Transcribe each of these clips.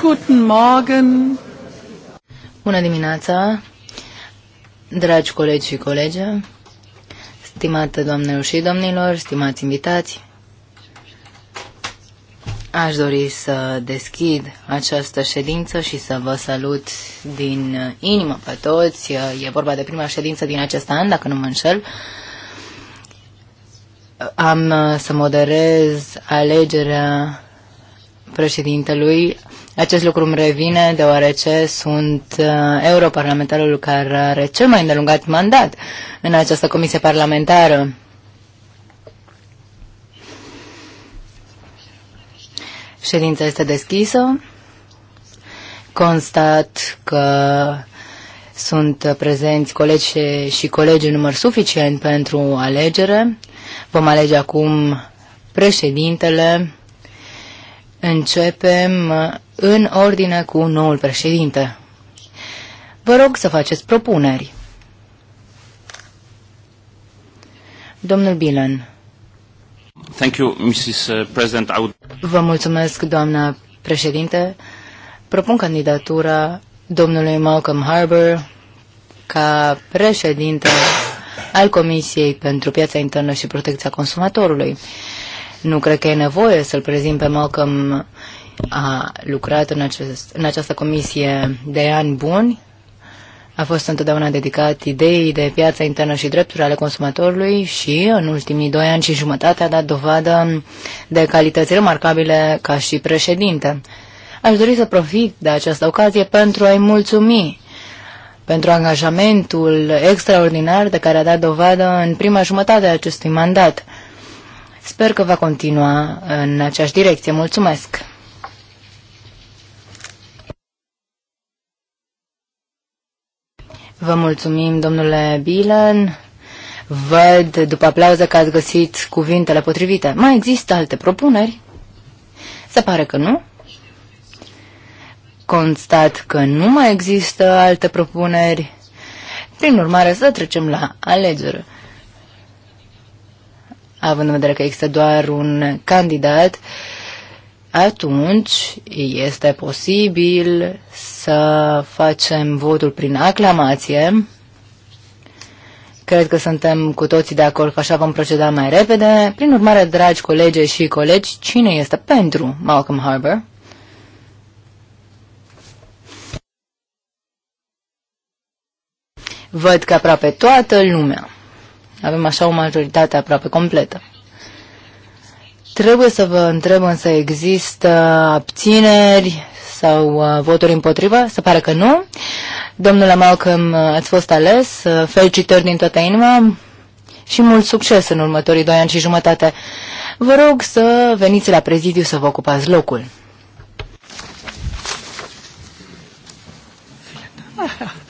Guten Morgen! Bună dimineața, dragi colegi și colege, stimate doamnelor și domnilor, stimați invitați, aș dori să deschid această ședință și să vă salut din inimă pe toți. E vorba de prima ședință din acest an, dacă nu mă înșel am să moderez alegerea președintelui. Acest lucru îmi revine deoarece sunt uh, europarlamentarul care are cel mai îndelungat mandat în această comisie parlamentară. Ședința este deschisă. Constat că sunt prezenți colegi și colegi în număr suficient pentru alegere. Vom alege acum președintele Începem uh, în ordine cu noul președinte. Vă rog să faceți propuneri. Domnul Bilan. Thank you, Mrs. Uh, President. I would... Vă mulțumesc, doamna președinte. Propun candidatura domnului Malcolm Harbour ca președinte al Comisiei pentru Piața Internă și Protecția Consumatorului. Nu cred că e nevoie să-l prezint pe Malcolm. A lucrat în, acest, în această comisie de ani buni. A fost întotdeauna dedicat ideii de piața internă și drepturi ale consumatorului și în ultimii doi ani și jumătate a dat dovadă de calități remarcabile ca și președinte. Aș dori să profit de această ocazie pentru a-i mulțumi pentru angajamentul extraordinar de care a dat dovadă în prima jumătate a acestui mandat. Sper că va continua în aceeași direcție. Mulțumesc! Vă mulțumim, domnule Bilan. Văd după aplauză că ați găsit cuvintele potrivite. Mai există alte propuneri? Se pare că nu. Constat că nu mai există alte propuneri. Prin urmare, să trecem la alegeri având în vedere că există doar un candidat, atunci este posibil să facem votul prin aclamație. Cred că suntem cu toții de acord că așa vom proceda mai repede. Prin urmare, dragi colegi și colegi, cine este pentru Malcolm Harbour? Văd că aproape toată lumea avem așa o majoritate aproape completă. Trebuie să vă întreb însă există abțineri sau uh, voturi împotrivă? Se pare că nu. Domnule Malcolm, ați fost ales. Felicitări din toată inima și mult succes în următorii doi ani și jumătate. Vă rog să veniți la prezidiu să vă ocupați locul. ha.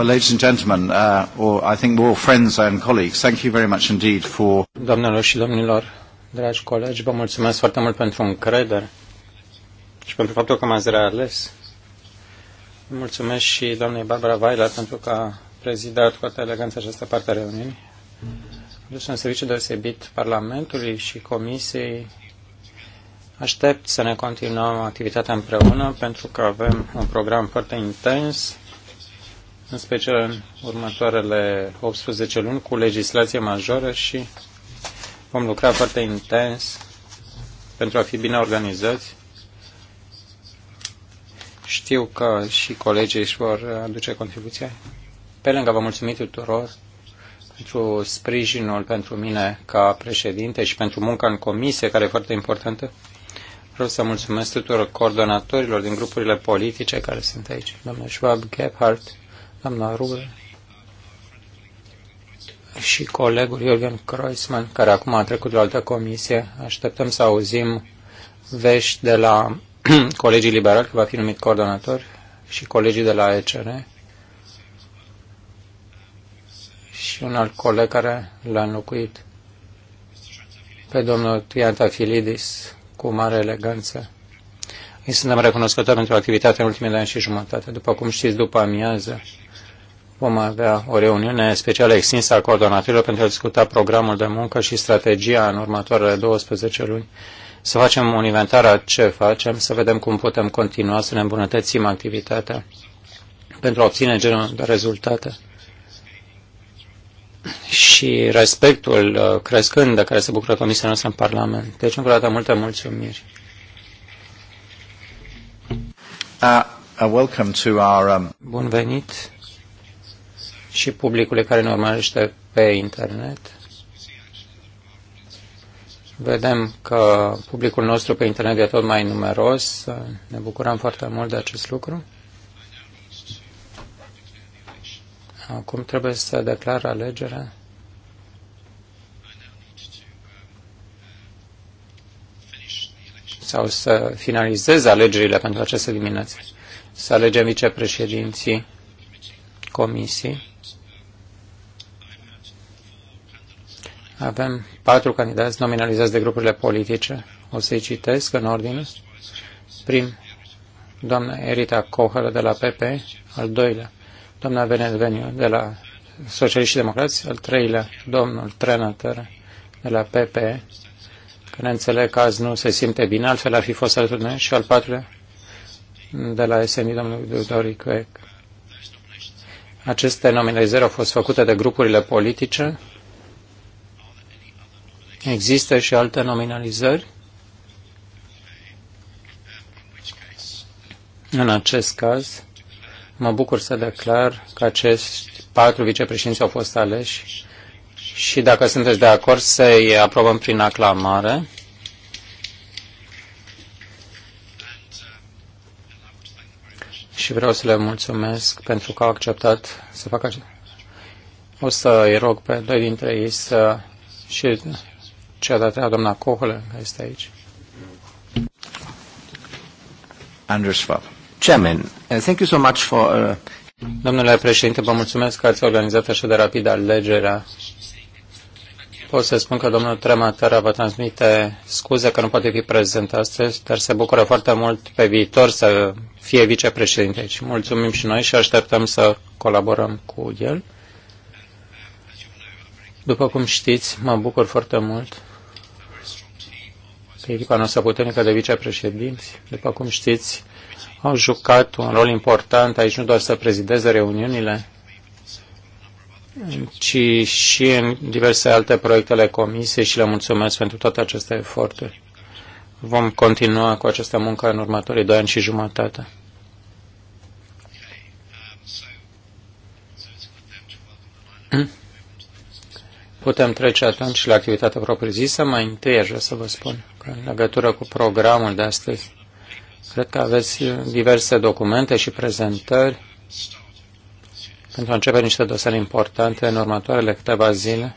Well, ladies and gentlemen, uh, or I think more friends and colleagues, thank you very much indeed for... Doamnelor și domnilor, dragi colegi, vă mulțumesc foarte mult pentru încredere și pentru faptul că m-ați reales. Mulțumesc și doamnei Barbara Weiler pentru că a prezidat cu toată eleganța această parte a reuniunii. Dus în serviciu deosebit Parlamentului și Comisiei. Aștept să ne continuăm activitatea împreună pentru că avem un program foarte intens în special în următoarele 18 luni, cu legislație majoră și vom lucra foarte intens pentru a fi bine organizați. Știu că și colegii își vor aduce contribuția. Pe lângă vă mulțumim tuturor pentru sprijinul pentru mine ca președinte și pentru munca în comisie, care e foarte importantă. Vreau să mulțumesc tuturor coordonatorilor din grupurile politice care sunt aici. Domnul Schwab, Gebhardt, doamna Rubel și colegul Jürgen Kreuzmann, care acum a trecut la altă comisie. Așteptăm să auzim vești de la colegii liberali, că va fi numit coordonator, și colegii de la ECR și un alt coleg care l-a înlocuit pe domnul Triantafilidis cu mare eleganță. Îi suntem recunoscători pentru activitatea în ultimele ani și jumătate. După cum știți, după amiază, vom avea o reuniune specială extinsă a coordonatorilor pentru a discuta programul de muncă și strategia în următoarele 12 luni, să facem un inventar a ce facem, să vedem cum putem continua să ne îmbunătățim activitatea pentru a obține genul de rezultate și respectul uh, crescând de care se bucură Comisia noastră în Parlament. Deci, încă o dată, multe mulțumiri. Uh, uh, welcome to our, um... Bun venit și publicului care ne urmărește pe internet. Vedem că publicul nostru pe internet e tot mai numeros. Ne bucurăm foarte mult de acest lucru. Acum trebuie să declar alegerea. sau să finalizez alegerile pentru această dimineață. Să alegem vicepreședinții comisii. Avem patru candidați nominalizați de grupurile politice. O să-i citesc în ordine. Prim, doamna Erita Cohără de la PP, al doilea, doamna Benedveniu de la Socialiști și Democrați, al treilea, domnul Trenătăr de la PP, că ne înțeleg că azi nu se simte bine, altfel ar fi fost alături noi, și al patrulea, de la SMI, domnul Dorică. Aceste nominalizări au fost făcute de grupurile politice. Există și alte nominalizări? În acest caz, mă bucur să declar că acești patru vicepreședinți au fost aleși și dacă sunteți de acord să-i aprobăm prin aclamare. și vreau să le mulțumesc pentru că au acceptat să facă așa. O să îi rog pe doi dintre ei să și cea de-a treia, doamna Cohole, care este aici. Andrew Schwab. Chairman, uh, thank you so much for... Uh, Domnule președinte, vă mulțumesc că ați organizat așa de rapid alegerea Pot să spun că domnul Trematera vă transmite scuze că nu poate fi prezent astăzi, dar se bucură foarte mult pe viitor să fie vicepreședinte Și Mulțumim și noi și așteptăm să colaborăm cu el. După cum știți, mă bucur foarte mult că echipa noastră puternică de vicepreședinți, după cum știți, au jucat un rol important aici, nu doar să prezideze reuniunile, ci și în diverse alte proiecte ale Comisiei și le mulțumesc pentru toate aceste eforturi. Vom continua cu această muncă în următorii doi ani și jumătate. Putem trece atunci la activitatea propriu-zisă. Mai întâi aș vrea să vă spun că în legătură cu programul de astăzi, cred că aveți diverse documente și prezentări pentru a începe niște dosare importante în următoarele câteva zile.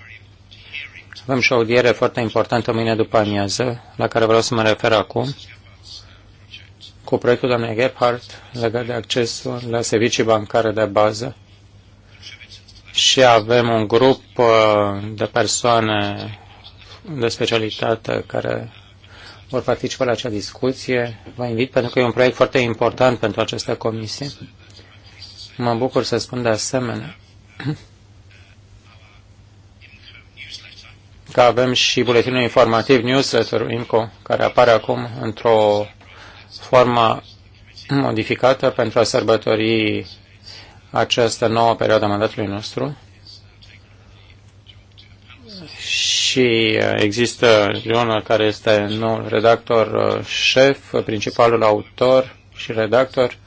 Avem și o audiere foarte importantă mâine după amiază, la care vreau să mă refer acum, cu proiectul doamnei Gebhardt legat de accesul la servicii bancare de bază. Și avem un grup uh, de persoane de specialitate care vor participa la acea discuție. Vă invit pentru că e un proiect foarte important pentru această comisie Mă bucur să spun de asemenea că avem și buletinul informativ newsletter INCO, care apare acum într-o formă modificată pentru a sărbători această nouă perioadă a mandatului nostru. Și există Leonor, care este nou redactor șef, principalul autor și redactor,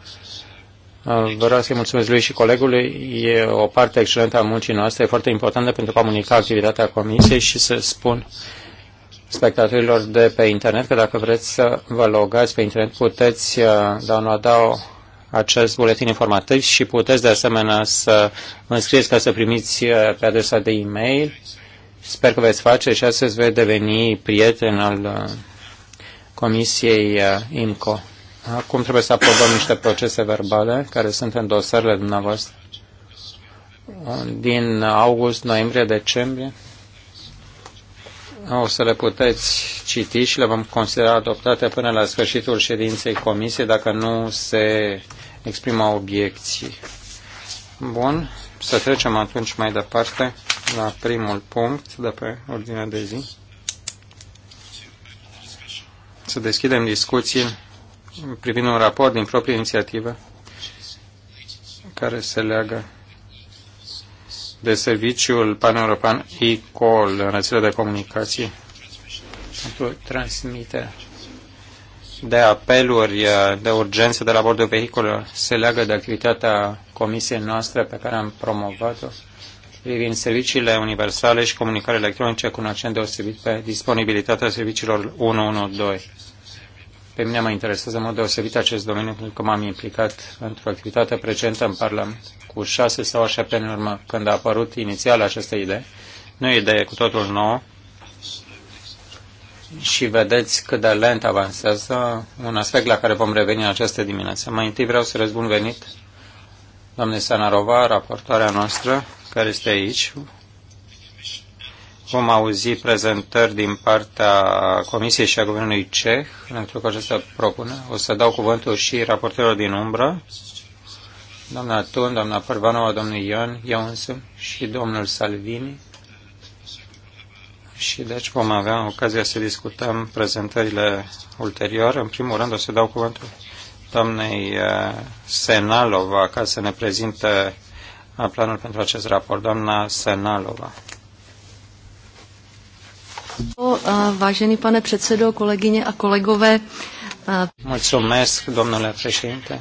Vreau să-i mulțumesc lui și colegului. E o parte excelentă a muncii noastre, e foarte importantă pentru a comunica activitatea comisiei și să spun spectatorilor de pe internet că dacă vreți să vă logați pe internet puteți uh, downloada acest buletin informativ și puteți de asemenea să vă înscrieți ca să primiți uh, pe adresa de e-mail. Sper că veți face și astăzi veți deveni prieten al uh, Comisiei IMCO. Acum trebuie să aprobăm niște procese verbale care sunt în dosarele dumneavoastră din august, noiembrie, decembrie. O să le puteți citi și le vom considera adoptate până la sfârșitul ședinței comisiei dacă nu se exprimă obiecții. Bun, să trecem atunci mai departe la primul punct de pe ordinea de zi. Să deschidem discuții privind un raport din proprie inițiativă care se leagă de serviciul pan-european e-call în rețele de comunicații pentru transmite de apeluri de urgență de la bordul vehiculelor se leagă de activitatea comisiei noastre pe care am promovat-o privind serviciile universale și comunicare electronice cu un accent deosebit pe disponibilitatea serviciilor 112. Pe mine mă interesează în mod deosebit acest domeniu, pentru că m-am implicat într-o activitate precedentă în Parlament, cu șase sau șapte ani în urmă, când a apărut inițial această idee. Nu e idee cu totul nouă, și vedeți cât de lent avansează un aspect la care vom reveni în această dimineață. Mai întâi vreau să răzbun venit doamnei Sanarova, raportoarea noastră, care este aici vom auzi prezentări din partea Comisiei și a Guvernului Ceh, pentru că acesta propune. O să dau cuvântul și raportelor din umbră, doamna Tun, doamna Părvanova, domnul Ion, eu însumi și domnul Salvini. Și deci vom avea ocazia să discutăm prezentările ulterior. În primul rând o să dau cuvântul doamnei uh, Senalova ca să ne prezinte uh, planul pentru acest raport. Doamna Senalova. Vážený pane předsedo, kolegyně a kolegové. Mulțumesc, domnule președinte.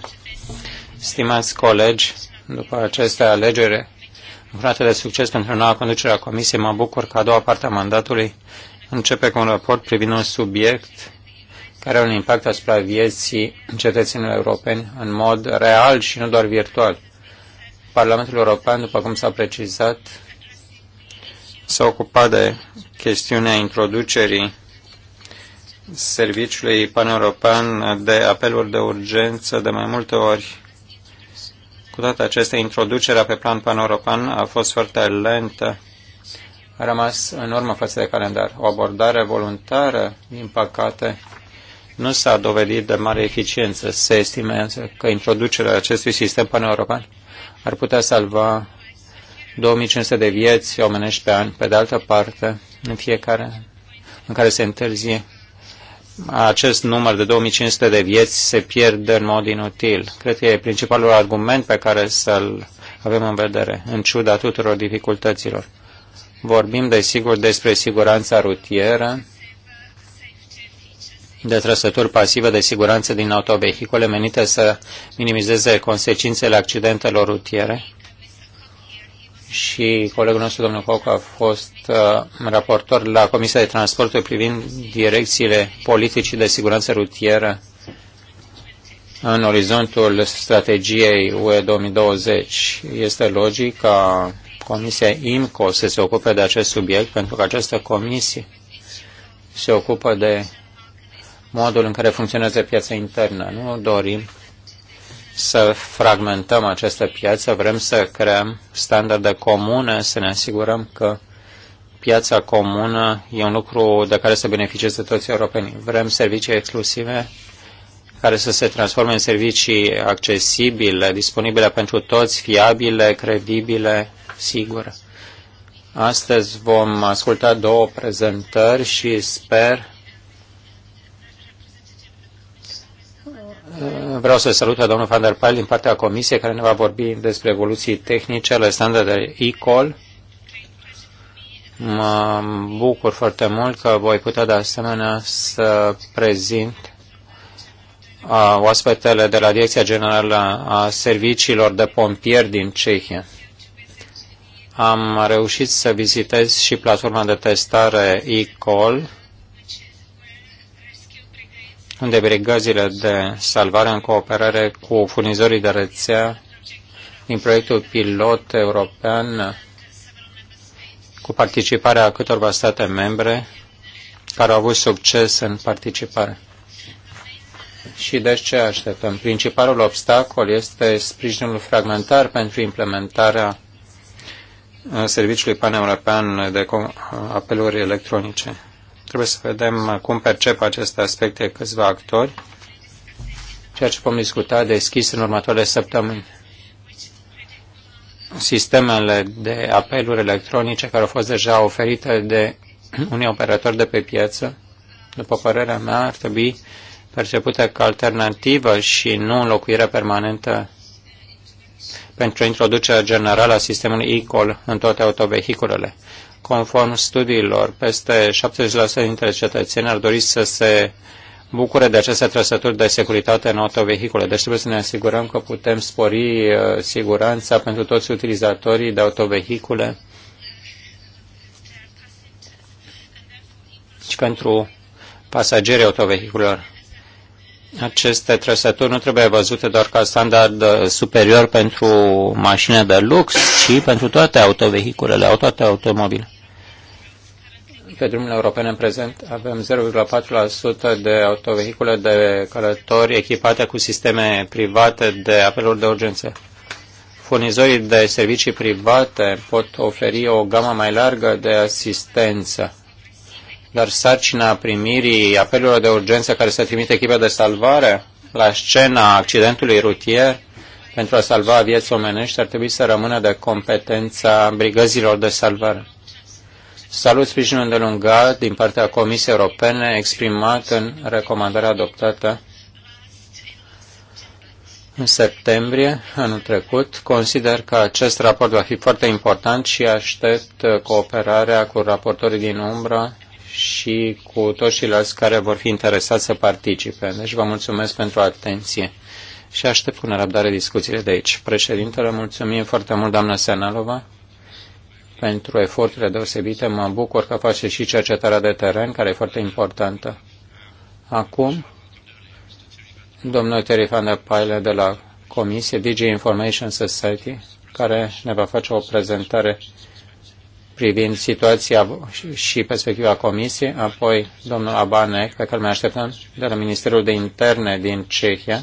Stimați colegi, după aceste alegere, urate de succes pentru noua conducere a Comisiei, mă bucur că a doua parte a mandatului începe cu un raport privind un subiect care are un impact asupra vieții cetățenilor europeni în mod real și nu doar virtual. Parlamentul European, după cum s-a precizat, s-a ocupat de chestiunea introducerii serviciului paneuropan de apeluri de urgență de mai multe ori. Cu toate acestea, introducerea pe plan paneuropan a fost foarte lentă, a rămas în urmă față de calendar. O abordare voluntară, din păcate, nu s-a dovedit de mare eficiență. Se estimează că introducerea acestui sistem paneuropan ar putea salva 2500 de vieți omenești pe an. Pe de altă parte, în fiecare în care se întârzie acest număr de 2500 de vieți se pierd în mod inutil. Cred că e principalul argument pe care să-l avem în vedere, în ciuda tuturor dificultăților. Vorbim, desigur, despre siguranța rutieră, de trăsături pasive de siguranță din autovehicule menite să minimizeze consecințele accidentelor rutiere, și colegul nostru, domnul Hoc, a fost uh, raportor la Comisia de Transporturi privind direcțiile politicii de siguranță rutieră în orizontul strategiei UE 2020. Este logic ca Comisia IMCO să se ocupe de acest subiect, pentru că această comisie se ocupă de modul în care funcționează piața internă. Nu dorim să fragmentăm această piață, vrem să creăm standarde comune, să ne asigurăm că piața comună e un lucru de care să beneficieze toți europenii. Vrem servicii exclusive care să se transforme în servicii accesibile, disponibile pentru toți, fiabile, credibile, sigure. Astăzi vom asculta două prezentări și sper vreau să salut pe domnul Van der Pal din partea comisiei care ne va vorbi despre evoluții tehnice ale standardelor e-call. Mă bucur foarte mult că voi putea de asemenea să prezint oaspetele de la Direcția Generală a Serviciilor de Pompieri din Cehia. Am reușit să vizitez și platforma de testare e-call unde gazile de salvare în cooperare cu furnizorii de rețea din proiectul pilot european cu participarea câtorva state membre care au avut succes în participare. Și de ce așteptăm? Principalul obstacol este sprijinul fragmentar pentru implementarea Serviciului Pan-European de apeluri electronice. Trebuie să vedem cum percep aceste aspecte câțiva actori, ceea ce vom discuta deschis în următoarele săptămâni. Sistemele de apeluri electronice care au fost deja oferite de unii operatori de pe piață, după părerea mea, ar trebui percepută ca alternativă și nu înlocuirea permanentă pentru introducerea generală a sistemului e-call în toate autovehiculele. Conform studiilor, peste 70% dintre cetățeni ar dori să se bucure de aceste trăsături de securitate în autovehicule. Deci trebuie să ne asigurăm că putem spori uh, siguranța pentru toți utilizatorii de autovehicule și pentru pasagerii autovehiculelor. Aceste trăsături nu trebuie văzute doar ca standard uh, superior pentru mașini de lux, ci pentru toate autovehiculele, toate automobile pe drumurile europene în prezent avem 0,4% de autovehicule de călători echipate cu sisteme private de apeluri de urgență. Furnizorii de servicii private pot oferi o gamă mai largă de asistență, dar sarcina primirii apelurilor de urgență care se trimite echipe de salvare la scena accidentului rutier pentru a salva vieți omenești ar trebui să rămână de competența brigăzilor de salvare. Salut sprijinul îndelungat din partea Comisiei Europene exprimat în recomandarea adoptată în septembrie anul trecut. Consider că acest raport va fi foarte important și aștept cooperarea cu raportorii din umbră și cu toți ceilalți care vor fi interesați să participe. Deci vă mulțumesc pentru atenție și aștept cu nerăbdare discuțiile de aici. Președintele, mulțumim foarte mult, doamna Senalova pentru eforturile deosebite. Mă bucur că face și cercetarea de teren, care e foarte importantă. Acum, domnul Terry van der Paile de la Comisie DG Information Society, care ne va face o prezentare privind situația și perspectiva Comisiei, apoi domnul Abane, pe care mă așteptăm, de la Ministerul de Interne din Cehia,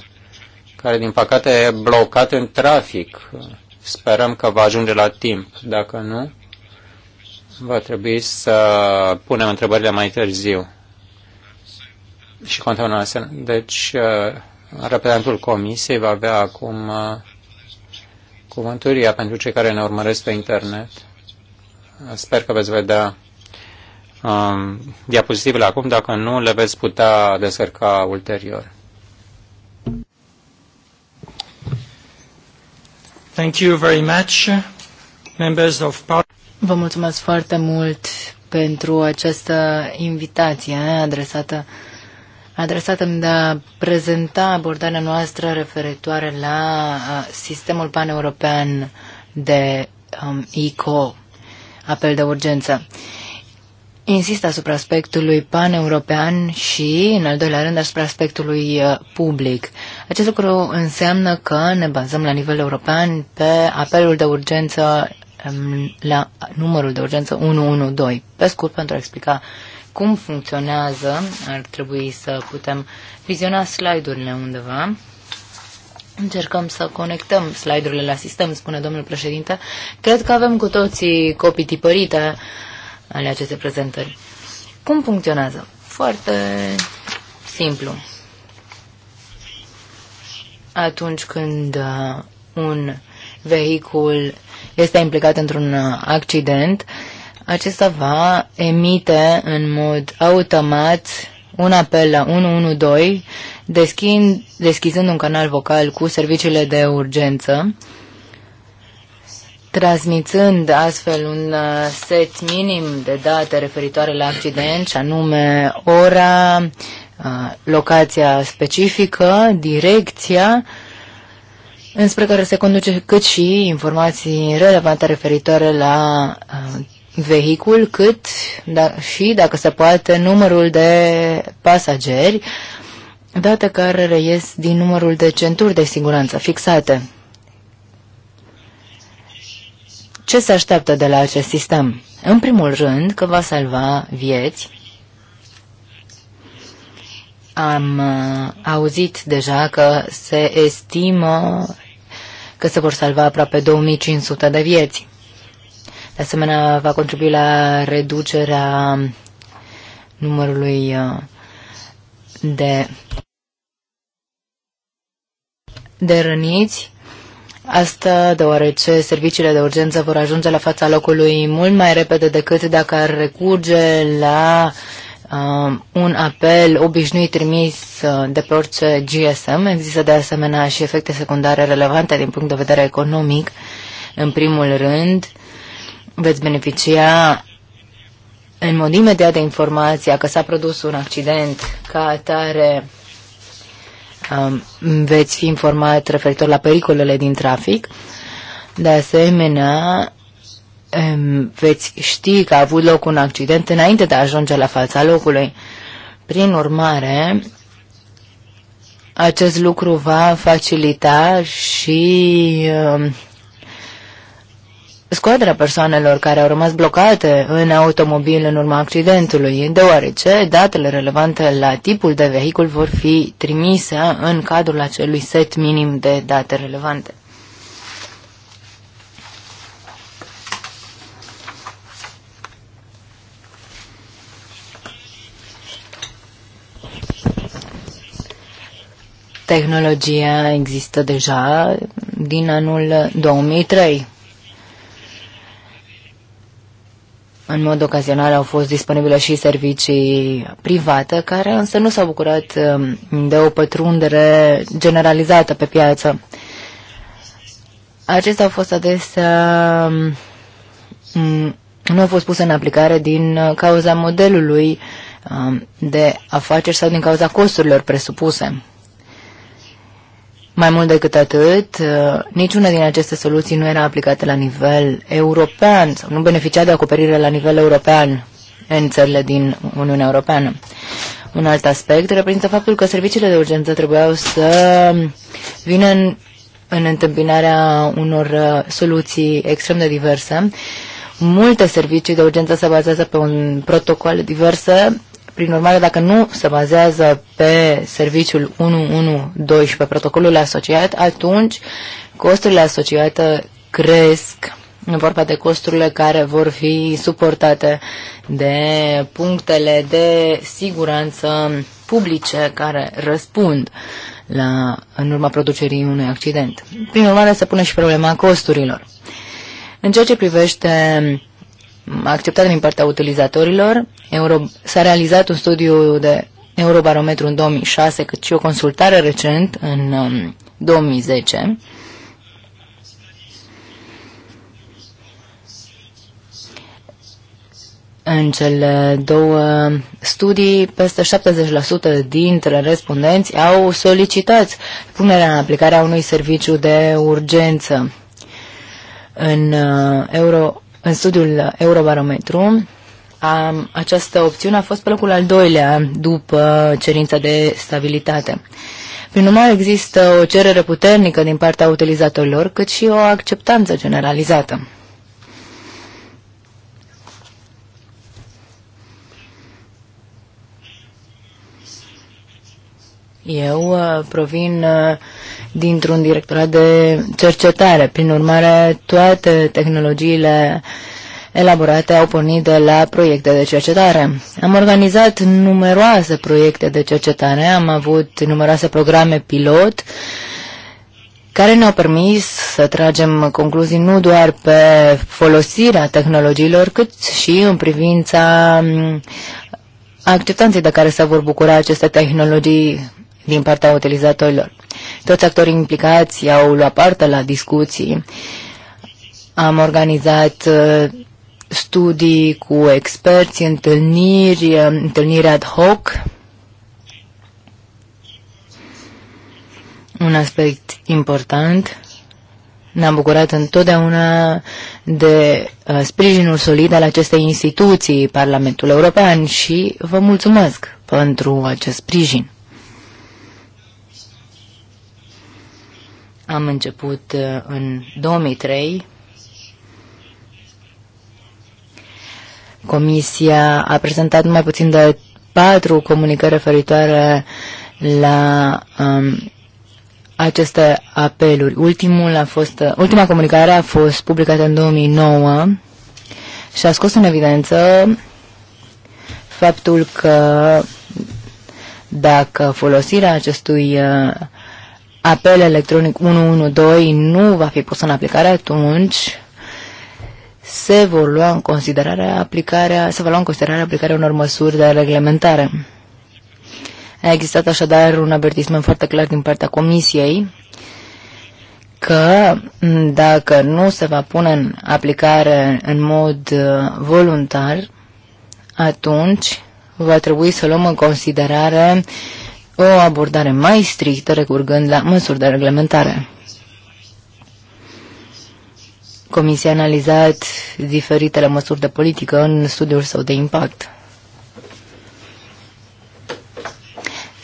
care din păcate e blocat în trafic. Sperăm că va ajunge la timp. Dacă nu, va trebui să punem întrebările mai târziu și continuăm. Deci, uh, reprezentantul comisiei va avea acum uh, cuvânturia pentru cei care ne urmăresc pe internet. Sper că veți vedea um, diapozitivele acum, dacă nu, le veți putea descărca ulterior. Thank you very much, members of Parliament. Vă mulțumesc foarte mult pentru această invitație adresată adresată de a prezenta abordarea noastră referitoare la sistemul paneuropean de um, ICO, apel de urgență. Insist asupra aspectului paneuropean și, în al doilea rând, asupra aspectului uh, public. Acest lucru înseamnă că ne bazăm la nivel european pe apelul de urgență la numărul de urgență 112. Pe scurt, pentru a explica cum funcționează, ar trebui să putem viziona slide-urile undeva. Încercăm să conectăm slide-urile la sistem, spune domnul președinte. Cred că avem cu toții copii tipărite ale acestei prezentări. Cum funcționează? Foarte simplu. Atunci când uh, un vehicul este implicat într-un uh, accident, acesta va emite în mod automat un apel la 112, deschind, deschizând un canal vocal cu serviciile de urgență, transmițând astfel un uh, set minim de date referitoare la accident, și anume ora, uh, locația specifică, direcția înspre care se conduce cât și informații relevante referitoare la uh, vehicul, cât da, și, dacă se poate, numărul de pasageri, date care reies din numărul de centuri de siguranță fixate. Ce se așteaptă de la acest sistem? În primul rând că va salva vieți. Am uh, auzit deja că se estimă că se vor salva aproape 2500 de vieți. De asemenea, va contribui la reducerea numărului uh, de, de răniți, asta deoarece serviciile de urgență vor ajunge la fața locului mult mai repede decât dacă ar recurge la uh, un apel obișnuit trimis uh, de pe orice GSM. Există de asemenea și efecte secundare relevante din punct de vedere economic. În primul rând, veți beneficia în mod imediat de informația că s-a produs un accident ca atare um, veți fi informat referitor la pericolele din trafic. De asemenea, veți ști că a avut loc un accident înainte de a ajunge la fața locului. Prin urmare, acest lucru va facilita și scoaterea persoanelor care au rămas blocate în automobil în urma accidentului, deoarece datele relevante la tipul de vehicul vor fi trimise în cadrul acelui set minim de date relevante. Tehnologia există deja din anul 2003. În mod ocazional au fost disponibile și servicii private, care însă nu s-au bucurat um, de o pătrundere generalizată pe piață. Acestea au fost adesea um, nu au fost puse în aplicare din cauza modelului um, de afaceri sau din cauza costurilor presupuse. Mai mult decât atât, uh, niciuna din aceste soluții nu era aplicată la nivel european sau nu beneficia de acoperire la nivel european în țările din Uniunea Europeană. Un alt aspect reprezintă faptul că serviciile de urgență trebuiau să vină în, în întâmpinarea unor uh, soluții extrem de diverse. Multe servicii de urgență se bazează pe un protocol diverse prin urmare, dacă nu se bazează pe serviciul 112 și pe protocolul asociat, atunci costurile asociate cresc în vorba de costurile care vor fi suportate de punctele de siguranță publice care răspund la, în urma producerii unui accident. Prin urmare, se pune și problema costurilor. În ceea ce privește acceptată din partea utilizatorilor. Euro, s-a realizat un studiu de Eurobarometru în 2006, cât și o consultare recent în um, 2010. În cele două studii, peste 70% dintre respondenți au solicitat punerea în aplicare a unui serviciu de urgență. În uh, Euro în studiul Eurobarometru, a, această opțiune a fost pe locul al doilea după cerința de stabilitate. Prin urmare, există o cerere puternică din partea utilizatorilor, cât și o acceptanță generalizată. Eu uh, provin uh, dintr-un directorat de cercetare. Prin urmare, toate tehnologiile elaborate au pornit de la proiecte de cercetare. Am organizat numeroase proiecte de cercetare, am avut numeroase programe pilot care ne-au permis să tragem concluzii nu doar pe folosirea tehnologiilor, cât și în privința mm, acceptanței de care se vor bucura aceste tehnologii din partea utilizatorilor. Toți actorii implicați au luat parte la discuții. Am organizat uh, studii cu experți, întâlniri, uh, întâlniri ad hoc. Un aspect important. Ne-am bucurat întotdeauna de uh, sprijinul solid al acestei instituții, Parlamentul European, și vă mulțumesc pentru acest sprijin. Am început uh, în 2003. Comisia a prezentat mai puțin de patru comunicări referitoare la um, aceste apeluri. Ultimul a fost, uh, ultima comunicare a fost publicată în 2009 și a scos în evidență faptul că dacă folosirea acestui uh, apel electronic 112 nu va fi pus în aplicare, atunci se vor lua în considerare aplicarea, se va lua în considerare aplicarea unor măsuri de reglementare. A existat așadar un avertisment foarte clar din partea Comisiei că dacă nu se va pune în aplicare în mod uh, voluntar, atunci va trebui să luăm în considerare uh, o abordare mai strictă recurgând la măsuri de reglementare. Comisia a analizat diferitele măsuri de politică în studiul său de impact.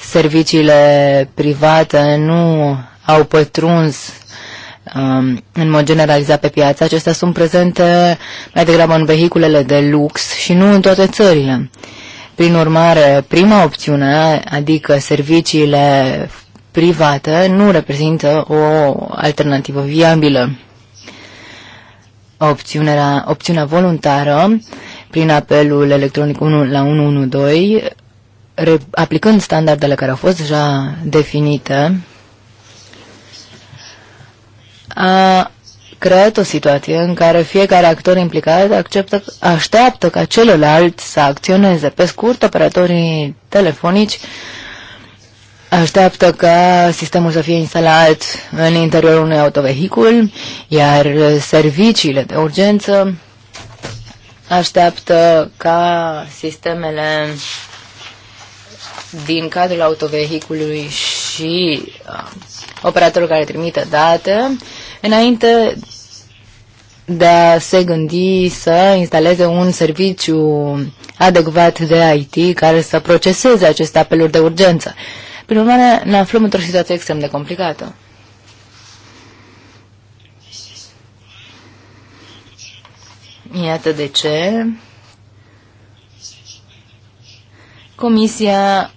Serviciile private nu au pătruns um, în mod generalizat pe piață. Acestea sunt prezente mai degrabă în vehiculele de lux și nu în toate țările. Uh, prin urmare, prima opțiune, adică serviciile private, nu reprezintă o alternativă viabilă. Opțiunea, opțiunea voluntară, prin apelul electronic 1 la 112, re, aplicând standardele care au fost deja definite, a creat o situație în care fiecare actor implicat acceptă, așteaptă ca celălalt să acționeze. Pe scurt, operatorii telefonici așteaptă ca sistemul să fie instalat în interiorul unui autovehicul, iar serviciile de urgență așteaptă ca sistemele din cadrul autovehicului și uh, operatorul care trimite date înainte de a se gândi să instaleze un serviciu adecvat de IT care să proceseze aceste apeluri de urgență. Prin urmare, ne aflăm într-o situație extrem de complicată. Iată de ce Comisia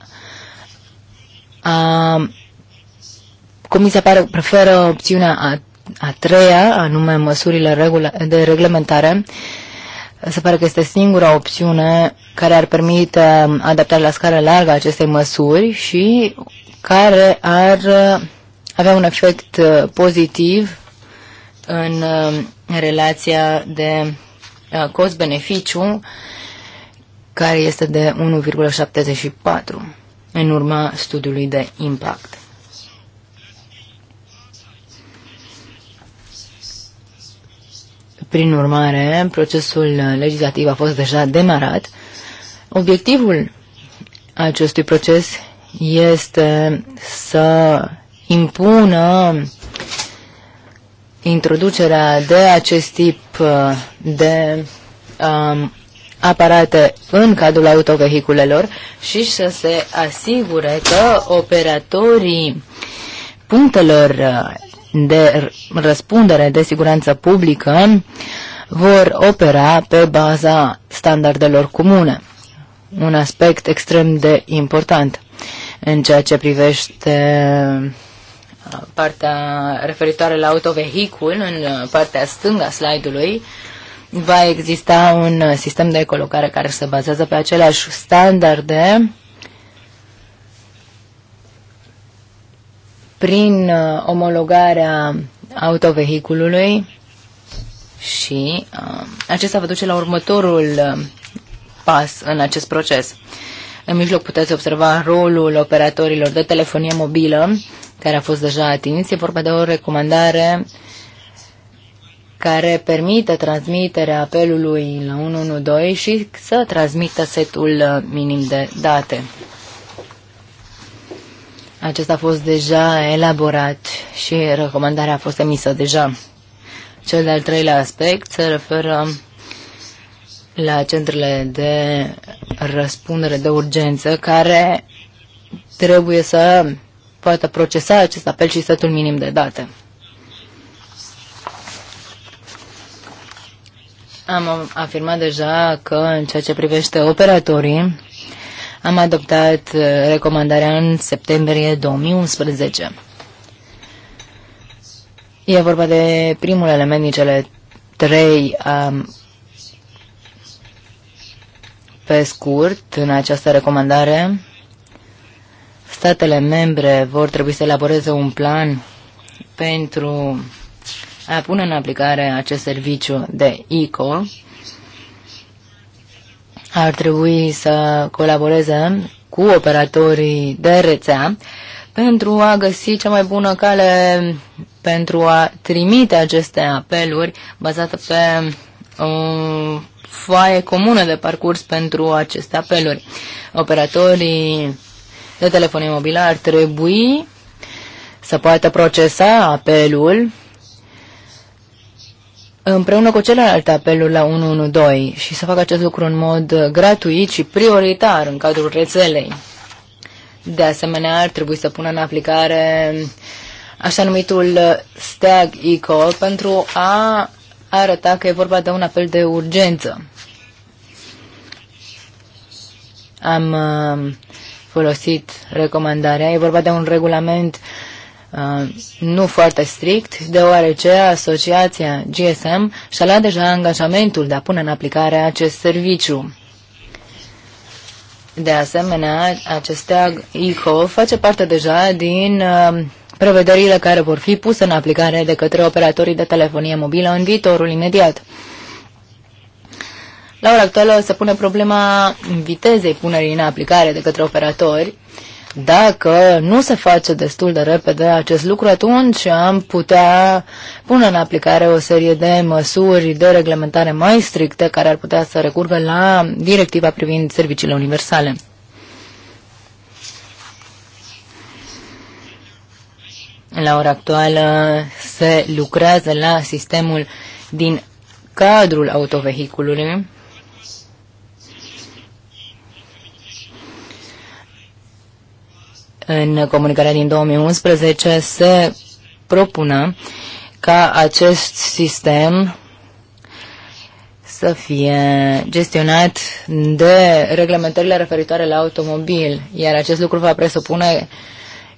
a, Comisia pare, preferă opțiunea a a treia, anume măsurile de reglementare, se pare că este singura opțiune care ar permite um, adaptarea la scară largă a acestei măsuri și care ar uh, avea un efect uh, pozitiv în um, relația de uh, cost-beneficiu care este de 1,74 în urma studiului de impact. Prin urmare, procesul legislativ a fost deja demarat. Obiectivul acestui proces este să impună introducerea de acest tip uh, de um, aparate în cadrul autovehiculelor și să se asigure că operatorii punctelor uh, de răspundere de siguranță publică vor opera pe baza standardelor comune. Un aspect extrem de important în ceea ce privește uh, partea referitoare la autovehicul, în uh, partea a slide-ului, va exista un uh, sistem de colocare care se bazează pe aceleași standarde prin uh, omologarea autovehiculului și uh, acesta vă duce la următorul uh, pas în acest proces. În mijloc puteți observa rolul operatorilor de telefonie mobilă, care a fost deja atins. E vorba de o recomandare care permite transmiterea apelului la 112 și să transmită setul minim de date. Acesta a fost deja elaborat și recomandarea a fost emisă deja. Cel de-al treilea aspect se referă la centrele de răspundere de urgență care trebuie să poată procesa acest apel și setul minim de date. Am afirmat deja că în ceea ce privește operatorii, am adoptat uh, recomandarea în septembrie 2011. E vorba de primul element din cele trei um, pe scurt, în această recomandare, statele membre vor trebui să elaboreze un plan pentru a pune în aplicare acest serviciu de ICO ar trebui să colaboreze cu operatorii de rețea pentru a găsi cea mai bună cale pentru a trimite aceste apeluri bazată pe o foaie comună de parcurs pentru aceste apeluri. Operatorii de telefonie mobilă ar trebui să poată procesa apelul împreună cu celelalte apeluri la 112 și să facă acest lucru în mod gratuit și prioritar în cadrul rețelei. De asemenea, ar trebui să pună în aplicare așa numitul steag ICO pentru a arăta că e vorba de un apel de urgență. Am uh, folosit recomandarea, e vorba de un regulament uh, Uh, nu foarte strict, deoarece asociația GSM și-a luat deja angajamentul de a pune în aplicare acest serviciu. De asemenea, acestea ICO face parte deja din uh, prevederile care vor fi puse în aplicare de către operatorii de telefonie mobilă în viitorul imediat. La ora actuală se pune problema vitezei punerii în aplicare de către operatori dacă nu se face destul de repede acest lucru, atunci am putea pune în aplicare o serie de măsuri de reglementare mai stricte care ar putea să recurgă la directiva privind serviciile universale. La ora actuală se lucrează la sistemul din cadrul autovehiculului, În comunicarea din 2011 se propună ca acest sistem să fie gestionat de reglementările referitoare la automobil, iar acest lucru va presupune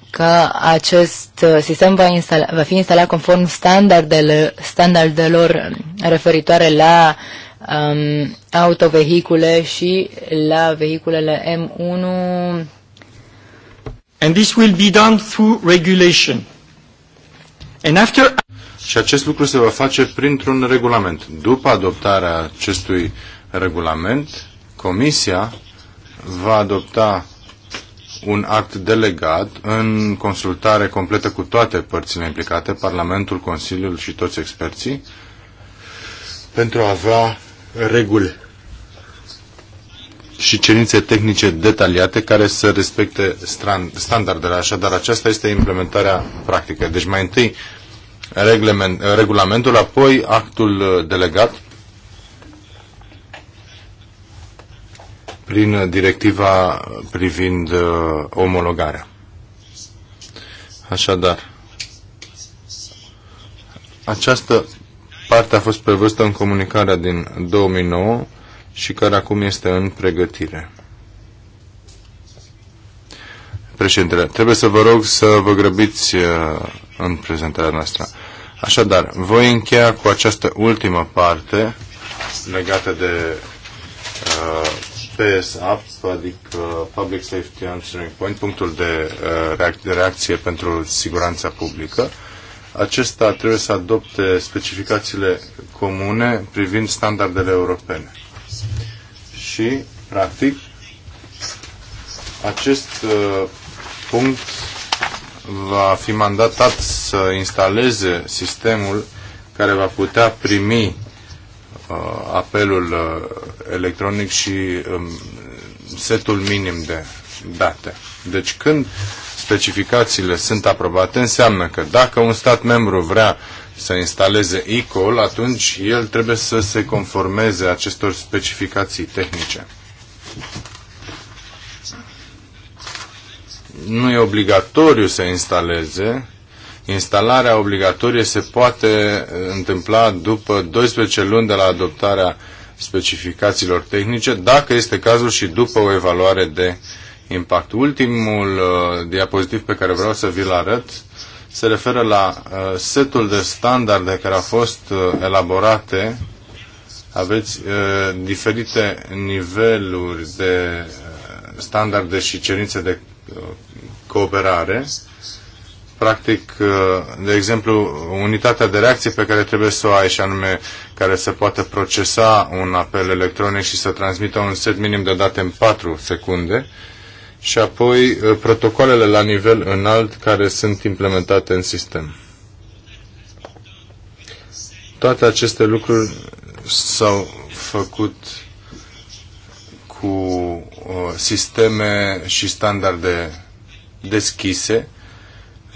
că acest sistem va, instala, va fi instalat conform standardele, standardelor referitoare la um, autovehicule și la vehiculele M1 And this will be done through regulation. And after... Și acest lucru se va face printr-un regulament. După adoptarea acestui regulament, Comisia va adopta un act delegat în consultare completă cu toate părțile implicate, Parlamentul, Consiliul și toți experții, pentru a avea reguli și cerințe tehnice detaliate care să respecte standardele. Așadar, aceasta este implementarea practică. Deci mai întâi regulamentul, apoi actul uh, delegat prin directiva privind uh, omologarea. Așadar, această parte a fost prevăzută în comunicarea din 2009 și care acum este în pregătire. Președintele, trebuie să vă rog să vă grăbiți uh, în prezentarea noastră. Așadar, voi încheia cu această ultimă parte legată de uh, PSAP, adică uh, Public Safety Answering Point, punctul de uh, reacție pentru siguranța publică. Acesta trebuie să adopte specificațiile comune privind standardele europene și, practic, acest uh, punct va fi mandatat să instaleze sistemul care va putea primi uh, apelul uh, electronic și um, setul minim de date. Deci când specificațiile sunt aprobate, înseamnă că dacă un stat membru vrea să instaleze ICOL, atunci el trebuie să se conformeze acestor specificații tehnice. Nu e obligatoriu să instaleze. Instalarea obligatorie se poate uh, întâmpla după 12 luni de la adoptarea specificațiilor tehnice, dacă este cazul și după o evaluare de impact. Ultimul uh, diapozitiv pe care vreau să vi-l arăt uh, se referă la uh, setul de standarde care a fost uh, elaborate. Aveți uh, diferite niveluri de standarde și cerințe de cooperare. Practic, de exemplu, unitatea de reacție pe care trebuie să o ai și anume care să poată procesa un apel electronic și să transmită un set minim de date în 4 secunde și apoi ă, protocoalele la nivel înalt care sunt implementate în sistem. Toate aceste lucruri s-au făcut cu ă, sisteme și standarde deschise,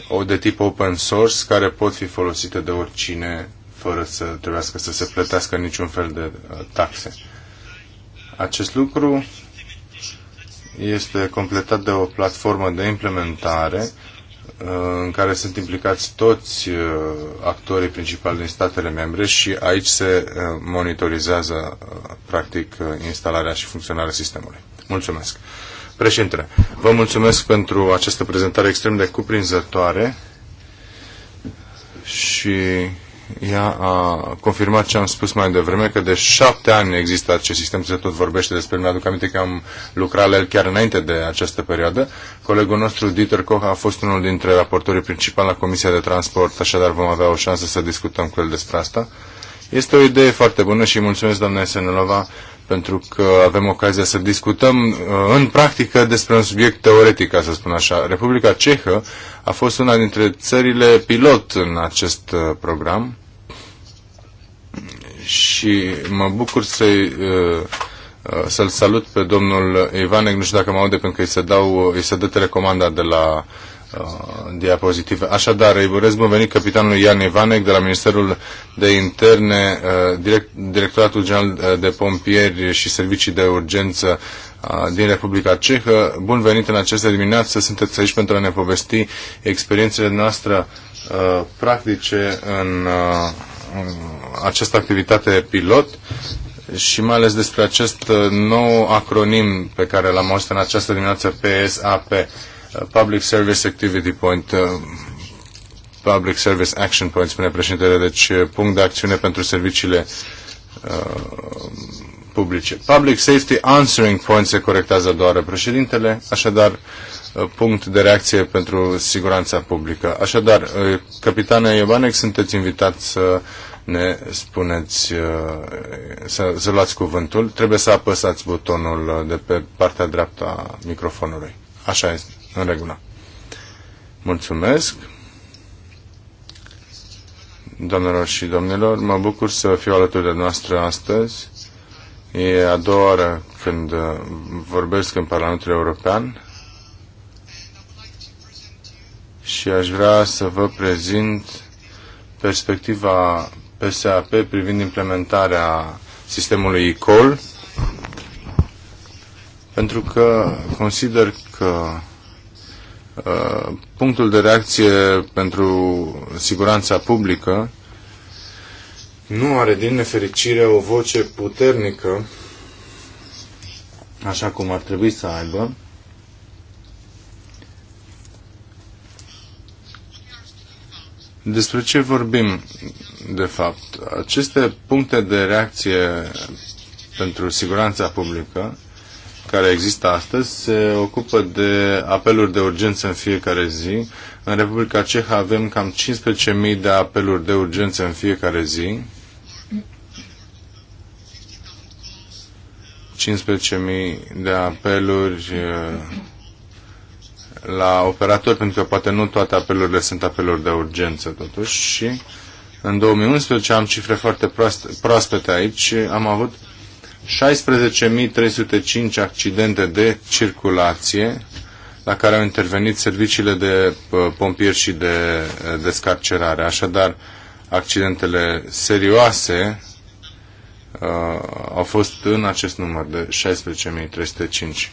o de tip open source, care pot fi folosite de oricine fără să trebuiască să se plătească niciun fel de ă, taxe. Acest lucru este completat de o platformă de implementare uh, în care sunt implicați toți uh, actorii principali din statele membre și aici se uh, monitorizează practic instalarea și funcționarea sistemului. Mulțumesc. Președinte, vă mulțumesc pentru această prezentare extrem de cuprinzătoare și ea a confirmat ce am spus mai devreme, că de șapte ani există acest sistem, se tot vorbește despre, mi-aduc aminte că am lucrat la el chiar înainte de această perioadă. Colegul nostru, Dieter Koch, a fost unul dintre raportorii principali la Comisia de Transport, așadar vom avea o șansă să discutăm cu el despre asta. Este o idee foarte bună și mulțumesc, doamna Senelova, pentru că avem ocazia să discutăm uh, în practică despre un subiect teoretic, ca să spun așa. Republica Cehă a fost una dintre țările pilot în acest uh, program și mă bucur să-i uh, să-l salut pe domnul Ivanec, nu știu dacă mă aude, pentru că îi se, dau, îi se dă telecomanda de la Uh, diapozitive. Așadar, îi urez bun venit capitanului Ian Ivanec de la Ministerul de Interne, uh, direct, Directoratul General uh, de Pompieri și Servicii de Urgență din Republica Cehă. Bun venit în această dimineață, sunteți aici pentru a ne povesti experiențele noastre uh, practice în, uh, în această activitate pilot și mai ales despre acest nou acronim pe care l-am auzit în această dimineață PSAP. Public Service Activity Point, uh, Public Service Action Point, spune președintele, deci uh, punct de acțiune pentru serviciile uh, publice. Public Safety Answering Point se corectează doar președintele, așadar punct de reacție pentru siguranța publică. Așadar, capitane Iobanec, sunteți invitat să ne spuneți, să, să luați cuvântul. Trebuie să apăsați butonul de pe partea dreapta a microfonului. Așa este în regulă. Mulțumesc. domnilor și domnilor, mă bucur să fiu alături de noastră astăzi. E a doua oară când uh, vorbesc în Parlamentul European și aș vrea să vă prezint perspectiva PSAP privind implementarea sistemului ICOL, pentru că consider că Uh, punctul de reacție pentru siguranța publică nu are din nefericire o voce puternică așa cum ar trebui să aibă. Despre ce vorbim, de fapt? Aceste puncte de reacție pentru siguranța publică care există astăzi se ocupă de apeluri de urgență în fiecare zi. În Republica Cehă avem cam 15.000 de apeluri de urgență în fiecare zi. 15.000 de apeluri eh, la operator, pentru că poate nu toate apelurile sunt apeluri de urgență totuși și în 2011 am cifre foarte proaspete aici, am avut 16.305 accidente de circulație la care au intervenit serviciile de uh, pompieri și de uh, descarcerare. Așadar, accidentele serioase uh, au fost în acest număr de 16.305.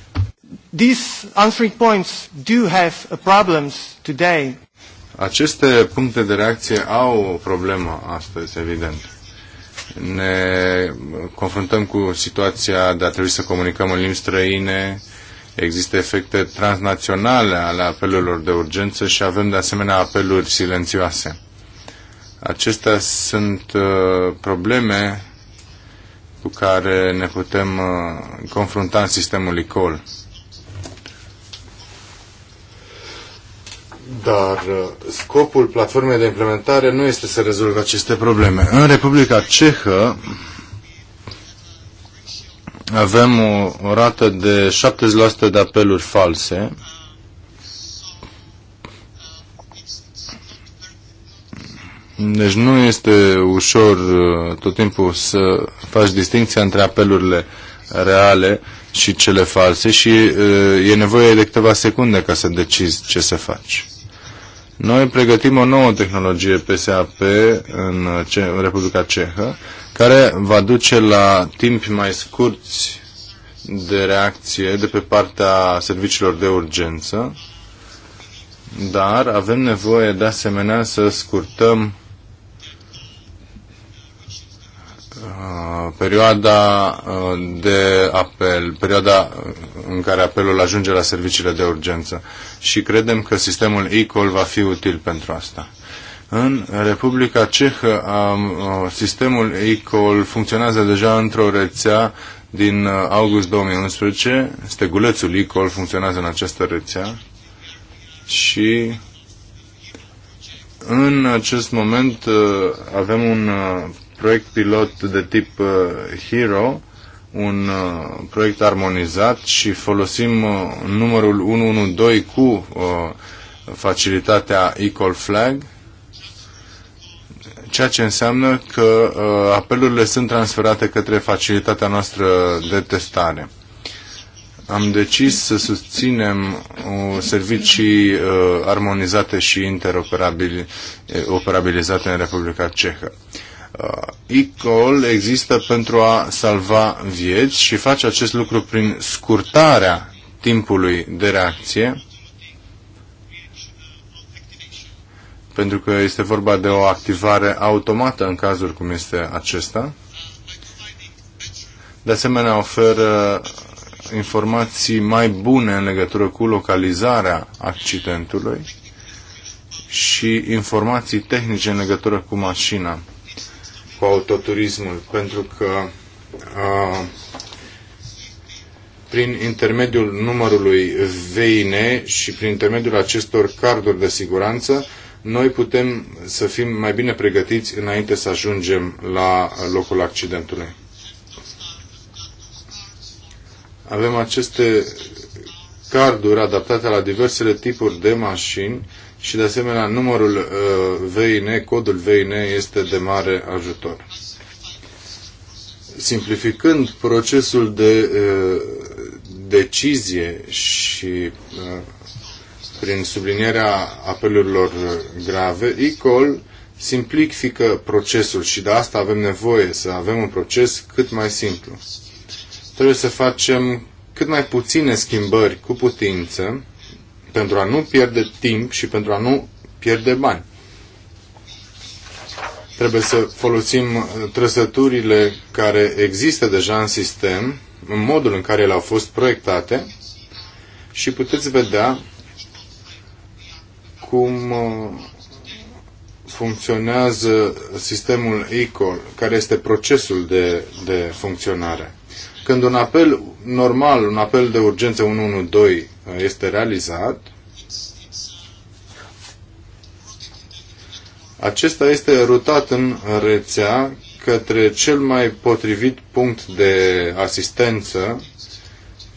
These answering points do have problems today. Aceste puncte de reacție au o problemă astăzi, evident ne confruntăm cu situația de a trebui să comunicăm în limbi străine, există efecte transnaționale ale apelurilor de urgență și avem de asemenea apeluri silențioase. Acestea sunt uh, probleme cu care ne putem uh, confrunta în sistemul ICOL. Dar uh, scopul platformei de implementare nu este să rezolve aceste probleme. În Republica Cehă avem o, o rată de 70% de apeluri false. Deci nu este ușor uh, tot timpul să faci distinția între apelurile reale și cele false și uh, e nevoie de câteva secunde ca să decizi ce să faci. Noi pregătim o nouă tehnologie PSAP în, Ce- în Republica Cehă, care va duce la timpi mai scurți de reacție de pe partea serviciilor de urgență, dar avem nevoie de asemenea să scurtăm uh, perioada uh, de apel, perioada în care apelul ajunge la serviciile de urgență și credem că sistemul ECOL va fi util pentru asta. În Republica Cehă uh, sistemul ECOL funcționează deja într-o rețea din uh, august 2011. Stegulețul ECOL funcționează în această rețea și în acest moment uh, avem un proiect pilot de tip HERO un uh, proiect armonizat și folosim uh, numărul 112 cu uh, facilitatea Equal Flag, ceea ce înseamnă că apelurile sunt transferate către facilitatea noastră de testare am decis să susținem servicii uh, armonizate și interoperabilizate în Republica Cehă. Uh, e există pentru a salva vieți și face acest lucru prin scurtarea timpului de reacție, pentru că este vorba de o activare automată în cazuri cum este acesta. De asemenea, oferă informații mai bune în legătură cu localizarea accidentului și informații tehnice în legătură cu mașina cu autoturismul, pentru că a, prin intermediul numărului VIN și prin intermediul acestor carduri de siguranță, noi putem să fim mai bine pregătiți înainte să ajungem la locul accidentului. Avem aceste carduri adaptate la diversele tipuri de mașini și de asemenea numărul uh, VIN, codul VIN este de mare ajutor. Simplificând procesul de uh, decizie și uh, prin sublinierea apelurilor uh, grave, ICOL simplifică procesul și de asta avem nevoie să avem un proces cât mai simplu. Trebuie să facem cât mai puține schimbări cu putință, pentru a nu pierde timp și pentru a nu pierde bani. Trebuie să folosim uh, trăsăturile care există deja în sistem, în modul în care ele au fost proiectate și puteți vedea cum uh, funcționează sistemul ECOL, care este procesul de, de funcționare. Când un apel normal, un apel de urgență 112 uh, este realizat, acesta este rutat în rețea către cel mai potrivit punct de asistență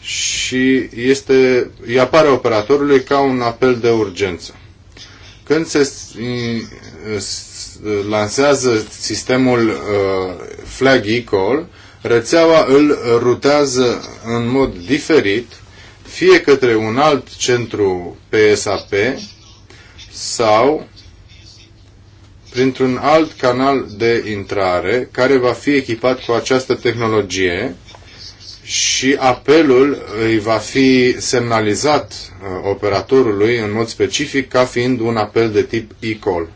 și este, îi apare operatorului ca un apel de urgență. Când se lansează sistemul uh, Flag uh, rețeaua îl rutează în mod diferit, fie către un alt centru PSAP sau printr-un alt canal de intrare care va fi echipat cu această tehnologie și apelul îi va fi semnalizat uh, operatorului în mod specific ca fiind un apel de tip e-call.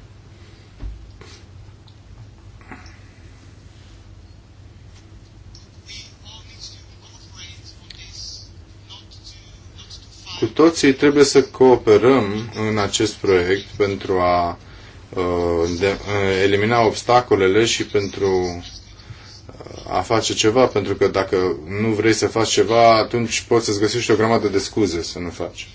Cu toții trebuie să cooperăm în acest proiect pentru a uh, de, uh, elimina obstacolele și pentru uh, a face ceva, pentru că dacă nu vrei să faci ceva, atunci poți să-ți găsești o grămadă de scuze să nu faci.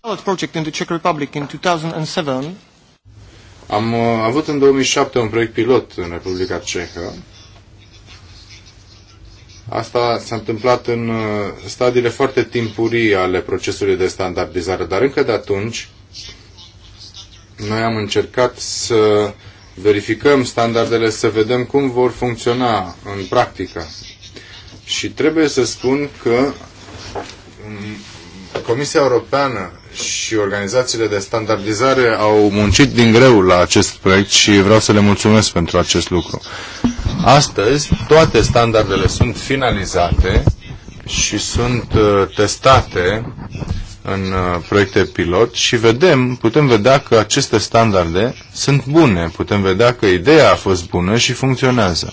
Pilot project in the Czech Republic in 2007. Am avut în 2007 un proiect pilot în Republica Cehă Asta s-a întâmplat în uh, stadiile foarte timpurii ale procesului de standardizare, dar încă de atunci noi am încercat să verificăm standardele, să vedem cum vor funcționa în practică. Și trebuie să spun că um, Comisia Europeană și organizațiile de standardizare au muncit din greu la acest proiect și vreau să le mulțumesc pentru acest lucru. Astăzi, toate standardele sunt finalizate și sunt uh, testate în uh, proiecte pilot și vedem, putem vedea că aceste standarde sunt bune, putem vedea că ideea a fost bună și funcționează.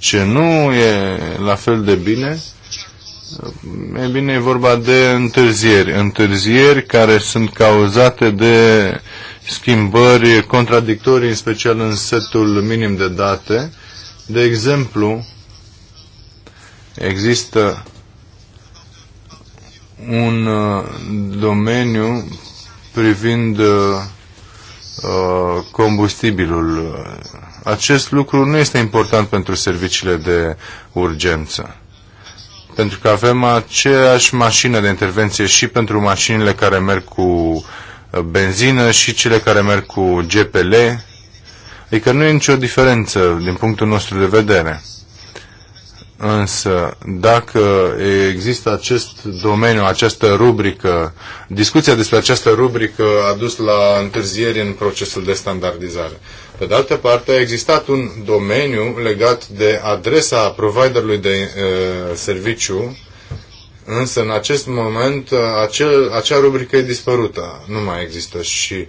Ce nu e la fel de bine, e bine, e vorba de întârzieri. Întârzieri care sunt cauzate de schimbări contradictorii, în special în setul minim de date. De exemplu, există un uh, domeniu privind uh, uh, combustibilul acest lucru nu este important pentru serviciile de urgență. Pentru că avem aceeași mașină de intervenție și pentru mașinile care merg cu uh, benzină și cele care merg cu GPL. Adică nu e nicio diferență din punctul nostru de vedere. Însă, dacă există acest domeniu, această rubrică, discuția despre această rubrică a dus la întârzieri în procesul de standardizare. Pe de altă parte, a existat un domeniu legat de adresa providerului de uh, serviciu, însă în acest moment uh, acel, acea rubrică e dispărută, nu mai există și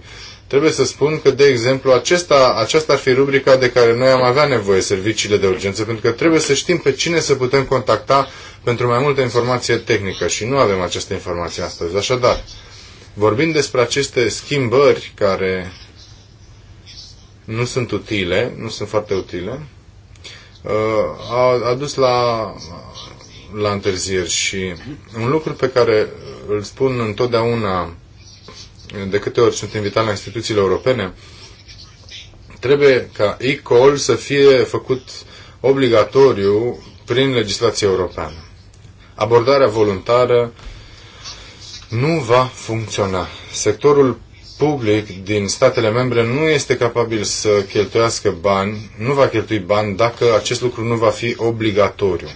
Trebuie să spun că, de exemplu, acesta, aceasta ar fi rubrica de care noi am avea nevoie, serviciile de urgență, pentru că trebuie să știm pe cine să putem contacta pentru mai multă informație tehnică și nu avem această informație astăzi. Așadar, vorbind despre aceste schimbări care nu sunt utile, nu sunt foarte utile, uh, a adus la, la întârzieri și un lucru pe care îl spun întotdeauna de câte ori sunt invitat la instituțiile europene, trebuie ca e-call să fie făcut obligatoriu prin legislație europeană. Abordarea voluntară nu va funcționa. Sectorul public din statele membre nu este capabil să cheltuiască bani, nu va cheltui bani dacă acest lucru nu va fi obligatoriu.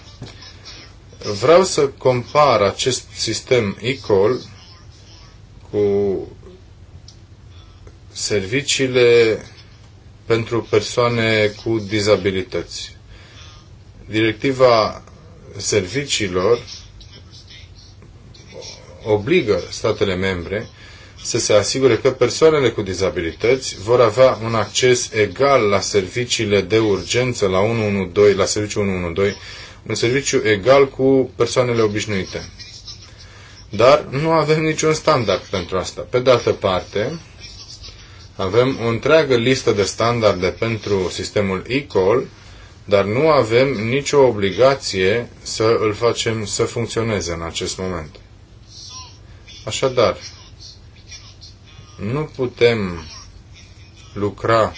Vreau să compar acest sistem e-call cu serviciile pentru persoane cu dizabilități. Directiva serviciilor obligă statele membre să se asigure că persoanele cu dizabilități vor avea un acces egal la serviciile de urgență, la 112, la serviciu 112, un serviciu egal cu persoanele obișnuite. Dar nu avem niciun standard pentru asta. Pe de altă parte, avem o întreagă listă de standarde pentru sistemul e-call, dar nu avem nicio obligație să îl facem să funcționeze în acest moment. Așadar, nu putem lucra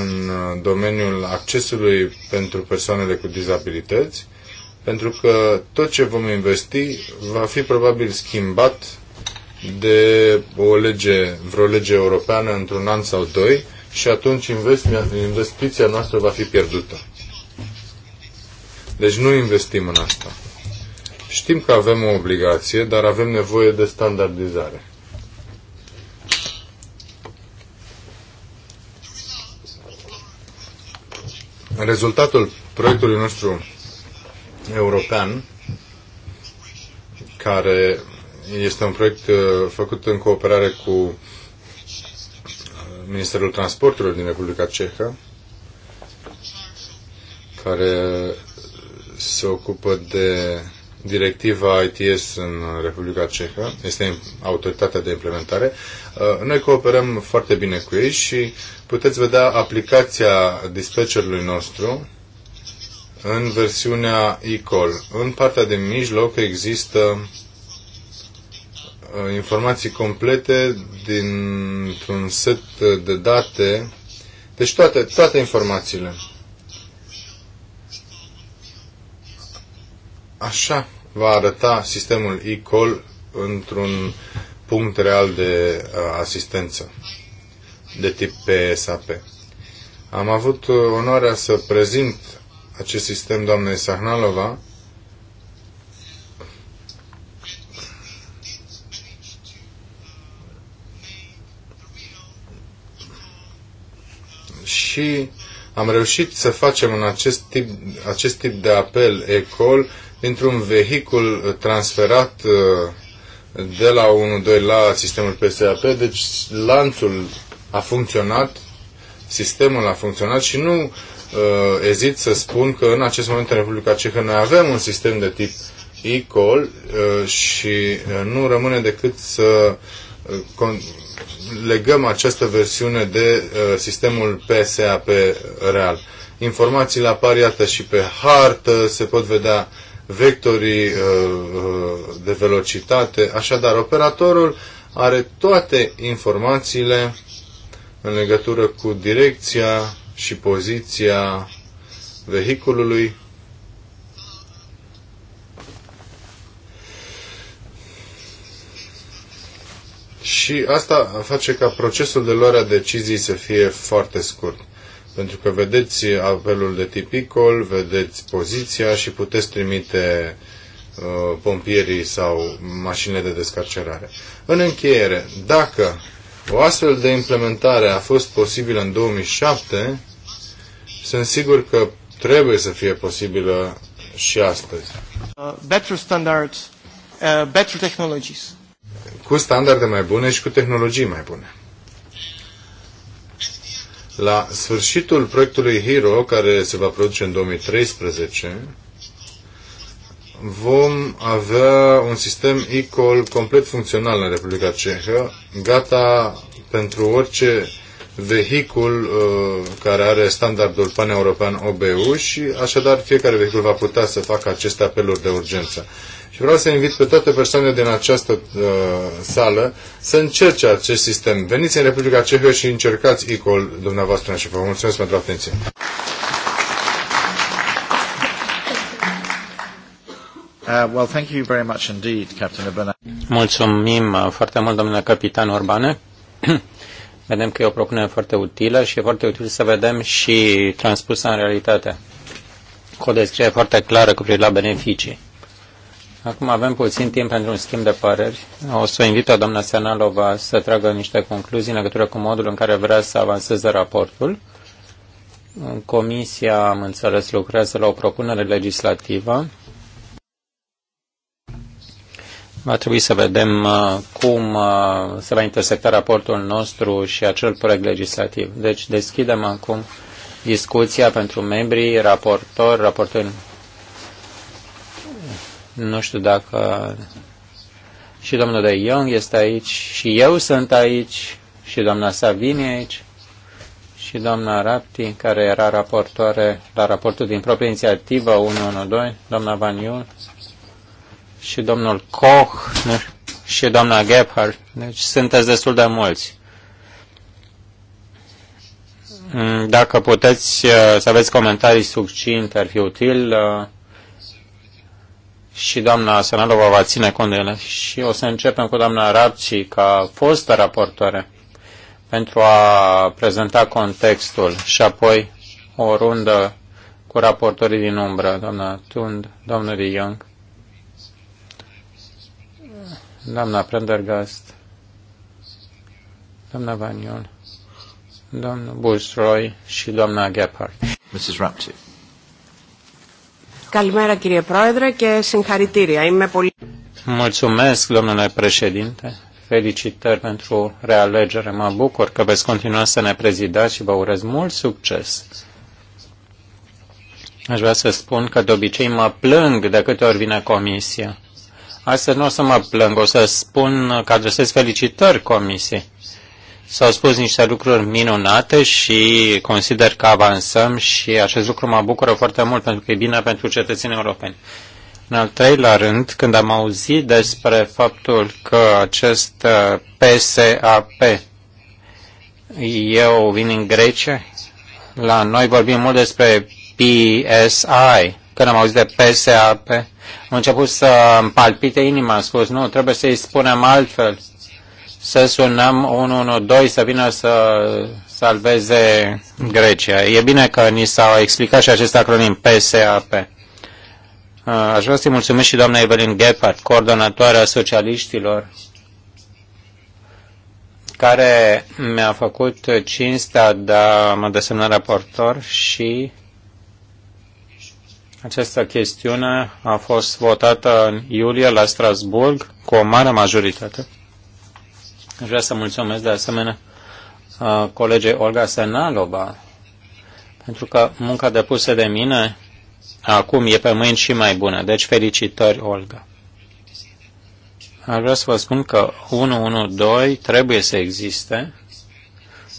în domeniul accesului pentru persoanele cu dizabilități, pentru că tot ce vom investi va fi probabil schimbat de o lege, vreo lege europeană într-un an sau doi și atunci investiția noastră va fi pierdută. Deci nu investim în asta. Știm că avem o obligație, dar avem nevoie de standardizare. Rezultatul proiectului nostru european, care este un proiect uh, făcut în cooperare cu uh, Ministerul Transporturilor din Republica Cehă, care se ocupă de directiva ITS în Republica Cehă, este autoritatea de implementare. Uh, noi cooperăm foarte bine cu ei și puteți vedea aplicația dispecerului nostru în versiunea e-call. În partea de mijloc există Uh, informații complete dintr-un set de date, deci toate, toate informațiile. Așa va arăta sistemul e-call într-un punct real de uh, asistență de tip PSAP. Am avut uh, onoarea să prezint acest sistem doamnei Sahnalova și am reușit să facem în acest tip, acest tip de apel ECOL dintr-un vehicul transferat uh, de la 1.2 la sistemul PSAP, deci lanțul a funcționat, sistemul a funcționat și nu uh, ezit să spun că în acest moment în Republica Cehă noi avem un sistem de tip ECOL uh, și uh, nu rămâne decât să uh, legăm această versiune de uh, sistemul PSAP real. Informațiile apar, iată, și pe hartă, se pot vedea vectorii uh, uh, de velocitate. Așadar, operatorul are toate informațiile în legătură cu direcția și poziția vehiculului Și asta face ca procesul de luare a decizii să fie foarte scurt. Pentru că vedeți apelul de tipicol, vedeți poziția și puteți trimite uh, pompierii sau mașinile de descarcerare. În încheiere, dacă o astfel de implementare a fost posibilă în 2007, sunt sigur că trebuie să fie posibilă și astăzi. Uh, better standards, uh, better technologies cu standarde mai bune și cu tehnologii mai bune. La sfârșitul proiectului Hero, care se va produce în 2013, vom avea un sistem e-call complet funcțional în Republica Cehă, gata pentru orice vehicul uh, care are standardul pan-european OBU și așadar fiecare vehicul va putea să facă aceste apeluri de urgență. Și vreau să invit pe toate persoanele din această uh, sală să încerce acest sistem. Veniți în Republica Cehă și încercați ICOL dumneavoastră și vă mulțumesc pentru atenție. Uh, well, thank you very much indeed, Captain Urbane. Mulțumim uh, foarte mult, domnule capitan Urbane. vedem că e o propunere foarte utilă și e foarte util să vedem și transpusă în realitate. Cu o descriere foarte clară cu privire la beneficii. Acum avem puțin timp pentru un schimb de păreri. O să invit-o doamna Senalova să tragă niște concluzii în legătură cu modul în care vrea să avanseze raportul. Comisia, am înțeles, lucrează la o propunere legislativă. Va trebui să vedem uh, cum uh, se va intersecta raportul nostru și acel proiect legislativ. Deci deschidem acum discuția pentru membrii, raportori, raportori nu știu dacă și domnul de Young este aici, și eu sunt aici, și doamna Savini aici, și doamna Rapti, care era raportoare la raportul din proprie inițiativă 112, doamna Van Iul, și domnul Koch, și doamna Gebhardt. Deci sunteți destul de mulți. Dacă puteți uh, să aveți comentarii succinte, ar fi util. Uh, și doamna Sănălova va ține cont de ele. Și o să începem cu doamna Rapci, ca fostă raportoare, pentru a prezenta contextul și apoi o rundă cu raportorii din umbră, doamna Tund, domnul de Young, doamna Prendergast, doamna Vanion, domnul Bushroy și doamna Gephardt. Mrs. Rapci. Καλημέρα κύριε Πρόεδρε και συγχαρητήρια. Είμαι πολύ... Mulțumesc, domnule președinte. Felicitări pentru realegere. Mă bucur că veți continua să ne prezidați și vă urez mult succes. Aș vrea să spun că de obicei mă plâng de câte ori vine comisia. Astăzi nu o să mă plâng, o să spun că adresez felicitări comisiei. S-au spus niște lucruri minunate și consider că avansăm și acest lucru mă bucură foarte mult pentru că e bine pentru cetățenii europeni. În al treilea rând, când am auzit despre faptul că acest PSAP, uh, eu vin în Grecia, la noi vorbim mult despre PSI, când am auzit de PSAP, am început să îmi palpite inima, am spus, nu, trebuie să-i spunem altfel să sunăm 112 să vină să salveze Grecia. E bine că ni s-a explicat și acest acronim PSAP. Uh, aș vrea să-i mulțumesc și doamna Evelyn Gephardt, coordonatoarea socialiștilor, care mi-a făcut cinstea de a mă desemna raportor și această chestiune a fost votată în iulie la Strasburg cu o mare majoritate. Aș vrea să mulțumesc de asemenea colegei Olga Senalova, pentru că munca depusă de mine acum e pe mâini și mai bună. Deci felicitări, Olga. Aș vrea să vă spun că 112 trebuie să existe,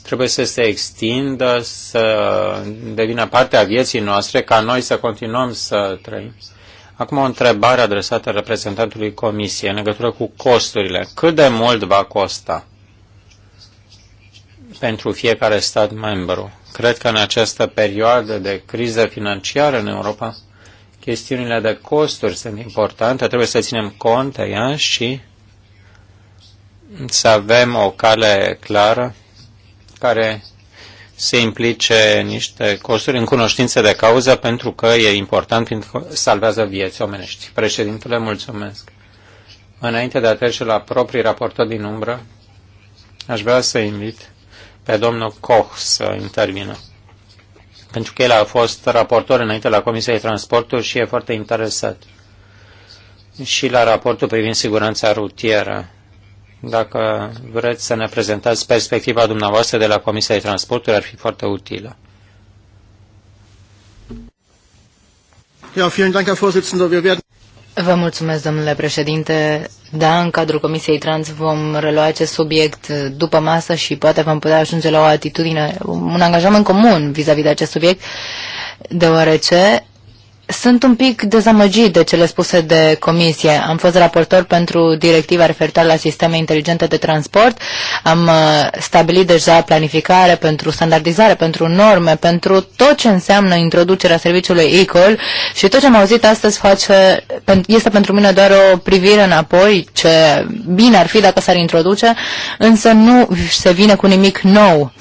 trebuie să se extindă, să devină parte a vieții noastre, ca noi să continuăm să trăim. Acum o întrebare adresată reprezentantului Comisiei în legătură cu costurile. Cât de mult va costa pentru fiecare stat membru? Cred că în această perioadă de criză financiară în Europa, chestiunile de costuri sunt importante, trebuie să ținem cont de ea și să avem o cale clară care se implice niște costuri în cunoștință de cauză pentru că e important pentru că salvează vieți omenești. Președintele, mulțumesc. Înainte de a trece la proprii raportori din umbră, aș vrea să invit pe domnul Koch să intervină. Pentru că el a fost raportor înainte la Comisia de Transporturi și e foarte interesat. Și la raportul privind siguranța rutieră dacă vreți să ne prezentați perspectiva dumneavoastră de la Comisia de Transporturi, ar fi foarte utilă. Vă mulțumesc, domnule președinte. Da, în cadrul Comisiei Trans vom relua acest subiect după masă și poate vom putea ajunge la o atitudine, un angajament comun vis-a-vis -vis de acest subiect, deoarece sunt un pic dezamăgit de cele spuse de comisie. Am fost raportor pentru directiva referitoare la sisteme inteligente de transport. Am uh, stabilit deja planificare pentru standardizare, pentru norme, pentru tot ce înseamnă introducerea serviciului ECOL și tot ce am auzit astăzi face, este pentru mine doar o privire înapoi, ce bine ar fi dacă s-ar introduce, însă nu se vine cu nimic nou.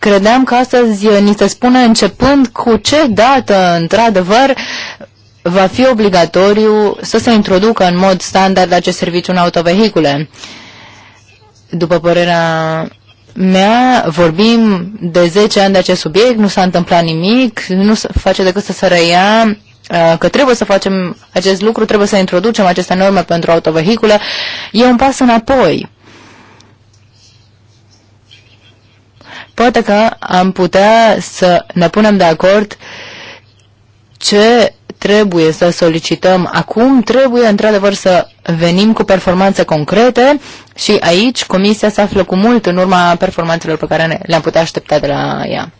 Credeam că astăzi eh, ni se spune începând cu ce dată, într-adevăr, va fi obligatoriu să se introducă în mod standard acest serviciu în autovehicule. După părerea mea, vorbim de 10 ani de acest subiect, nu s-a întâmplat nimic, nu se face decât să se reia eh, că trebuie să facem acest lucru, trebuie să introducem aceste norme pentru autovehicule, e un pas înapoi. Poate că am putea să ne punem de acord ce trebuie să solicităm acum, trebuie într-adevăr să venim cu performanțe concrete și aici Comisia se află cu mult în urma performanțelor pe care le-am putea aștepta de la ea.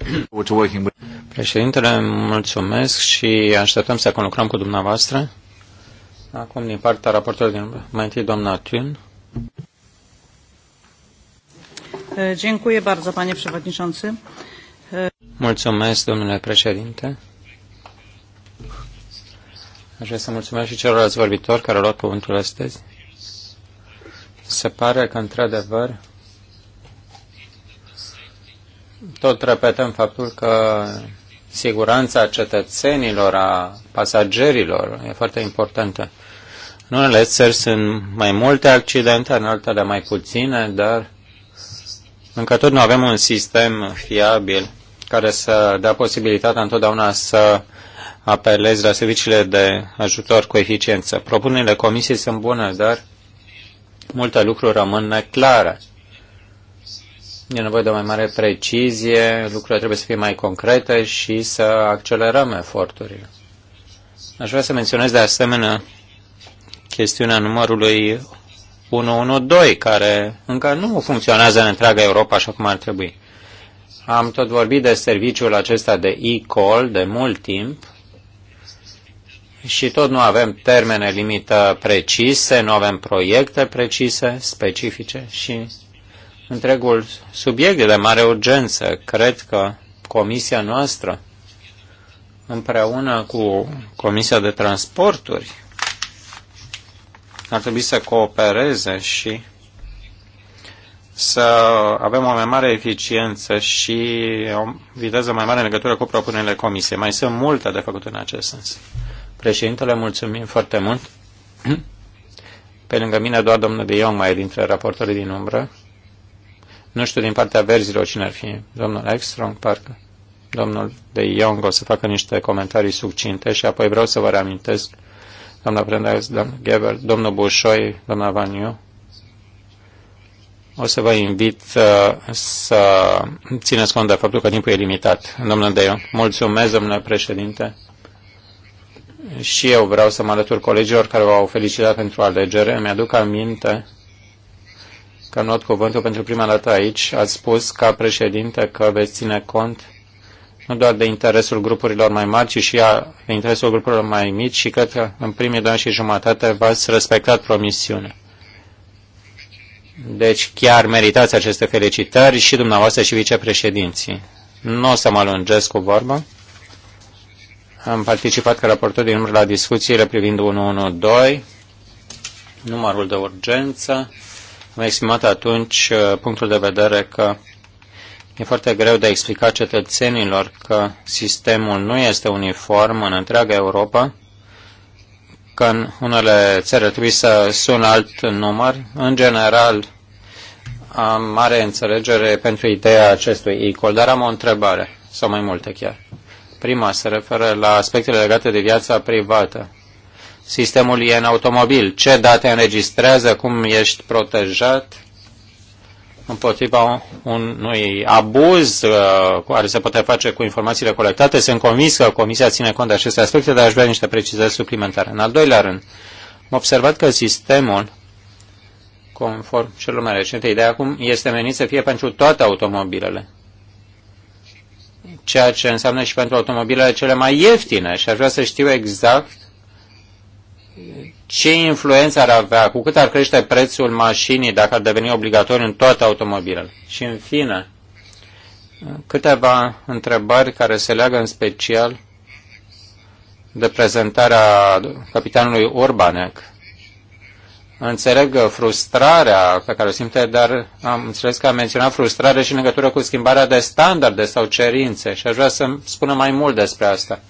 Președintele, mulțumesc și așteptăm să conlucrăm cu dumneavoastră. Acum, din partea raportorului, mai întâi doamna Tun. Dziękuję bardzo, panie przewodniczący. Mulțumesc, domnule președinte. Aș vrea să mulțumesc și celorlalți vorbitori care au luat cuvântul astăzi. Se pare că, într-adevăr, tot repetăm faptul că siguranța cetățenilor, a pasagerilor, e foarte importantă. În unele țări sunt mai multe accidente, în altele mai puține, dar încă tot nu avem un sistem fiabil care să dea posibilitatea întotdeauna să apelezi la serviciile de ajutor cu eficiență. Propunerile comisiei sunt bune, dar multe lucruri rămân neclare. E nevoie de o mai mare precizie, lucrurile trebuie să fie mai concrete și să accelerăm eforturile. Aș vrea să menționez de asemenea chestiunea numărului 112, care încă nu funcționează în întreaga Europa așa cum ar trebui. Am tot vorbit de serviciul acesta de e-call de mult timp și tot nu avem termene limită precise, nu avem proiecte precise, specifice și întregul subiect de mare urgență. Cred că comisia noastră, împreună cu Comisia de Transporturi, ar trebui să coopereze și să avem o mai mare eficiență și o viteză mai mare în legătură cu propunerile comisiei. Mai sunt multe de făcut în acest sens. Președintele, mulțumim foarte mult. Pe lângă mine doar domnul de Iong mai e dintre raportorii din umbră. Nu știu din partea verzilor cine ar fi. Domnul Ekstrong, parcă. Domnul de Iong o să facă niște comentarii succinte și apoi vreau să vă reamintesc doamna Brandeis, doamna Geber, domnul Bușoi, doamna Vaniu. O să vă invit uh, să țineți cont de faptul că timpul e limitat. Domnul Deion, mulțumesc, domnule președinte. Și eu vreau să mă alătur colegilor care v-au felicitat pentru alegere. Mi-aduc aminte că în not cuvântul pentru prima dată aici ați spus ca președinte că veți ține cont nu doar de interesul grupurilor mai mari, ci și a interesul grupurilor mai mici și cred că în primii doi ani și jumătate v-ați respectat promisiunea. Deci chiar meritați aceste felicitări și dumneavoastră și vicepreședinții. Nu o să mă alungesc cu vorba. Am participat ca raportor din număr la discuțiile privind 112, numărul de urgență. Am exprimat atunci uh, punctul de vedere că E foarte greu de explicat cetățenilor că sistemul nu este uniform în întreaga Europa, că în unele țări ar trebui să sun alt număr. În general, am mare înțelegere pentru ideea acestui equal, dar am o întrebare, sau mai multe chiar. Prima se referă la aspectele legate de viața privată. Sistemul e în automobil. Ce date înregistrează, cum ești protejat, împotriva unui abuz uh, care se poate face cu informațiile colectate. Sunt convins că Comisia ține cont de aceste aspecte, dar aș vrea niște precizări suplimentare. În al doilea rând, am observat că sistemul, conform celor mai recente idei acum, este menit să fie pentru toate automobilele ceea ce înseamnă și pentru automobilele cele mai ieftine și aș vrea să știu exact ce influență ar avea, cu cât ar crește prețul mașinii dacă ar deveni obligatoriu în toate automobilele. Și în fine, câteva întrebări care se leagă în special de prezentarea capitanului Urbanec. Înțeleg frustrarea pe care o simte, dar am înțeles că a menționat frustrare și în legătură cu schimbarea de standarde sau cerințe și aș vrea să spună mai mult despre asta.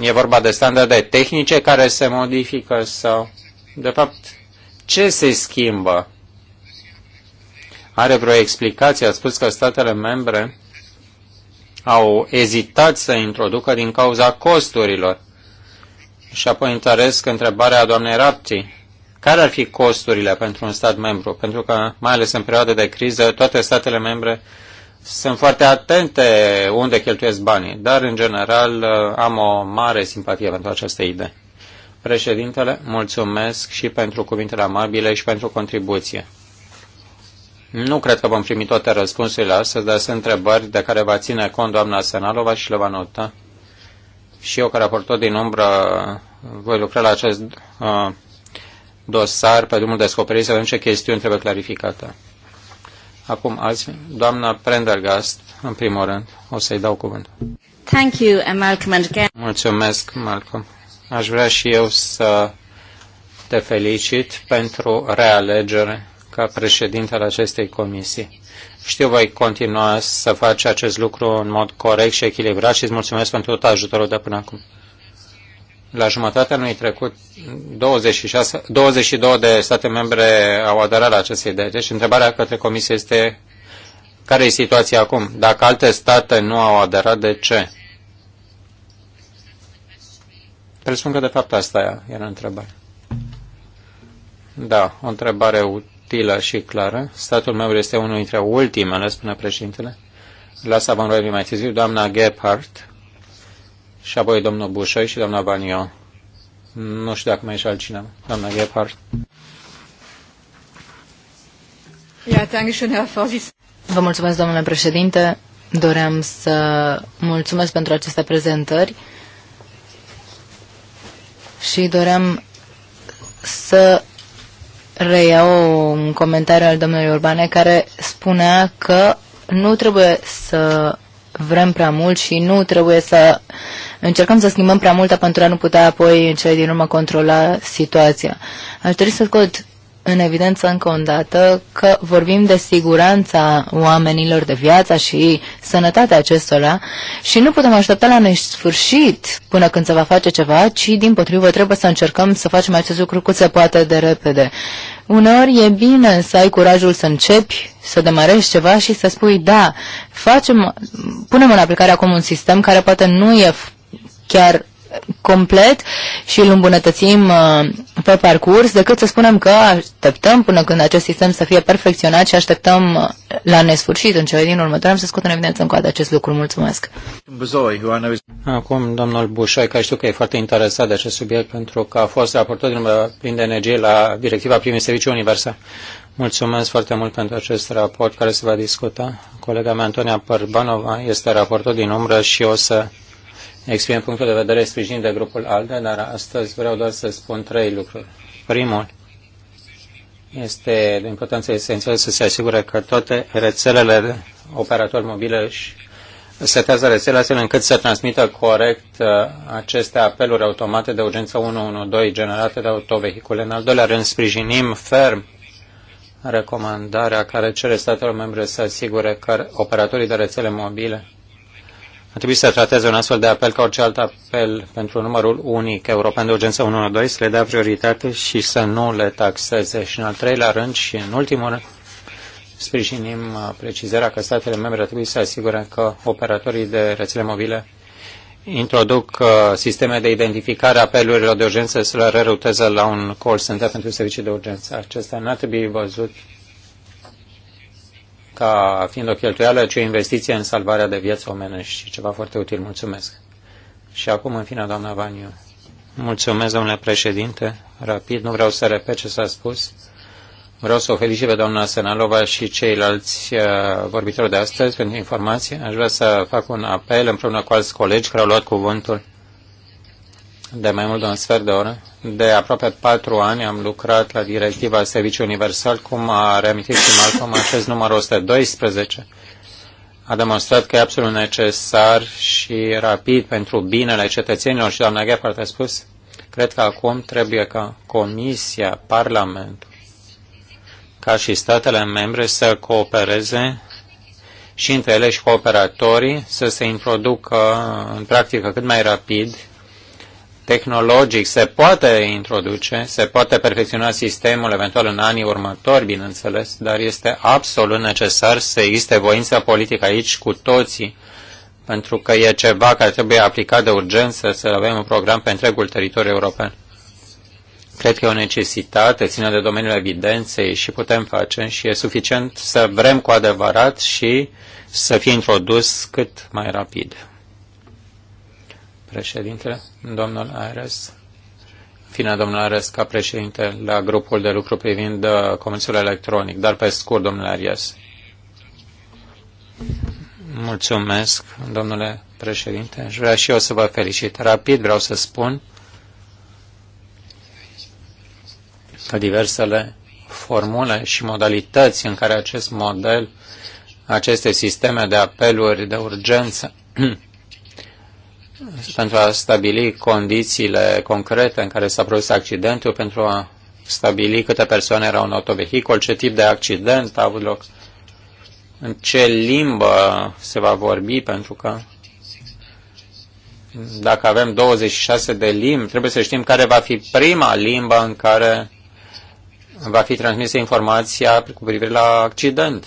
E vorba de standarde tehnice care se modifică sau, de fapt, ce se schimbă? Are vreo explicație? A spus că statele membre au ezitat să introducă din cauza costurilor. Și apoi întăresc întrebarea doamnei Rapti. Care ar fi costurile pentru un stat membru? Pentru că, mai ales în perioada de criză, toate statele membre sunt foarte atente unde cheltuiesc banii, dar în general uh, am o mare simpatie pentru această idee. Președintele, mulțumesc și pentru cuvintele amabile și pentru contribuție. Nu cred că vom primi toate răspunsurile astăzi, dar sunt întrebări de care va ține cont doamna Senalova și le va nota. Și eu, ca raportor din umbră, voi lucra la acest uh, dosar pe drumul descoperirii să vedem ce chestiuni trebuie clarificate. Acum azi, doamna Prendergast, în primul rând, o să-i dau cuvântul. Thank you, uh, Malcolm, and again. Mulțumesc, Malcolm. Aș vrea și eu să te felicit pentru realegere ca președinte al acestei comisii. Știu, voi continua să faci acest lucru în mod corect și echilibrat și îți mulțumesc pentru tot ajutorul de până acum. La jumătatea anului trecut, 26, 22 de state membre au aderat la aceste idei. Deci, întrebarea către Comisie este care e situația acum? Dacă alte state nu au aderat, de ce? Presupun că, de fapt, asta era întrebarea. Da, o întrebare utilă și clară. Statul meu este unul dintre ultimele, spune președintele. Lasă vom mai târziu, doamna Gephardt și apoi domnul Bușoi și doamna Banio. Nu știu dacă mai e și altcineva. Doamna Gephardt. Vă mulțumesc, domnule președinte. Doream să mulțumesc pentru aceste prezentări și doream să reiau un comentariu al domnului Urbane care spunea că nu trebuie să vrem prea mult și nu trebuie să încercăm să schimbăm prea multă pentru a nu putea apoi în cele din urmă controla situația. Aș dori să scot în evidență încă o dată că vorbim de siguranța oamenilor, de viața și sănătatea acestora și nu putem aștepta la nesfârșit până când se va face ceva, ci din potrivă trebuie să încercăm să facem acest lucru cât se poate de repede. Uneori e bine să ai curajul să începi, să demarești ceva și să spui da, facem, punem în aplicare acum un sistem care poate nu e chiar complet și îl îmbunătățim uh, pe parcurs, decât să spunem că așteptăm până când acest sistem să fie perfecționat și așteptăm uh, la nesfârșit în cele din următoare am să scot în evidență încă acest lucru. Mulțumesc! Acum, domnul Bușoi, că știu că e foarte interesat de acest subiect pentru că a fost raportor din plin de energie la directiva primii serviciu universal. Mulțumesc foarte mult pentru acest raport care se va discuta. Colega mea, Antonia Părbanova, este raportor din umbră și o să exprim punctul de vedere sprijinit de grupul ALDE, dar astăzi vreau doar să spun trei lucruri. Primul, este de importanță esențială să se asigure că toate rețelele de operatori mobile își setează rețele astfel încât să transmită corect uh, aceste apeluri automate de urgență 112 generate de autovehicule. În al doilea rând, sprijinim ferm recomandarea care cere statelor membre să asigure că operatorii de rețele mobile a trebuit să trateze un astfel de apel ca orice alt apel pentru numărul unic european de urgență 112, să le dea prioritate și să nu le taxeze. Și în al treilea rând și în ultimul rând, sprijinim uh, precizarea că statele membre ar trebui să asigure că operatorii de rețele mobile introduc uh, sisteme de identificare a apelurilor de urgență să le reruteze la un call center pentru servicii de urgență. Acesta nu ar trebui văzut ca fiind o cheltuială, ci o investiție în salvarea de vieți omenești și ceva foarte util. Mulțumesc. Și acum, în fine, doamna Vaniu. Mulțumesc, domnule președinte. Rapid, nu vreau să repet ce s-a spus. Vreau să o felicit pe doamna Senalova și ceilalți uh, vorbitori de astăzi pentru informație. Aș vrea să fac un apel împreună cu alți colegi care au luat cuvântul de mai mult de un sfert de oră. De aproape patru ani am lucrat la directiva Serviciu Universal, cum a reamintit și Malcolm, acest număr 112 a demonstrat că e absolut necesar și rapid pentru binele cetățenilor și doamna Gephardt a spus, cred că acum trebuie ca Comisia, Parlamentul, ca și statele membre să coopereze și între ele și cooperatorii să se introducă în practică cât mai rapid tehnologic se poate introduce, se poate perfecționa sistemul eventual în anii următori, bineînțeles, dar este absolut necesar să existe voința politică aici cu toții, pentru că e ceva care trebuie aplicat de urgență să avem un program pe întregul teritoriu european. Cred că e o necesitate, ține de domeniul evidenței și putem face și e suficient să vrem cu adevărat și să fie introdus cât mai rapid președintele, domnul Ares. Fine, domnul Ares, ca președinte la grupul de lucru privind uh, comerțul electronic, dar pe scurt, domnule Arias. Mulțumesc, domnule președinte. Aș vreau și eu să vă felicit. Rapid vreau să spun că diversele formule și modalități în care acest model, aceste sisteme de apeluri de urgență pentru a stabili condițiile concrete în care s-a produs accidentul, pentru a stabili câte persoane erau în autovehicol, ce tip de accident a avut loc, în ce limbă se va vorbi, pentru că dacă avem 26 de limbi, trebuie să știm care va fi prima limbă în care va fi transmisă informația cu privire la accident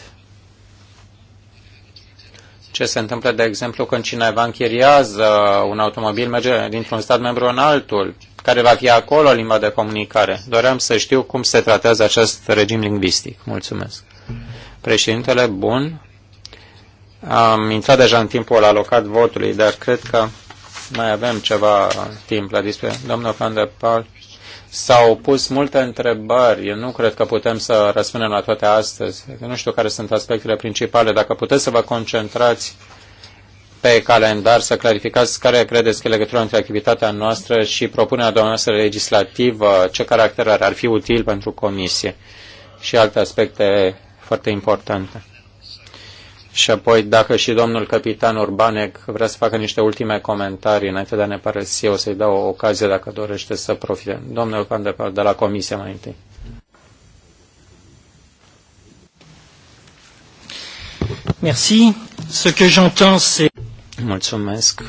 ce se întâmplă, de exemplu, când cineva închiriază un automobil, merge dintr-un stat membru în altul, care va fi acolo limba de comunicare. Doream să știu cum se tratează acest regim lingvistic. Mulțumesc. Președintele, bun. Am intrat deja în timpul alocat votului, dar cred că mai avem ceva timp la dispoziție. Domnul Van de S-au pus multe întrebări. Eu nu cred că putem să răspundem la toate astăzi. Nu știu care sunt aspectele principale. Dacă puteți să vă concentrați pe calendar, să clarificați care credeți că e legătura între activitatea noastră și propunerea noastră legislativă, ce caracter ar fi util pentru comisie și alte aspecte foarte importante. Și apoi, dacă și domnul capitan Urbanec vrea să facă niște ultime comentarii înainte de a ne părăsi, o să-i dau o ocazie dacă dorește să profite. Domnul Pandepar, de la Comisie mai întâi. Merci. Ce que j'entends, c'est... Mulțumesc.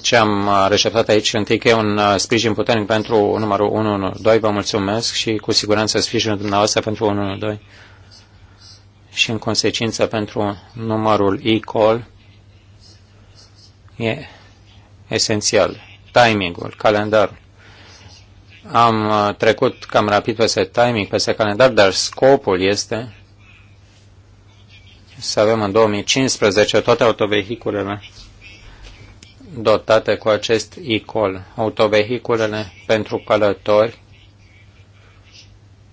Ce am receptat aici, întâi că e un uh, sprijin puternic pentru numărul 112. Vă mulțumesc și cu siguranță sprijinul dumneavoastră pentru 112 și în consecință pentru numărul e-call e esențial. Timingul, calendarul. Am uh, trecut cam rapid peste timing, peste calendar, dar scopul este să avem în 2015 toate autovehiculele dotate cu acest e-call, autovehiculele pentru călători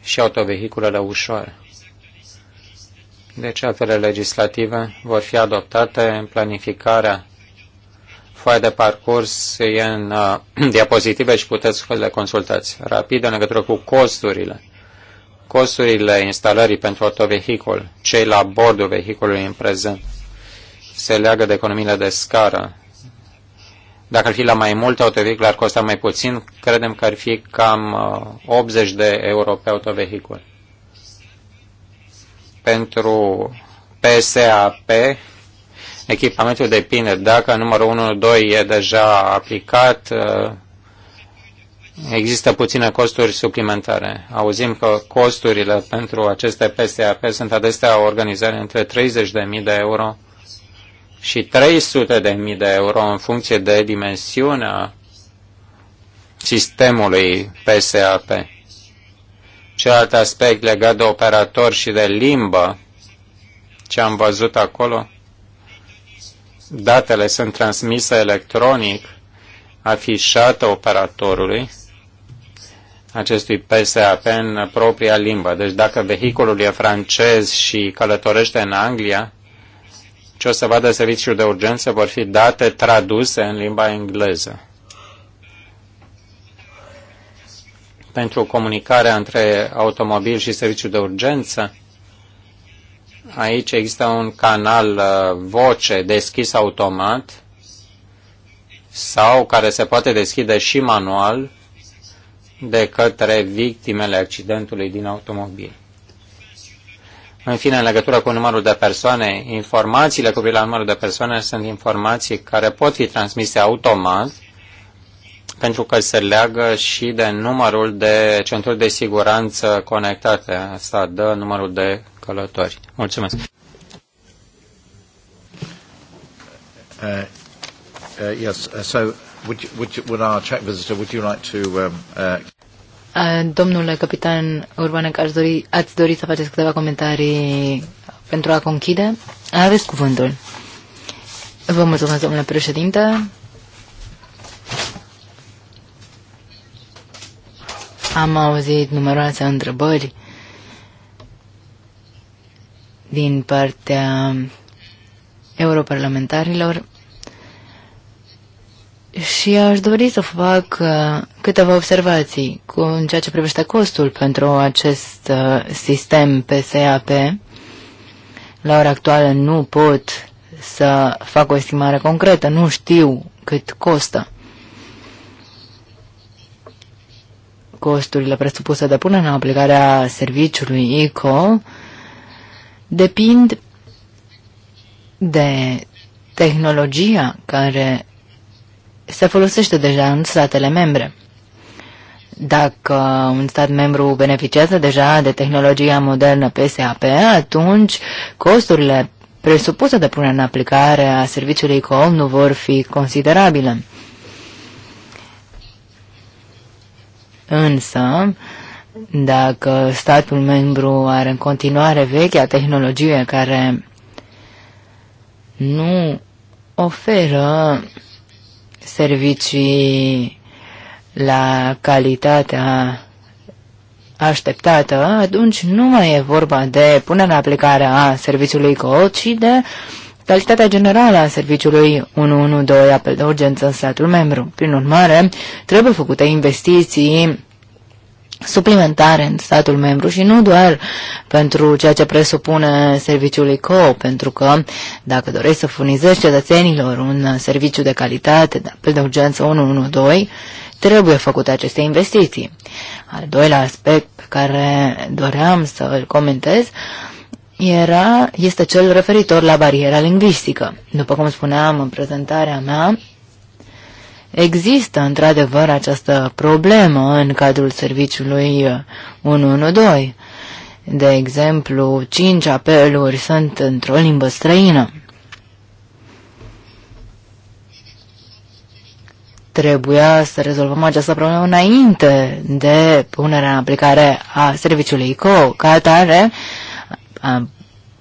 și autovehiculele ușoare. Deci actele legislative vor fi adoptate în planificarea foaia de parcurs e în uh, diapozitive și puteți să le consultați rapid în legătură cu costurile. Costurile instalării pentru autovehicul, cei la bordul vehiculului în prezent, se leagă de economiile de scară. Dacă ar fi la mai multe autovehicule, ar costa mai puțin, credem că ar fi cam uh, 80 de euro pe autovehicul pentru PSAP, echipamentul depinde dacă numărul 1-2 e deja aplicat, uh, există puține costuri suplimentare. Auzim că costurile pentru aceste PSAP sunt adesea organizate între 30.000 de euro și 300.000 de euro în funcție de dimensiunea sistemului PSAP. Celălalt aspect legat de operator și de limbă, ce am văzut acolo, datele sunt transmise electronic, afișată operatorului, acestui PSAP în propria limbă. Deci dacă vehiculul e francez și călătorește în Anglia, ce o să vadă serviciul de urgență vor fi date traduse în limba engleză. pentru comunicarea între automobil și serviciu de urgență. Aici există un canal uh, voce deschis automat sau care se poate deschide și manual de către victimele accidentului din automobil. În fine, în legătură cu numărul de persoane, informațiile cu privire la numărul de persoane sunt informații care pot fi transmise automat pentru că se leagă și de numărul de centuri de siguranță conectate. Asta dă numărul de călători. Mulțumesc. Uh, uh, yes, uh, so would, you, would, you, would our Czech visitor, would you like to... Um, uh... uh Domnule capitan Urbanec, aș dori, ați dori să faceți câteva comentarii pentru a conchide? Aveți cuvântul. Vă mulțumesc, domnule președinte. Am auzit numeroase întrebări din partea europarlamentarilor și aș dori să fac uh, câteva observații cu, în ceea ce privește costul pentru acest uh, sistem PSAP. La ora actuală nu pot să fac o estimare concretă, nu știu cât costă. costurile presupuse de pune în aplicarea serviciului ICO depind de tehnologia care se folosește deja în statele membre. Dacă un stat membru beneficiază deja de tehnologia modernă PSAP, atunci costurile presupuse de punere în aplicare a serviciului ICO nu vor fi considerabile. Însă, dacă statul membru are în continuare vechea tehnologie care nu oferă servicii la calitatea așteptată, atunci nu mai e vorba de punerea în aplicare a serviciului coach, ci de calitatea generală a serviciului 112 apel de urgență în statul membru. Prin urmare, trebuie făcute investiții suplimentare în statul membru și nu doar pentru ceea ce presupune serviciul ICO, pentru că dacă dorești să furnizezi cetățenilor un serviciu de calitate, de apel de urgență 112, trebuie făcute aceste investiții. Al doilea aspect pe care doream să îl comentez era, este cel referitor la bariera lingvistică. După cum spuneam în prezentarea mea, există într-adevăr această problemă în cadrul serviciului 112. De exemplu, cinci apeluri sunt într-o limbă străină. Trebuia să rezolvăm această problemă înainte de punerea în aplicare a serviciului ICO. Ca atare,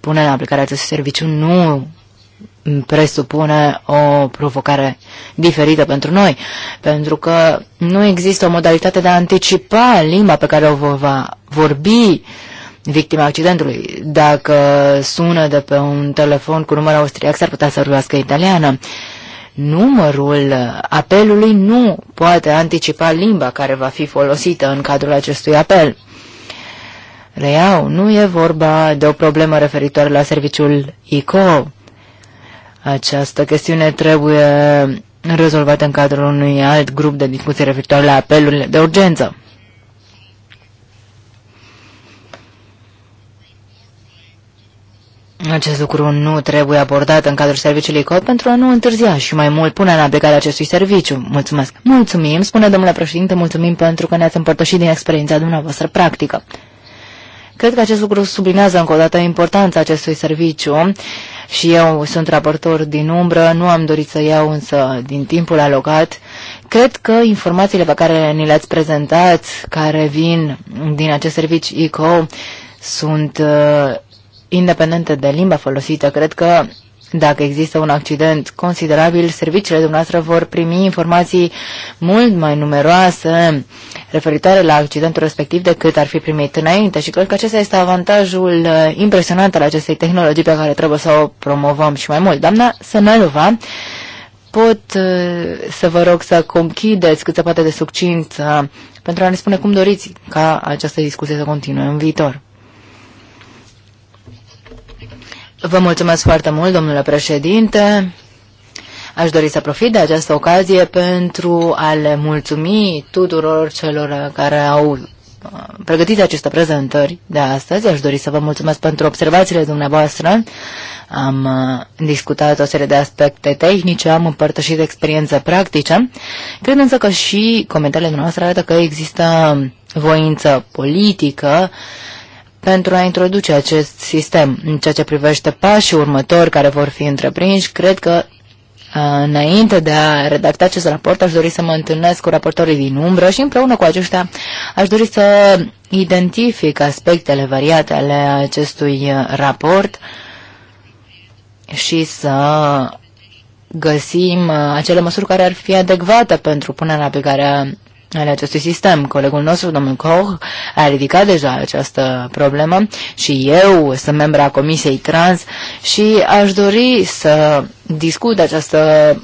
punerea în aplicare acestui serviciu nu presupune o provocare diferită pentru noi, pentru că nu există o modalitate de a anticipa limba pe care o va vorbi victima accidentului. Dacă sună de pe un telefon cu număr austriac, s-ar putea să vorbească italiană. Numărul apelului nu poate anticipa limba care va fi folosită în cadrul acestui apel reiau, nu e vorba de o problemă referitoare la serviciul ICO. Această chestiune trebuie rezolvată în cadrul unui alt grup de discuții referitoare la apelurile de urgență. Acest lucru nu trebuie abordat în cadrul serviciului COD pentru a nu întârzia și mai mult pune în aplicare acestui serviciu. Mulțumesc! Mulțumim, spune domnule președinte, mulțumim pentru că ne-ați împărtășit din experiența dumneavoastră practică. Cred că acest lucru sublinează încă o dată importanța acestui serviciu și eu sunt raportor din umbră, nu am dorit să iau însă din timpul alocat. Cred că informațiile pe care ni le-ați prezentat, care vin din acest serviciu ICO, sunt uh, independente de limba folosită. Cred că dacă există un accident considerabil, serviciile dumneavoastră vor primi informații mult mai numeroase referitoare la accidentul respectiv decât ar fi primit înainte și cred că acesta este avantajul uh, impresionant al acestei tehnologii pe care trebuie să o promovăm și mai mult. Doamna Sănăluva, pot uh, să vă rog să conchideți cât se poate de succint pentru a ne spune cum doriți ca această discuție să continue în viitor. Vă mulțumesc foarte mult, domnule președinte. Aș dori să profit de această ocazie pentru a le mulțumi tuturor celor care au uh, pregătit aceste prezentări de astăzi. Aș dori să vă mulțumesc pentru observațiile dumneavoastră. Am uh, discutat o serie de aspecte tehnice, am împărtășit experiențe practice. Cred însă că și comentariile noastre arată că există voință politică uh, pentru a introduce acest sistem. În ceea ce privește pașii următori care vor fi întreprinși, cred că Înainte de a redacta acest raport, aș dori să mă întâlnesc cu raportorii din umbră și împreună cu aceștia aș dori să identific aspectele variate ale acestui raport și să găsim acele măsuri care ar fi adecvate pentru punerea pe care ale acestui sistem. Colegul nostru, domnul Koch, a ridicat deja această problemă și eu sunt membra a Comisiei Trans și aș dori să discut această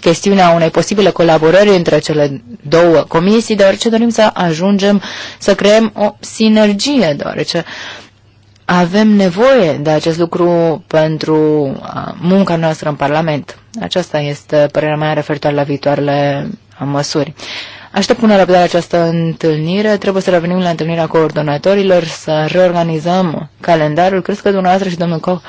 chestiunea unei posibile colaborări între cele două comisii, deoarece dorim să ajungem să creăm o sinergie, deoarece avem nevoie de acest lucru pentru uh, munca noastră în Parlament. Aceasta este părerea mea referitoare la viitoarele măsuri. Aștept până la răbdare această întâlnire. Trebuie să revenim la întâlnirea coordonatorilor, să reorganizăm calendarul. Cred că dumneavoastră și domnul Koch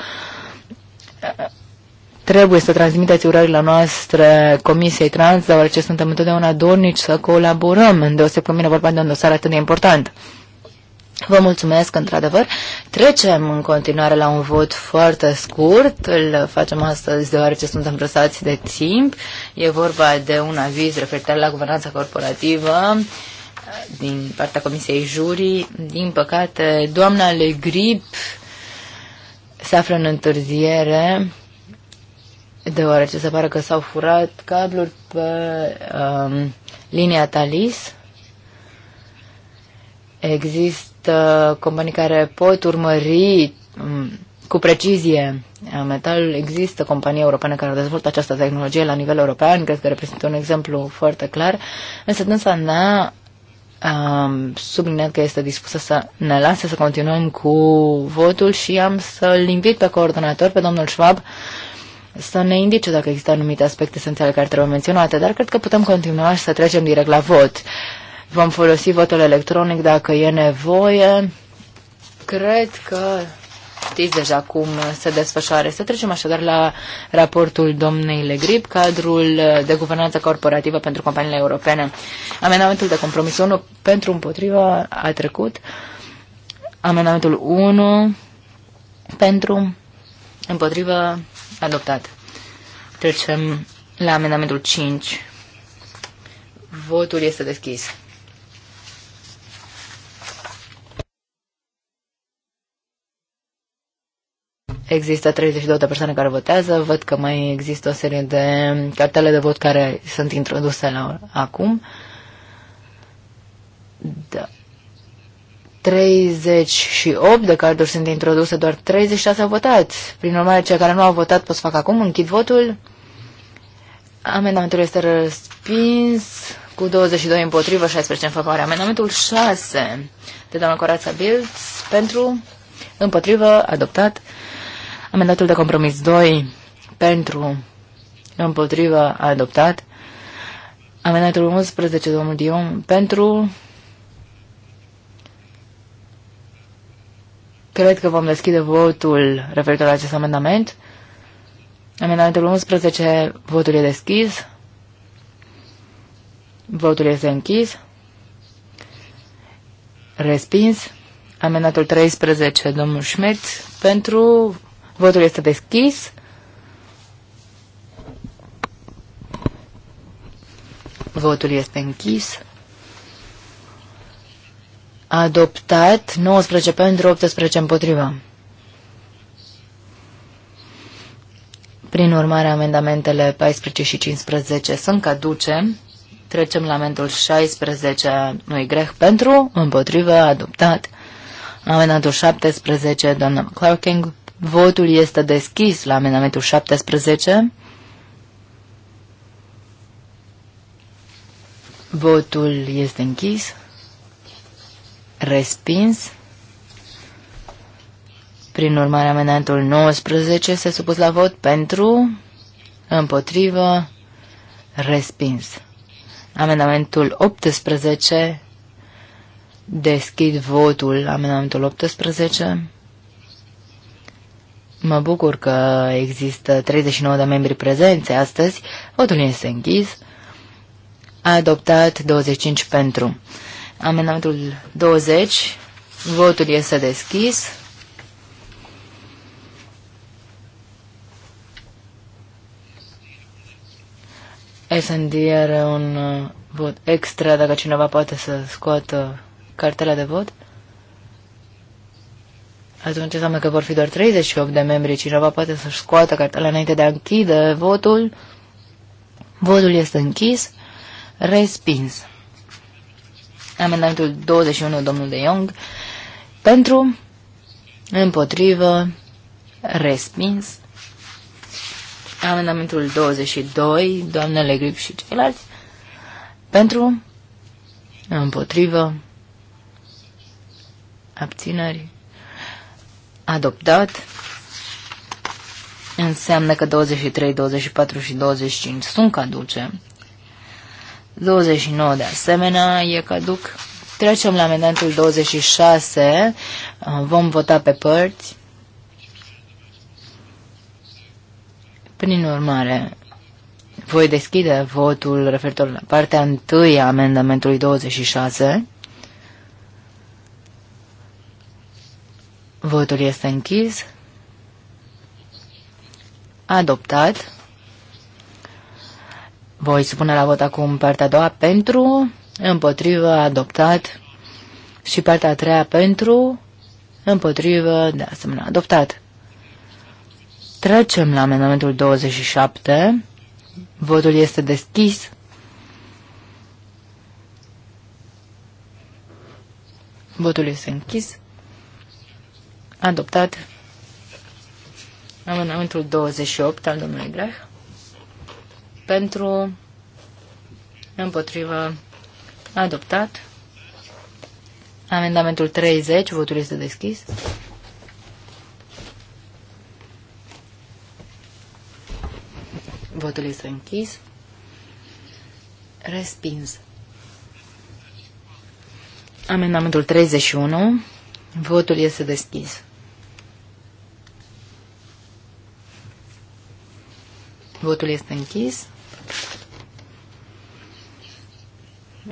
trebuie să transmiteți urările noastre Comisiei Trans, deoarece suntem întotdeauna dornici să colaborăm, îndeoseb că mine vorba de un dosar atât de important. Vă mulțumesc, într-adevăr. Trecem în continuare la un vot foarte scurt. Îl facem astăzi deoarece suntem presați de timp. E vorba de un aviz referitor la guvernanța corporativă din partea Comisiei Jurii. Din păcate, doamna Legrip Grip se află în întârziere deoarece se pare că s-au furat cabluri pe um, linia Talis. Există companii care pot urmări mm, cu precizie uh, metalul. Există companii europene care dezvoltă această tehnologie la nivel european, cred că reprezintă un exemplu foarte clar, însă dânsa n a subliniat că este dispusă să ne lase să continuăm cu votul și am să-l invit pe coordonator, pe domnul Schwab, să ne indice dacă există anumite aspecte esențiale care trebuie menționate, dar cred că putem continua și să trecem direct la vot. Vom folosi votul electronic dacă e nevoie. Cred că știți deja cum se desfășoare. Să trecem așadar la raportul domnei Legrip, cadrul de guvernanță corporativă pentru companiile europene. Amendamentul de compromis 1 pentru împotriva a trecut. Amendamentul 1 pentru împotriva adoptat. Trecem la amendamentul 5. Votul este deschis. Există 32 de persoane care votează, văd că mai există o serie de cartele de vot care sunt introduse la, acum. Da. 38 de carduri sunt introduse, doar 36 au votat. Prin urmare, cei care nu au votat pot să fac acum, închid votul. Amendamentul este respins cu 22 împotrivă, 16 în favoare. Amendamentul 6 de doamna Corața bilț pentru împotrivă adoptat. Amendatul de compromis 2 pentru împotrivă adoptat. Amendatul 11, domnul Dion, pentru... Cred că vom deschide votul referitor la acest amendament. Amendamentul 11, votul e deschis. Votul este închis. Respins. Amendatul 13, domnul Schmidt, pentru Votul este deschis. Votul este închis. Adoptat 19 pentru 18 împotriva. Prin urmare, amendamentele 14 și 15 sunt caduce. Trecem la amendul 16, nu greh, pentru, împotrivă, adoptat. Amendamentul 17, doamna McClarking, Votul este deschis la amendamentul 17. Votul este închis. Respins. Prin urmare, amendamentul 19 se supus la vot pentru, împotrivă, respins. Amendamentul 18, deschid votul, amendamentul 18, Mă bucur că există 39 de membri prezenți astăzi. Votul este închis. A adoptat 25 pentru. Amendamentul 20. Votul este deschis. S&D are un uh, vot extra dacă cineva poate să scoată cartela de vot. Atunci înseamnă că vor fi doar 38 de membri. Cineva poate să-și scoată cartela înainte de a închide votul. Votul este închis. Respins. Amendamentul 21, domnul de Jong. Pentru, împotrivă, respins. Amendamentul 22, doamnele Grip și ceilalți. Pentru, împotrivă, abținări adoptat. Înseamnă că 23, 24 și 25 sunt caduce. 29 de asemenea e caduc. Trecem la amendamentul 26. Vom vota pe părți. Prin urmare, voi deschide votul referitor la partea întâi a amendamentului 26. Votul este închis. Adoptat. Voi spune la vot acum partea a doua pentru, împotrivă, adoptat. Și partea a treia pentru, împotrivă, de asemenea, adoptat. Trecem la amendamentul 27. Votul este deschis. Votul este închis. Adoptat amendamentul 28 al domnului Greh pentru împotrivă adoptat amendamentul 30 votul este deschis votul este închis respins amendamentul 31 votul este deschis Votul este închis.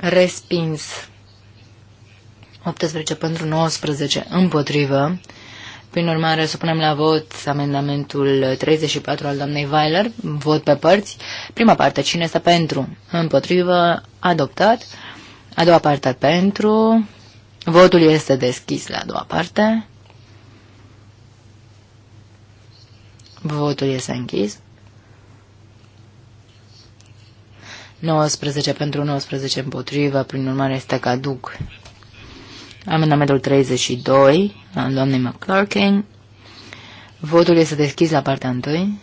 Respins. 18 pentru 19 împotrivă. Prin urmare, supunem la vot amendamentul 34 al doamnei Weiler, vot pe părți. Prima parte, cine este pentru? Împotrivă, adoptat. A doua parte, pentru. Votul este deschis la a doua parte. Votul este închis. 19 pentru 19 împotrivă, prin urmare este caduc. Amendamentul 32 al doamnei McClarkin. Votul este deschis la partea 1.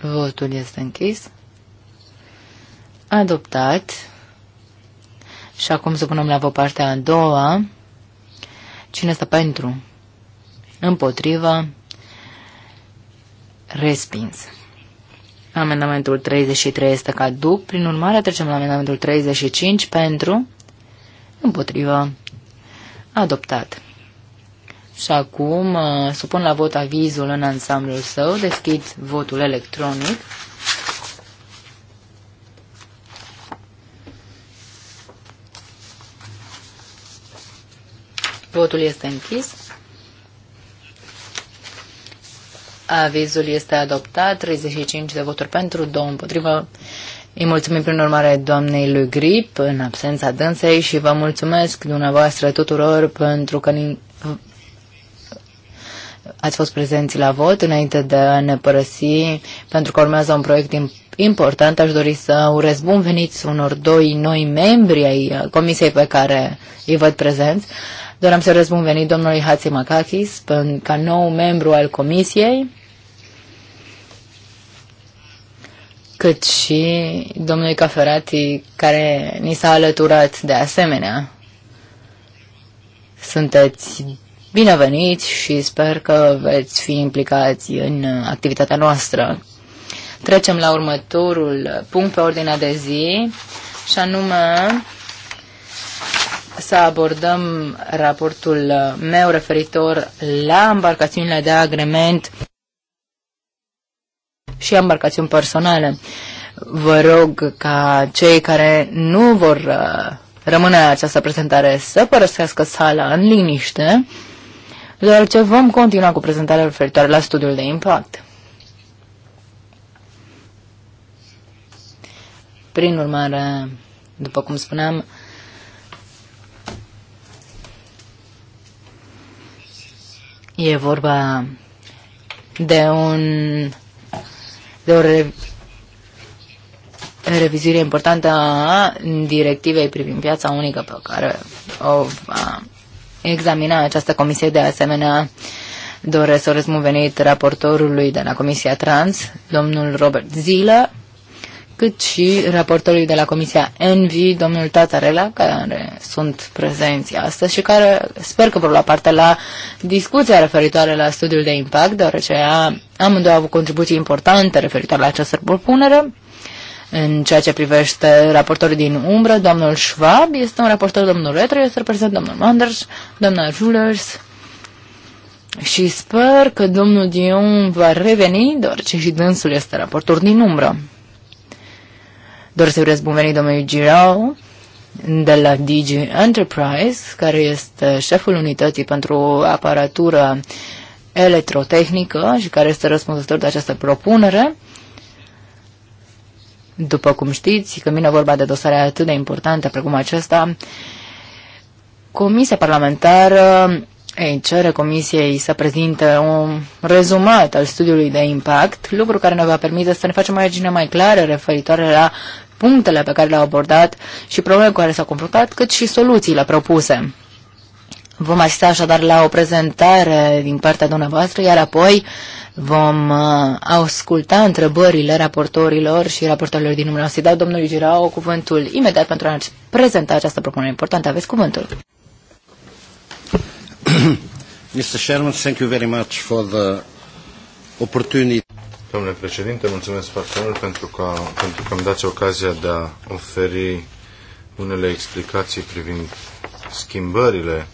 Votul este închis. Adoptat. Și acum să punem la vot partea a doua. Cine este pentru? Împotrivă. Respins. Amendamentul 33 este caduc, prin urmare trecem la amendamentul 35 pentru, împotrivă, adoptat. Și acum uh, supun la vot avizul în ansamblul său, deschid votul electronic. Votul este închis. Avizul este adoptat, 35 de voturi pentru, 2 împotrivă. Îi mulțumim prin urmare doamnei lui Grip în absența dânsei și vă mulțumesc dumneavoastră tuturor pentru că ați fost prezenți la vot înainte de a ne părăsi pentru că urmează un proiect important. Aș dori să urez bun venit unor doi noi membri ai comisiei pe care îi văd prezenți. Doream să urez bun venit domnului Hatzimakakis, ca nou membru al comisiei cât și domnului Caferati, care ni s-a alăturat de asemenea. Sunteți bineveniți și sper că veți fi implicați în activitatea noastră. Trecem la următorul punct pe ordinea de zi, și anume să abordăm raportul meu referitor la embarcațiunile de agrement și embarcațiuni personale. Vă rog ca cei care nu vor uh, rămâne această prezentare să părăsească sala în liniște, deoarece vom continua cu prezentarea referitoare la studiul de impact. Prin urmare, după cum spuneam, e vorba de un de o re- revizuire importantă a directivei privind piața unică pe care o va examina această comisie. De asemenea, doresc să răspund venit raportorului de la Comisia Trans, domnul Robert Zila cât și raportorii de la Comisia Envi, domnul Tatarela, care sunt prezenți astăzi și care sper că vor lua parte la discuția referitoare la studiul de impact, deoarece amândoi au avut contribuții importante referitoare la această propunere. În ceea ce privește raportorii din umbră, domnul Schwab este un raportor, domnul Retro este reprezent, domnul Manders, domnul Rulers, și sper că domnul Dion va reveni, doar ce și dânsul este raportor din umbră. Doresc să urez bun venit domnului Girau de la Digi Enterprise, care este șeful unității pentru aparatură electrotehnică și care este răspunzător de această propunere. După cum știți, când vine vorba de dosare atât de importante precum acesta, Comisia Parlamentară ei cere comisiei să prezinte un rezumat al studiului de impact, lucru care ne va permite să ne facem o imagine mai clară referitoare la punctele pe care le-au abordat și problemele cu care s-au confruntat, cât și soluțiile propuse. Vom asista așadar la o prezentare din partea dumneavoastră, iar apoi vom uh, asculta întrebările raportorilor și raportorilor din numărul Să dau domnului Girau cuvântul imediat pentru a prezenta această propunere importantă. Aveți cuvântul. Mr. thank you very much for the opportunity. Domnule președinte, mulțumesc foarte mult pentru că, pentru că îmi dați ocazia de a oferi unele explicații privind schimbările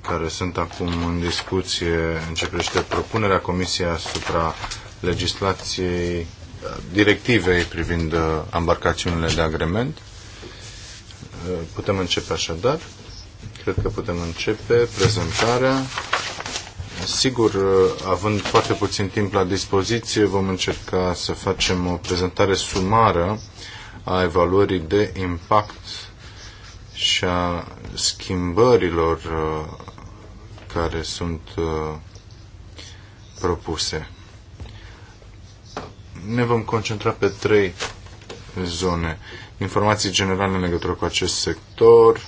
care sunt acum în discuție în ce privește propunerea Comisiei asupra legislației directivei privind uh, embarcațiunile de agrement. Uh, putem începe așadar cred că putem începe prezentarea. Sigur, având foarte puțin timp la dispoziție, vom încerca să facem o prezentare sumară a evaluării de impact și a schimbărilor uh, care sunt uh, propuse. Ne vom concentra pe trei zone. Informații generale în legătură cu acest sector,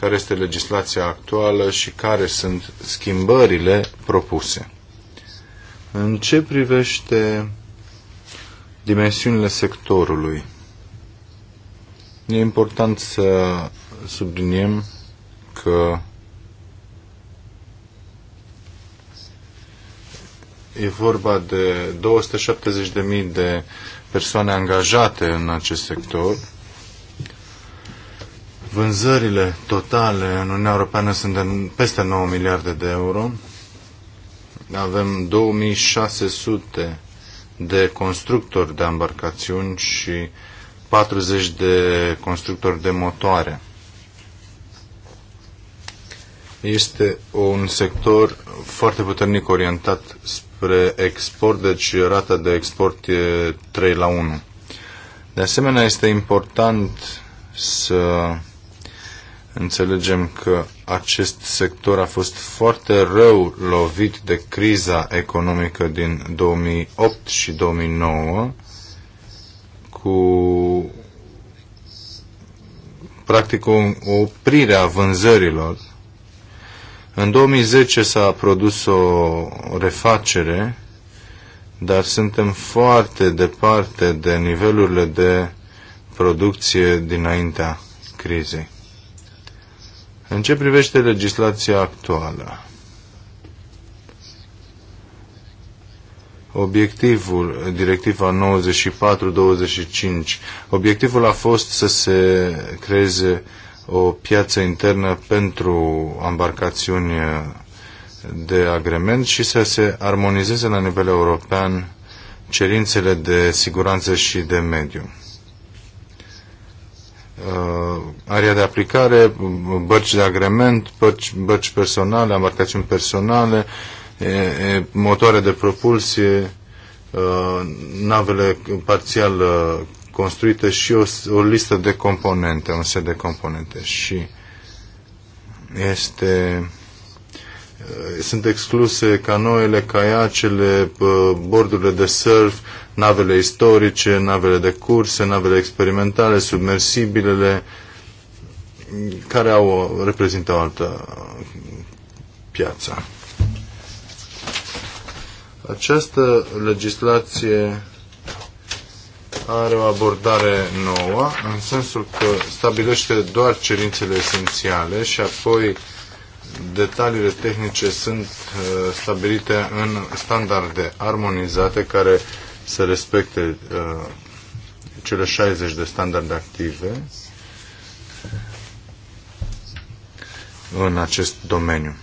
care este legislația actuală și care sunt schimbările propuse. În ce privește dimensiunile sectorului, e important să subliniem că e vorba de 270.000 de persoane angajate în acest sector Vânzările totale în Uniunea Europeană sunt de peste 9 miliarde de euro. Avem 2600 de constructori de embarcațiuni și 40 de constructori de motoare. Este un sector foarte puternic orientat spre export, deci rata de export e 3 la 1. De asemenea, este important să Înțelegem că acest sector a fost foarte rău lovit de criza economică din 2008 și 2009 cu practic o oprire a vânzărilor. În 2010 s-a produs o refacere, dar suntem foarte departe de nivelurile de producție dinaintea crizei. În ce privește legislația actuală? Obiectivul, directiva 94-25, obiectivul a fost să se creeze o piață internă pentru embarcațiuni de agrement și să se armonizeze la nivel european cerințele de siguranță și de mediu uh, area de aplicare, bărci de agrement, bărci, bărci personale, embarcațiuni personale, e, e, motoare de propulsie, uh, navele parțial uh, construite și o, o listă de componente, un set de componente. Și este Eh, sunt excluse canoele, caiacele, bordurile de surf, navele istorice, navele de curse, navele experimentale, submersibilele, care au, reprezintă o altă piață. Această legislație are o abordare nouă, în sensul că stabilește doar cerințele esențiale și apoi uh, detaliile tehnice sunt uh, stabilite în standarde armonizate care să respecte uh, cele 60 de standarde active în acest domeniu.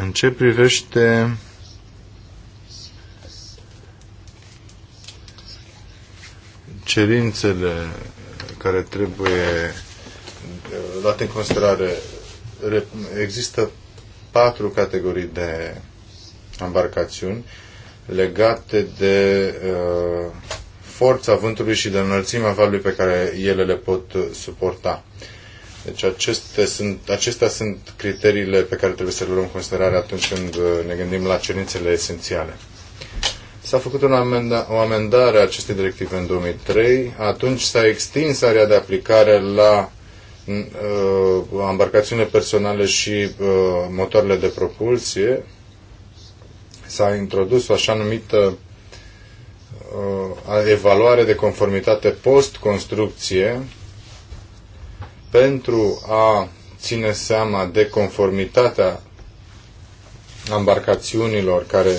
În ce privește cerințele care trebuie Eh, luat în considerare. Există patru categorii de embarcațiuni legate de uh, forța vântului și de înălțimea valului pe care ele le pot suporta. Deci aceste sunt, acestea sunt criteriile pe care trebuie să le luăm în considerare atunci când eh, ne gândim la cerințele esențiale. S-a făcut un amenda, o amendare a acestei directive în 2003, atunci s-a extins area de aplicare la Uh, embarcațiunile personale și uh, motoarele de propulsie, s-a introdus o așa numită uh, evaluare de conformitate post-construcție pentru a ține seama de conformitatea embarcațiunilor care,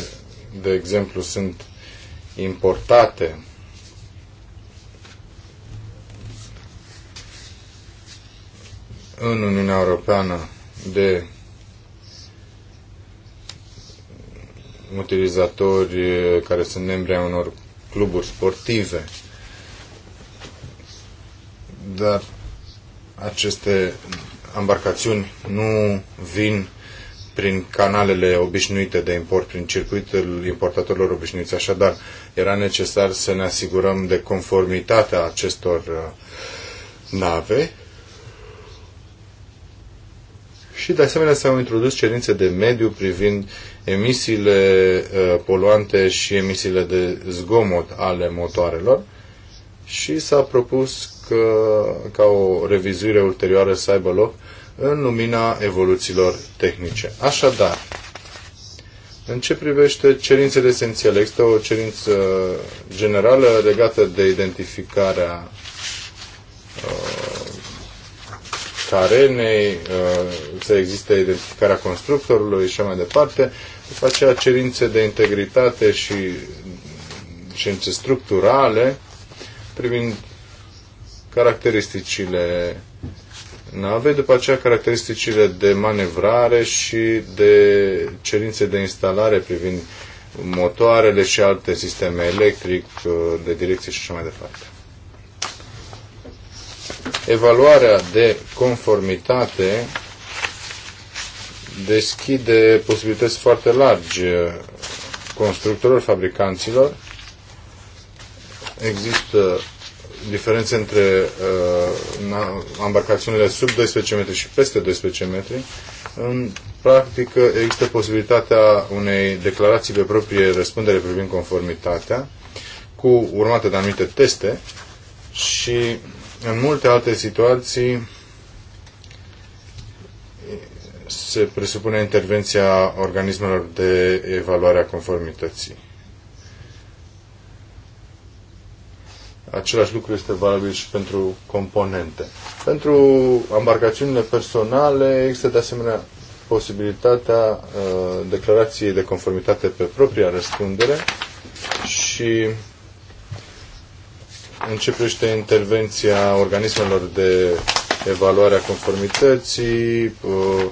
de exemplu, sunt importate în Uniunea Europeană de utilizatori care sunt membri ai unor cluburi sportive. Dar aceste embarcațiuni nu vin prin canalele obișnuite de import, prin circuitul importatorilor obișnuiți. Așadar, era necesar să ne asigurăm de conformitatea acestor uh, nave și de asemenea s-au introdus cerințe de mediu privind emisiile uh, poluante și emisiile de zgomot ale motoarelor și s-a propus că, ca o revizuire ulterioară să aibă loc în lumina evoluțiilor tehnice. Așadar, în ce privește cerințele esențiale, există o cerință generală legată de identificarea uh, carenei, arenei, uh, să existe identificarea constructorului și așa mai departe. După aceea cerințe de integritate și cerințe structurale privind caracteristicile navei, după aceea caracteristicile de manevrare și de cerințe de instalare privind motoarele și alte sisteme electric, uh, de direcție și așa mai departe. Evaluarea de conformitate deschide posibilități foarte largi uh, constructorilor, fabricanților. Există diferențe între uh, embarcațiunile sub 12 metri și peste 12 metri. În practică există posibilitatea unei declarații pe proprie răspundere privind conformitatea, cu urmate de anumite teste și în multe alte situații se presupune intervenția organismelor de evaluare a conformității. Același lucru este valabil și pentru componente. Pentru embarcațiunile personale există de asemenea posibilitatea uh, declarației de conformitate pe propria răspundere și începește intervenția organismelor de evaluare a conformității, uh,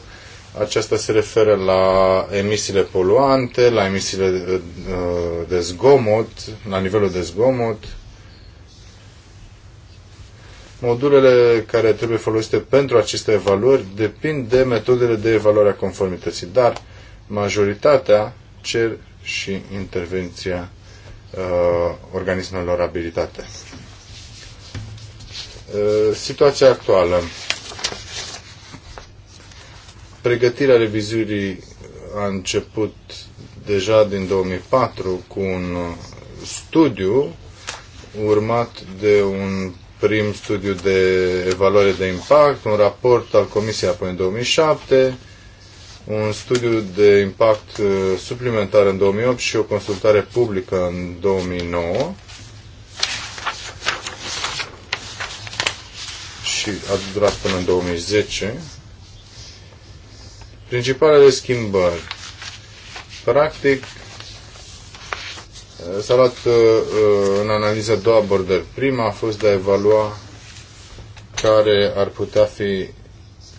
aceasta se referă la emisiile poluante, la emisiile uh, de zgomot, la nivelul de zgomot. Modulele care trebuie folosite pentru aceste evaluări depind de metodele de evaluare a conformității, dar majoritatea cer și intervenția uh, organismelor abilitate. Uh, situația actuală. Pregătirea revizuirii a început deja din 2004 cu un studiu urmat de un prim studiu de evaluare de impact, un raport al Comisiei apoi în 2007, un studiu de impact uh, suplimentar în 2008 și o consultare publică în 2009. Și a durat până în 2010. Principalele schimbări. Practic, uh, s-a luat uh, în analiză două abordări. Prima a fost de a evalua care ar putea fi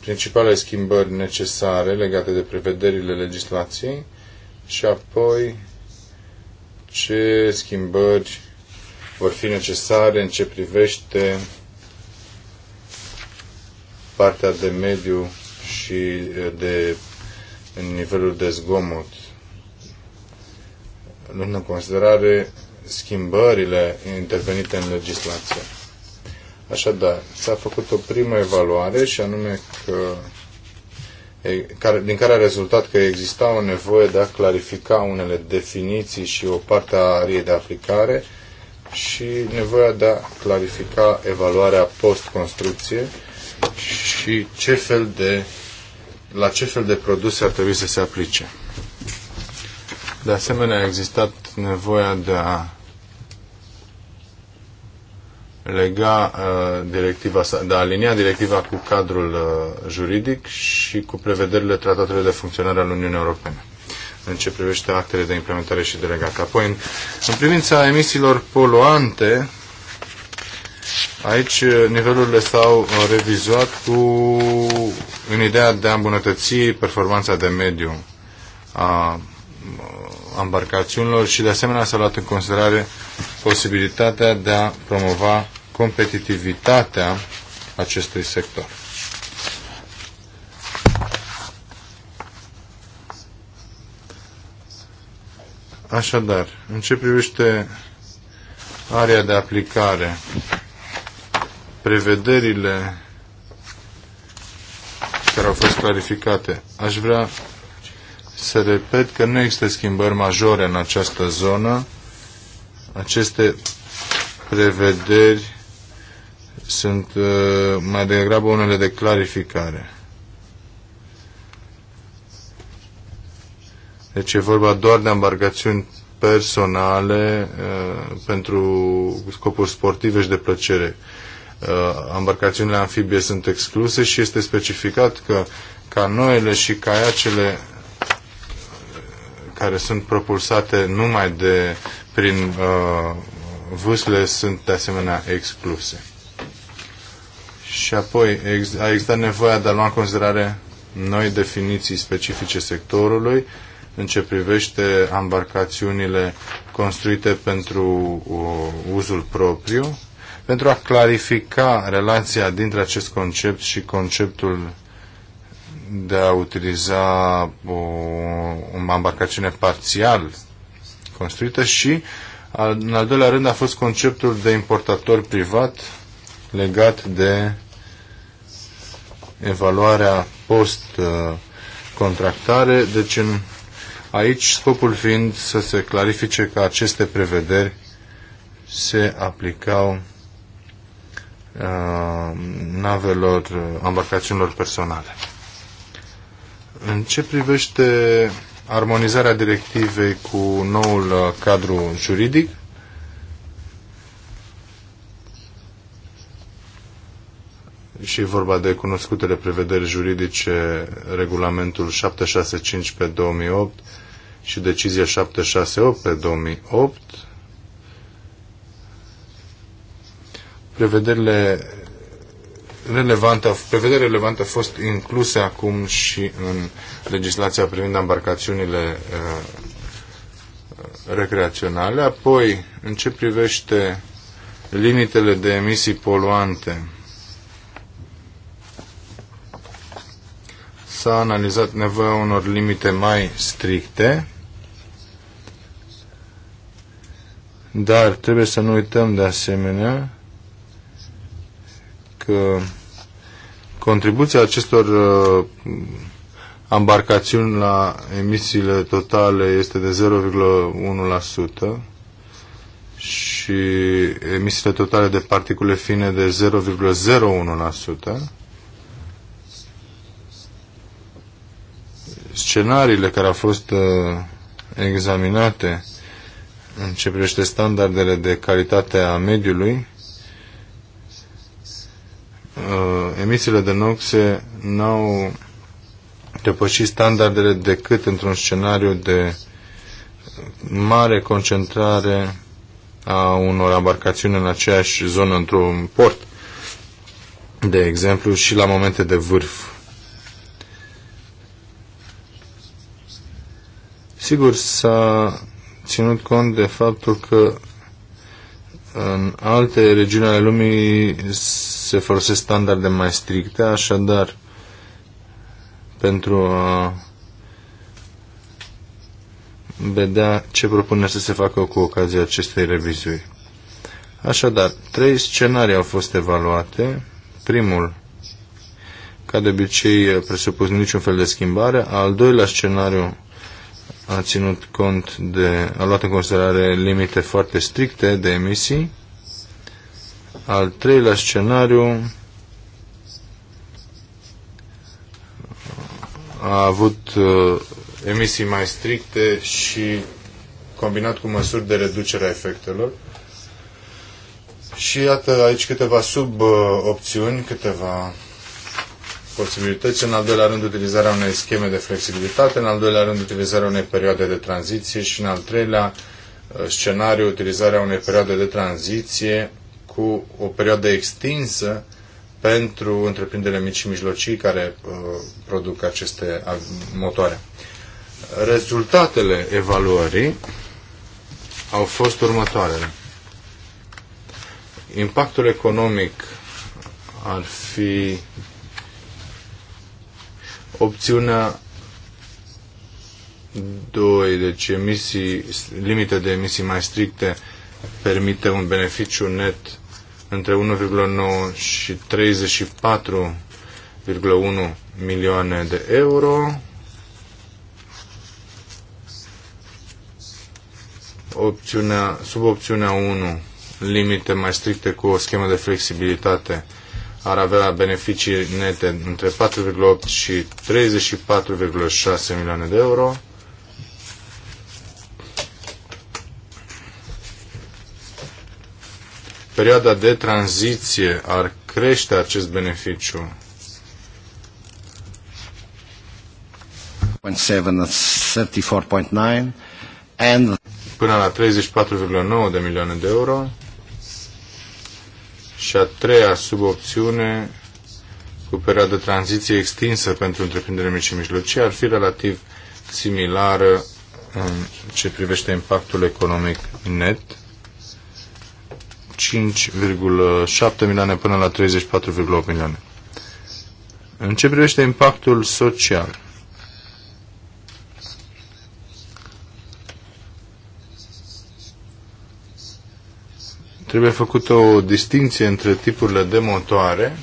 principale schimbări necesare legate de prevederile legislației și apoi ce schimbări vor fi necesare în ce privește partea de mediu și de în nivelul de zgomot. Luând în considerare schimbările intervenite în legislație. Așadar, s-a făcut o primă evaluare și anume că care, din care a rezultat că exista o nevoie de a clarifica unele definiții și o parte a ariei de aplicare și nevoia de a clarifica evaluarea post-construcție și ce fel de, la ce fel de produse ar trebui să se aplice. De asemenea, a existat nevoia de a lega uh, directiva, de a alinia directiva cu cadrul uh, juridic și cu prevederile tratatului de funcționare al Uniunii Europene în ce privește actele de implementare și delegate. Apoi, în, în privința emisiilor poluante, aici uh, nivelurile s-au uh, revizuat cu, în ideea de a îmbunătăți performanța de mediu a uh, embarcațiunilor și de asemenea s-a luat în considerare posibilitatea de a promova competitivitatea acestui sector. Așadar, în ce privește area de aplicare, prevederile care au fost clarificate, aș vrea să repet că nu există schimbări majore în această zonă. Aceste prevederi sunt uh, mai degrabă unele de clarificare. Deci e vorba doar de embarcațiuni personale uh, pentru scopuri sportive și de plăcere. Uh, ambarcațiunile amfibie sunt excluse și este specificat că canoele și caiacele uh, care sunt propulsate numai de prin uh, vâsle sunt de asemenea excluse și apoi a existat nevoia de a lua în considerare noi definiții specifice sectorului în ce privește ambarcațiunile construite pentru uh, uzul propriu, pentru a clarifica relația dintre acest concept și conceptul de a utiliza uh, o, o ambarcațiune parțial construită și, al, în al doilea rând, a fost conceptul de importator privat legat de evaluarea post-contractare, deci în, aici scopul fiind să se clarifice că aceste prevederi se aplicau uh, navelor, embarcațiunilor uh, personale. În ce privește armonizarea directivei cu noul uh, cadru juridic, și e vorba de cunoscutele prevederi juridice, regulamentul 765 pe 2008 și decizia 768 pe 2008. Prevederile relevante, prevederile relevante au fost incluse acum și în legislația privind embarcațiunile uh, recreaționale. Apoi, în ce privește limitele de emisii poluante, s-a analizat nevoia unor limite mai stricte, dar trebuie să nu uităm de asemenea că contribuția acestor uh, embarcațiuni la emisiile totale este de 0,1% și emisiile totale de particule fine de 0,01%. scenariile care au fost uh, examinate în ce privește standardele de calitate a mediului, uh, emisiile de noxe n-au depășit standardele decât într-un scenariu de mare concentrare a unor embarcațiuni în aceeași zonă, într-un port, de exemplu, și la momente de vârf Sigur, s-a ținut cont de faptul că în alte regiuni ale lumii se folosesc standarde mai stricte, așadar pentru a vedea ce propune să se facă cu ocazia acestei revizuri. Așadar, trei scenarii au fost evaluate. Primul, ca de obicei, presupus niciun fel de schimbare. Al doilea scenariu, a ținut cont de, a luat în considerare limite foarte stricte de emisii. Al treilea scenariu a avut uh, emisii mai stricte și combinat cu măsuri de reducere a efectelor. Și iată aici câteva sub-opțiuni, uh, câteva posibilități, în al doilea rând utilizarea unei scheme de flexibilitate, în al doilea rând utilizarea unei perioade de tranziție și în al treilea uh, scenariu utilizarea unei perioade de tranziție cu o perioadă extinsă pentru întreprinderile mici și mijlocii care uh, produc aceste motoare. Rezultatele evaluării au fost următoarele. Impactul economic ar fi Opțiunea 2, deci emisii, limite de emisii mai stricte permite un beneficiu net între 1,9 și 34,1 milioane de euro. Opțiunea, sub opțiunea 1, limite mai stricte cu o schemă de flexibilitate ar avea beneficii nete între 4,8 și 34,6 milioane de euro. Perioada de tranziție ar crește acest beneficiu. 34.9 uh, and până la 34,9 de milioane de euro și a treia subopțiune cu perioadă de tranziție extinsă pentru întreprindere mici și mijlocii ar fi relativ similară în ce privește impactul economic net 5,7 milioane până la 34,8 milioane. În ce privește impactul social, Trebuie făcută o distinție între tipurile de motoare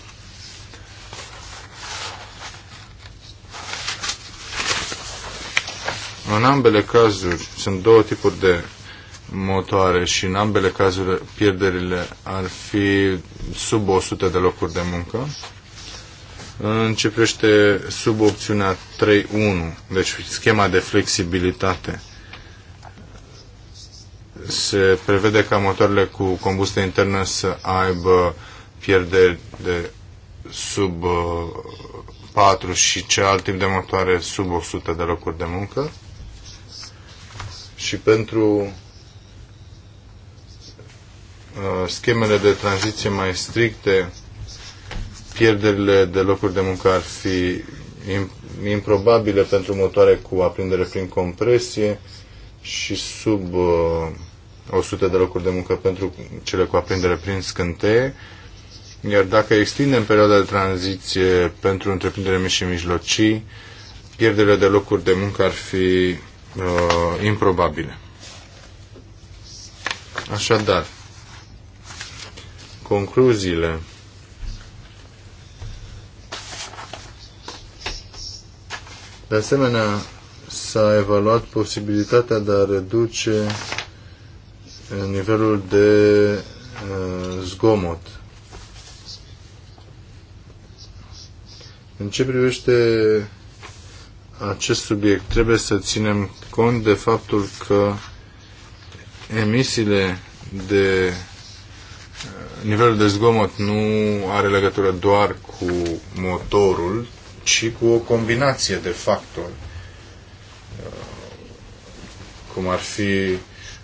În ambele cazuri sunt două tipuri de motoare și în ambele cazuri pierderile ar fi sub 100 de locuri de muncă. Începește sub opțiunea 3.1, deci schema de flexibilitate se prevede ca motoarele cu combustie internă să aibă pierderi de sub 4 uh, și alt tip de motoare sub 100 de locuri de muncă. Și pentru uh, schemele de tranziție mai stricte, pierderile de locuri de muncă ar fi improbabile pentru motoare cu aprindere prin compresie și sub uh, 100 de locuri de muncă pentru cele cu aprindere prin scânteie, iar dacă extindem perioada de tranziție pentru întreprindere mici și mijlocii, pierderile de locuri de muncă ar fi uh, improbabile. Așadar, concluziile De asemenea, s-a evaluat posibilitatea de a reduce nivelul de uh, zgomot. În ce privește acest subiect, trebuie să ținem cont de faptul că emisiile de uh, nivelul de zgomot nu are legătură doar cu motorul, ci cu o combinație de factori, uh, cum ar fi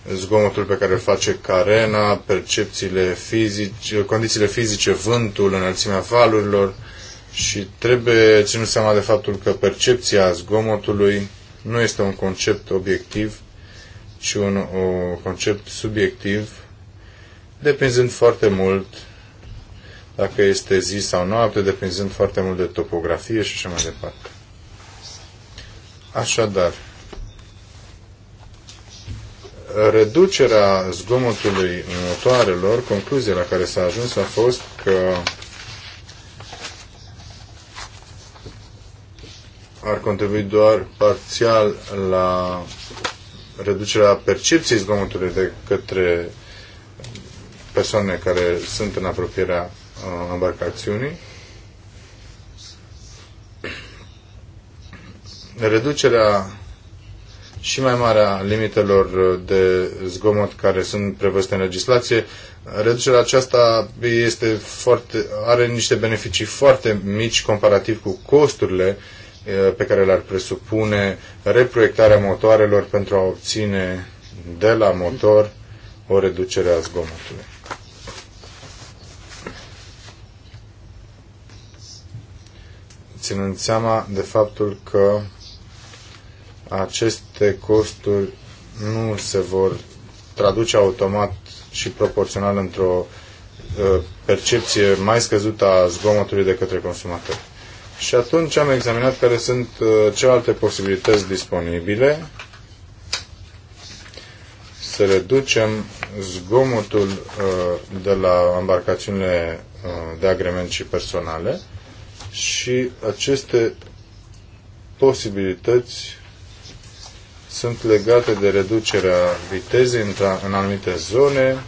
zgomotul pe care îl face carena, percepțiile fizice, condițiile fizice, vântul, înălțimea valurilor și trebuie ținut seama de faptul că percepția zgomotului nu este un concept obiectiv, ci un o, concept subiectiv, depinzând foarte mult dacă este zi sau noapte, depinzând foarte mult de topografie și așa mai departe. Așadar, reducerea zgomotului motoarelor, concluzia la care s-a ajuns a fost că ar contribui doar parțial la reducerea percepției zgomotului de către persoane care sunt în apropierea uh, embarcațiunii. Reducerea și mai mare a limitelor de zgomot care sunt prevăzute în legislație. Reducerea aceasta este foarte, are niște beneficii foarte mici comparativ cu costurile pe care le-ar presupune reproiectarea motoarelor pentru a obține de la motor o reducere a zgomotului. Ținând seama de faptul că aceste costuri nu se vor traduce automat și proporțional într-o uh, percepție mai scăzută a zgomotului de către consumator. Și atunci am examinat care sunt uh, celelalte posibilități disponibile să reducem zgomotul uh, de la embarcațiunile de agrement și personale și aceste posibilități sunt legate de reducerea vitezei în anumite zone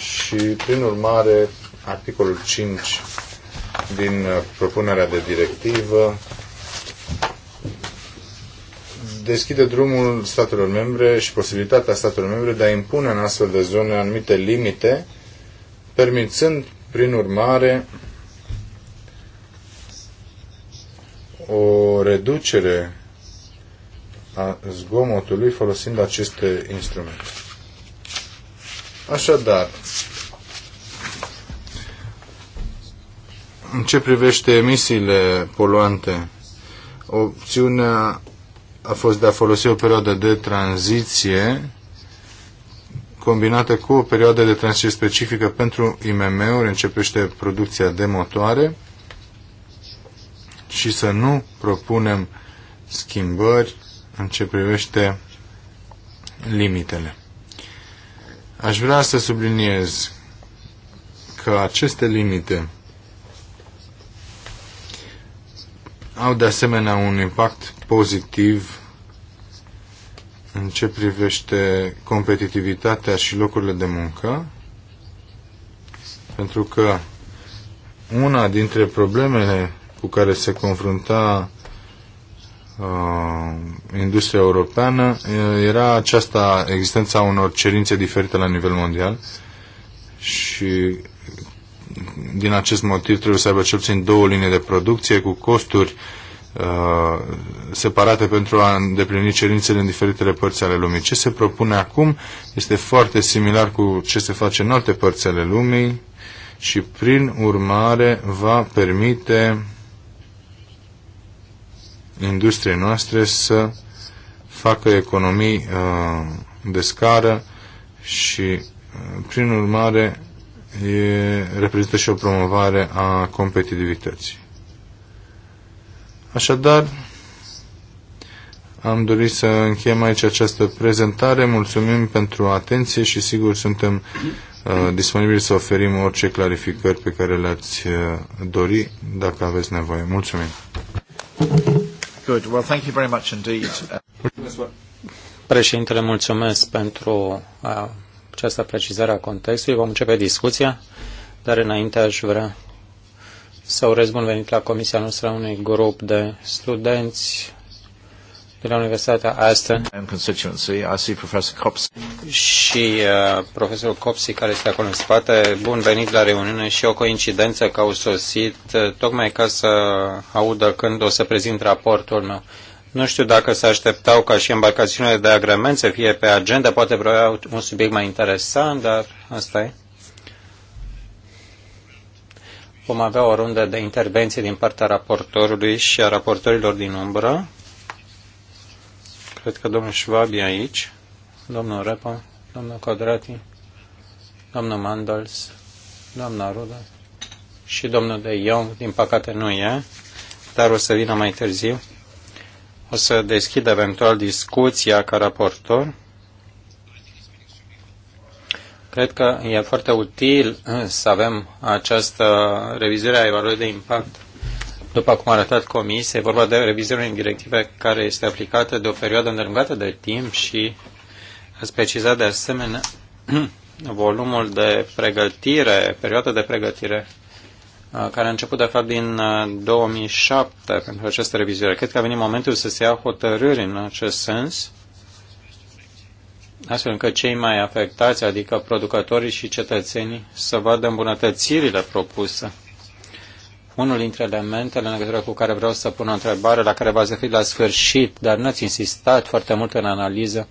și, prin urmare, articolul 5 din uh, propunerea de directivă deschide drumul statelor membre și posibilitatea statelor membre de a impune în astfel de zone anumite limite, permițând, prin urmare, o reducere a zgomotului folosind aceste instrumente. Așadar, în ce privește emisiile poluante, opțiunea a fost de a folosi o perioadă de tranziție combinată cu o perioadă de tranziție specifică pentru IMM-uri, începește producția de motoare și să nu propunem schimbări în ce privește limitele. Aș vrea să subliniez că aceste limite au de asemenea un impact pozitiv în ce privește competitivitatea și locurile de muncă, pentru că una dintre problemele cu care se confrunta uh, industria europeană uh, era aceasta existența unor cerințe diferite la nivel mondial și din acest motiv trebuie să aibă cel puțin două linii de producție cu costuri uh, separate pentru a îndeplini cerințele în diferitele părți ale lumii. Ce se propune acum este foarte similar cu ce se face în alte părți ale lumii și prin urmare va permite industriei noastre să facă economii uh, de scară și, uh, prin urmare, e, reprezintă și o promovare a competitivității. Așadar, am dorit să încheiem aici această prezentare. Mulțumim pentru atenție și sigur suntem uh, disponibili să oferim orice clarificări pe care le-ați uh, dori dacă aveți nevoie. Mulțumim! Good. Well, thank you very much indeed. Președintele, mulțumesc pentru această precizare a contextului. Vom începe discuția, dar înainte aș vrea să urez bun venit la comisia noastră unui grup de studenți de la Universitatea Aston and constituency. I see Professor Copsi. și uh, profesorul Copsi care este acolo în spate. Bun venit la reuniune și o coincidență că au sosit uh, tocmai ca să audă când o să prezint raportul meu. Nu știu dacă se așteptau ca și embarcațiunile de agrement să fie pe agenda, poate vreau un subiect mai interesant, dar asta e. Vom avea o rundă de intervenții din partea raportorului și a raportorilor din umbră. Cred că domnul Schwab e aici, domnul Repa, domnul Codrati, domnul Mandals, doamna Rudă și domnul De Jong, din păcate nu e, dar o să vină mai târziu. O să deschid eventual discuția ca raportor. Cred că e foarte util să avem această revizuire a evaluării de impact după cum a arătat comisia, e vorba de revizuirea în directive care este aplicată de o perioadă îndelungată de timp și ați precizat de asemenea volumul de pregătire, perioada de pregătire care a început de fapt din 2007 pentru această revizuire. Cred că a venit momentul să se ia hotărâri în acest sens, astfel încât cei mai afectați, adică producătorii și cetățenii, să vadă îmbunătățirile propuse unul dintre elementele în legătură cu care vreau să pun o întrebare, la care v-ați referit la sfârșit, dar nu ați insistat foarte mult în analiză,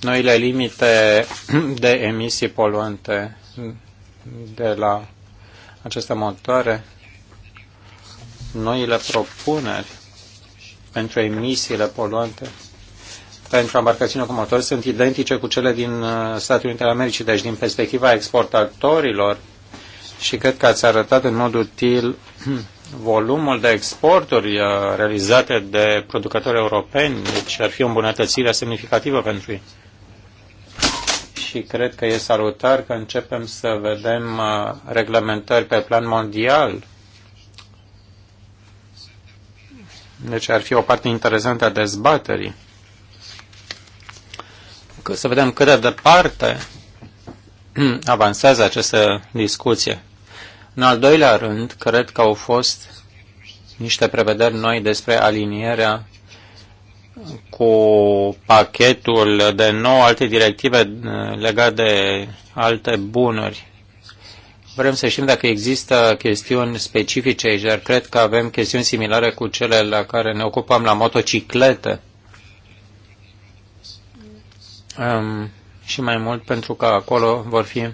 noile limite de emisii poluante de la aceste motoare, noile propuneri pentru emisiile poluante pentru embarcațiune cu motor sunt identice cu cele din uh, Statele Unite ale Americii. Deci, din perspectiva exportatorilor, și cred că ați arătat în mod util volumul de exporturi uh, realizate de producători europeni, deci ar fi o îmbunătățire semnificativă pentru ei. Și cred că e salutar că începem să vedem uh, reglementări pe plan mondial. Deci ar fi o parte interesantă a dezbaterii. să vedem cât de departe avansează această discuție în al doilea rând, cred că au fost niște prevederi noi despre alinierea cu pachetul de nou alte directive eh, legate de alte bunuri. Vrem să știm dacă există chestiuni specifice aici, dar cred că avem chestiuni similare cu cele la care ne ocupăm la motociclete. Um, și mai mult pentru că acolo vor fi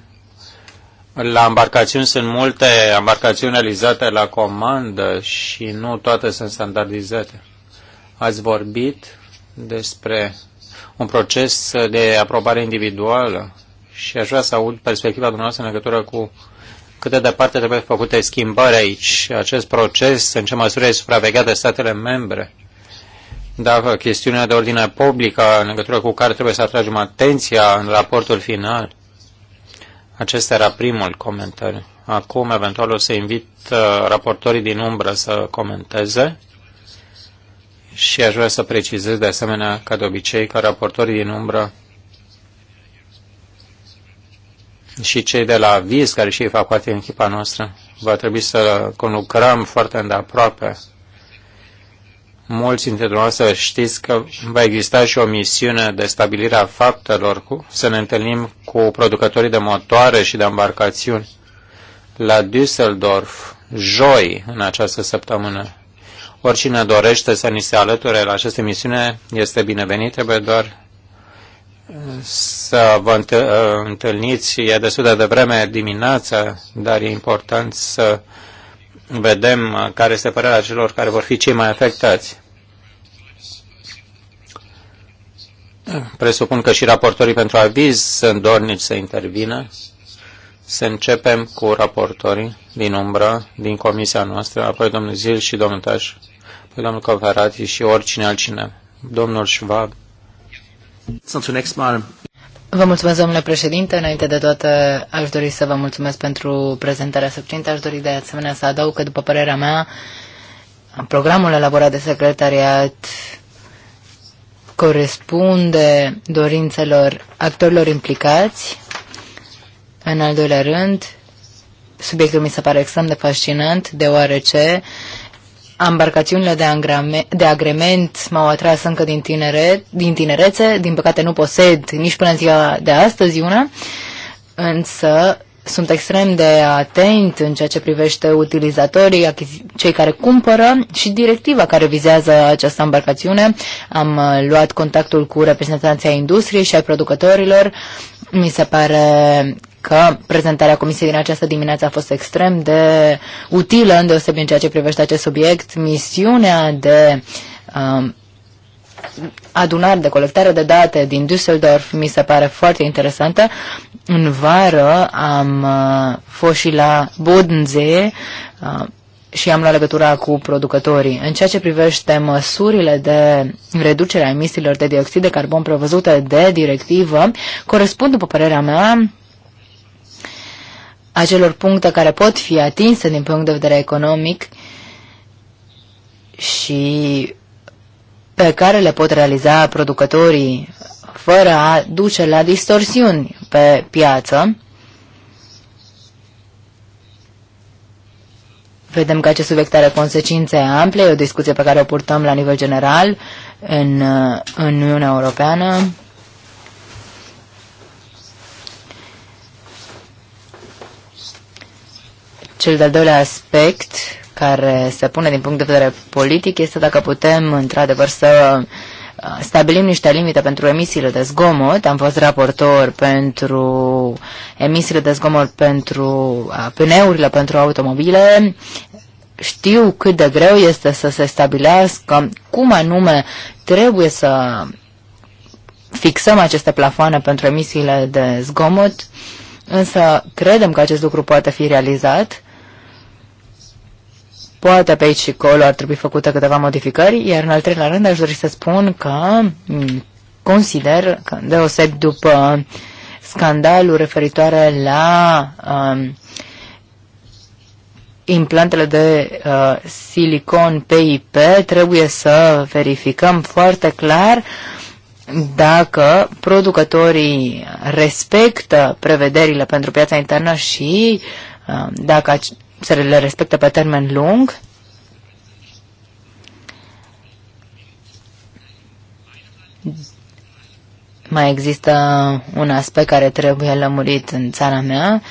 la embarcațiuni sunt multe embarcațiuni realizate la comandă și nu toate sunt standardizate. Ați vorbit despre un proces de aprobare individuală și aș vrea să aud perspectiva dumneavoastră în legătură cu cât de departe trebuie făcute schimbări aici, acest proces, în ce măsură e supravegheat de statele membre. Dacă chestiunea de ordine publică în legătură cu care trebuie să atragem atenția în raportul final, acesta era primul comentariu. Acum, eventual, o să invit uh, raportorii din umbră să comenteze și aș vrea să precizez, de asemenea, ca de obicei, că raportorii din umbră și cei de la VIS, care și ei fac parte în echipa noastră, va trebui să conlucrăm foarte îndeaproape Mulți dintre dumneavoastră știți că va exista și o misiune de stabilire a faptelor, cu, să ne întâlnim cu producătorii de motoare și de embarcațiuni la Düsseldorf, joi, în această săptămână. Oricine dorește să ni se alăture la această misiune este binevenit, trebuie doar să vă ă, întâlniți, e destul de devreme dimineața, dar e important să vedem ă, care este părerea celor care vor fi cei mai afectați. Presupun că și raportorii pentru aviz sunt dornici să intervină. Să începem cu raportorii din umbră, din comisia noastră, apoi domnul Zil și domnul Taș, apoi domnul Coverati și oricine altcine. Domnul Schwab. Vă mulțumesc, domnule președinte. Înainte de toate, aș dori să vă mulțumesc pentru prezentarea subțintă. Aș dori de asemenea să adaug că, după părerea mea, programul elaborat de secretariat corespunde dorințelor actorilor implicați. În al doilea rând, subiectul mi se pare extrem de fascinant, deoarece Ambarcațiunile de, angrame, de agrement m-au atras încă din, tinere, din tinerețe, din păcate nu posed nici până ziua de astăzi una, însă sunt extrem de atent în ceea ce privește utilizatorii, cei care cumpără și directiva care vizează această embarcațiune. Am uh, luat contactul cu reprezentanții industriei și ai producătorilor. Mi se pare că prezentarea comisiei din această dimineață a fost extrem de utilă, îndeosebi în ceea ce privește acest subiect. Misiunea de uh, adunare de colectare de date din Düsseldorf mi se pare foarte interesantă. În vară am uh, fost și la Bodensee uh, și am luat legătura cu producătorii. În ceea ce privește măsurile de reducere a emisiilor de dioxid de carbon prevăzute de directivă, corespund, după părerea mea, acelor puncte care pot fi atinse din punct de vedere economic și pe care le pot realiza producătorii fără a duce la distorsiuni pe piață. Vedem că acest subiect are consecințe ample, e o discuție pe care o purtăm la nivel general în, în Uniunea Europeană. Cel de-al doilea aspect care se pune din punct de vedere politic este dacă putem într-adevăr să uh, stabilim niște limite pentru emisiile de zgomot. Am fost raportor pentru emisiile de zgomot pentru uh, pneurile pentru automobile. Știu cât de greu este să se stabilească cum anume trebuie să fixăm aceste plafoane pentru emisiile de zgomot, însă credem că acest lucru poate fi realizat Poate pe aici și acolo ar trebui făcute câteva modificări, iar în al treilea rând aș dori să spun că mm, consider că deoseb după scandalul referitoare la um, implantele de uh, silicon PIP, trebuie să verificăm foarte clar dacă producătorii respectă prevederile pentru piața internă și uh, dacă se le respectă pe termen lung. Mai există un aspect care trebuie lămurit în țara mea,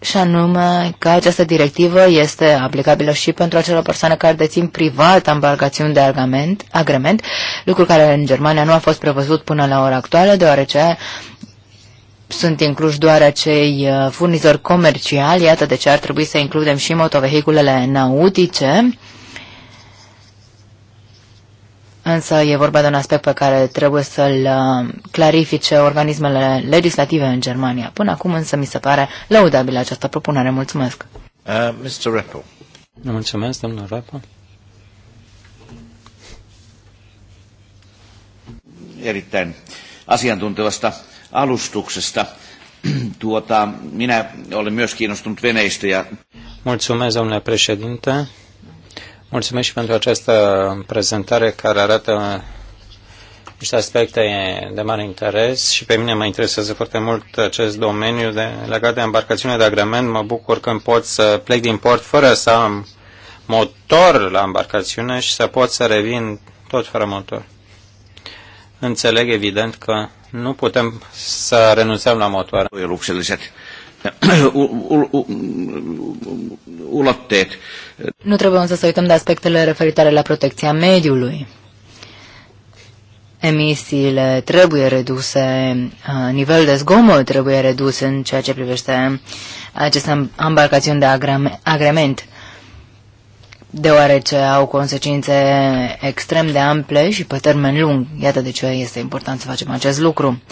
și anume că această directivă este aplicabilă și pentru acele persoane care dețin privat ambargațiuni de agrement, agrement, lucru care în Germania nu a fost prevăzut până la ora actuală, deoarece sunt incluși doar acei uh, furnizori comerciali, iată de ce ar trebui să includem și motovehiculele nautice. Însă e vorba de un aspect pe care trebuie să-l uh, clarifice organismele legislative în Germania. Până acum însă mi se pare laudabilă această propunere. Mulțumesc. Uh, Mr. Rappel. Mulțumesc, domnul Rappel. Erittäin asiantuntevasta alustuksesta. Tuota, minä olen myös kiinnostunut veneistä ja... Mulțumesc, domnule președinte. Mulțumesc și pentru această prezentare care arată niște aspecte de mare interes și pe mine mă interesează foarte mult acest domeniu de, legat de embarcațiune de agrement. Mă bucur când pot să plec din port fără să am motor la embarcațiune și să pot să revin tot fără motor. Înțeleg evident că nu putem să renunțăm la motoare. Nu trebuie însă să uităm de aspectele referitoare la protecția mediului. Emisiile trebuie reduse, nivelul de zgomot trebuie redus în ceea ce privește aceste embarcațiuni de agrement deoarece au consecințe extrem de ample și pe termen lung. Iată de ce este important să facem acest lucru.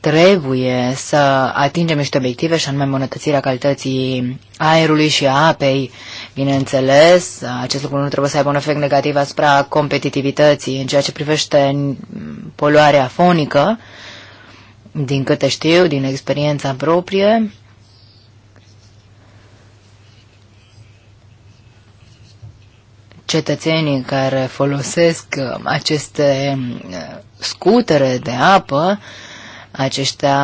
Trebuie să atingem niște obiective și anume îmbunătățirea calității aerului și a apei. Bineînțeles, acest lucru nu trebuie să aibă un efect negativ asupra competitivității în ceea ce privește poluarea fonică. Din câte știu, din experiența proprie, cetățenii care folosesc uh, aceste uh, scutere de apă, aceștia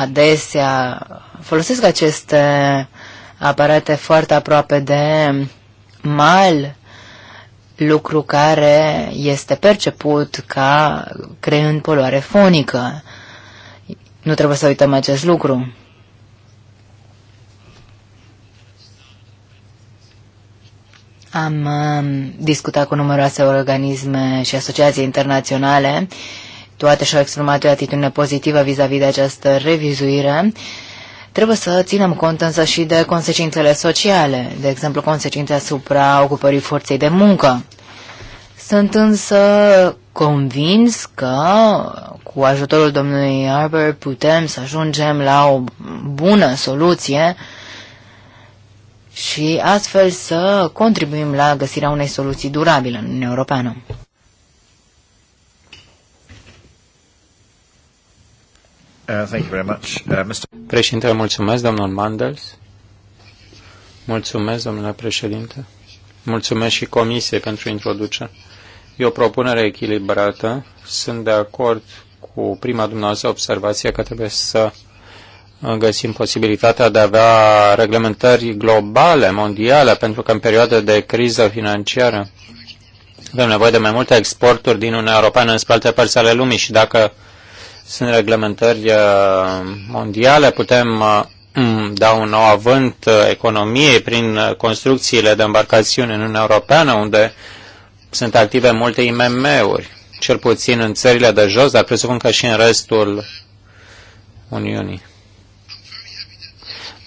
adesea folosesc aceste aparate foarte aproape de mal, lucru care este perceput ca creând poluare fonică. Nu trebuie să uităm acest lucru. Am um, discutat cu numeroase organisme și asociații internaționale. Toate și-au exprimat o atitudine pozitivă vis-a-vis -vis de această revizuire. Trebuie să ținem cont însă și de consecințele sociale, de exemplu consecințe asupra ocupării forței de muncă. Sunt însă convins că cu ajutorul domnului Arbor putem să ajungem la o bună soluție și astfel să contribuim la găsirea unei soluții durabile în Uniunea Europeană. Uh, thank you very much. Uh, Mr. Președinte, mulțumesc, domnul Mandels. Mulțumesc, domnule președinte. Mulțumesc și Comisie pentru introducere. E o propunere echilibrată. Sunt de acord cu prima dumneavoastră observație că trebuie să găsim posibilitatea de a avea reglementări globale, mondiale, pentru că în perioada de criză financiară avem nevoie de mai multe exporturi din Uniunea Europeană în alte părți ale lumii și dacă sunt reglementări uh, mondiale, putem uh, da un nou avânt uh, economiei prin construcțiile de embarcațiuni în Uniunea Europeană, unde sunt active multe IMM-uri, cel puțin în țările de jos, dar presupun că și în restul Uniunii.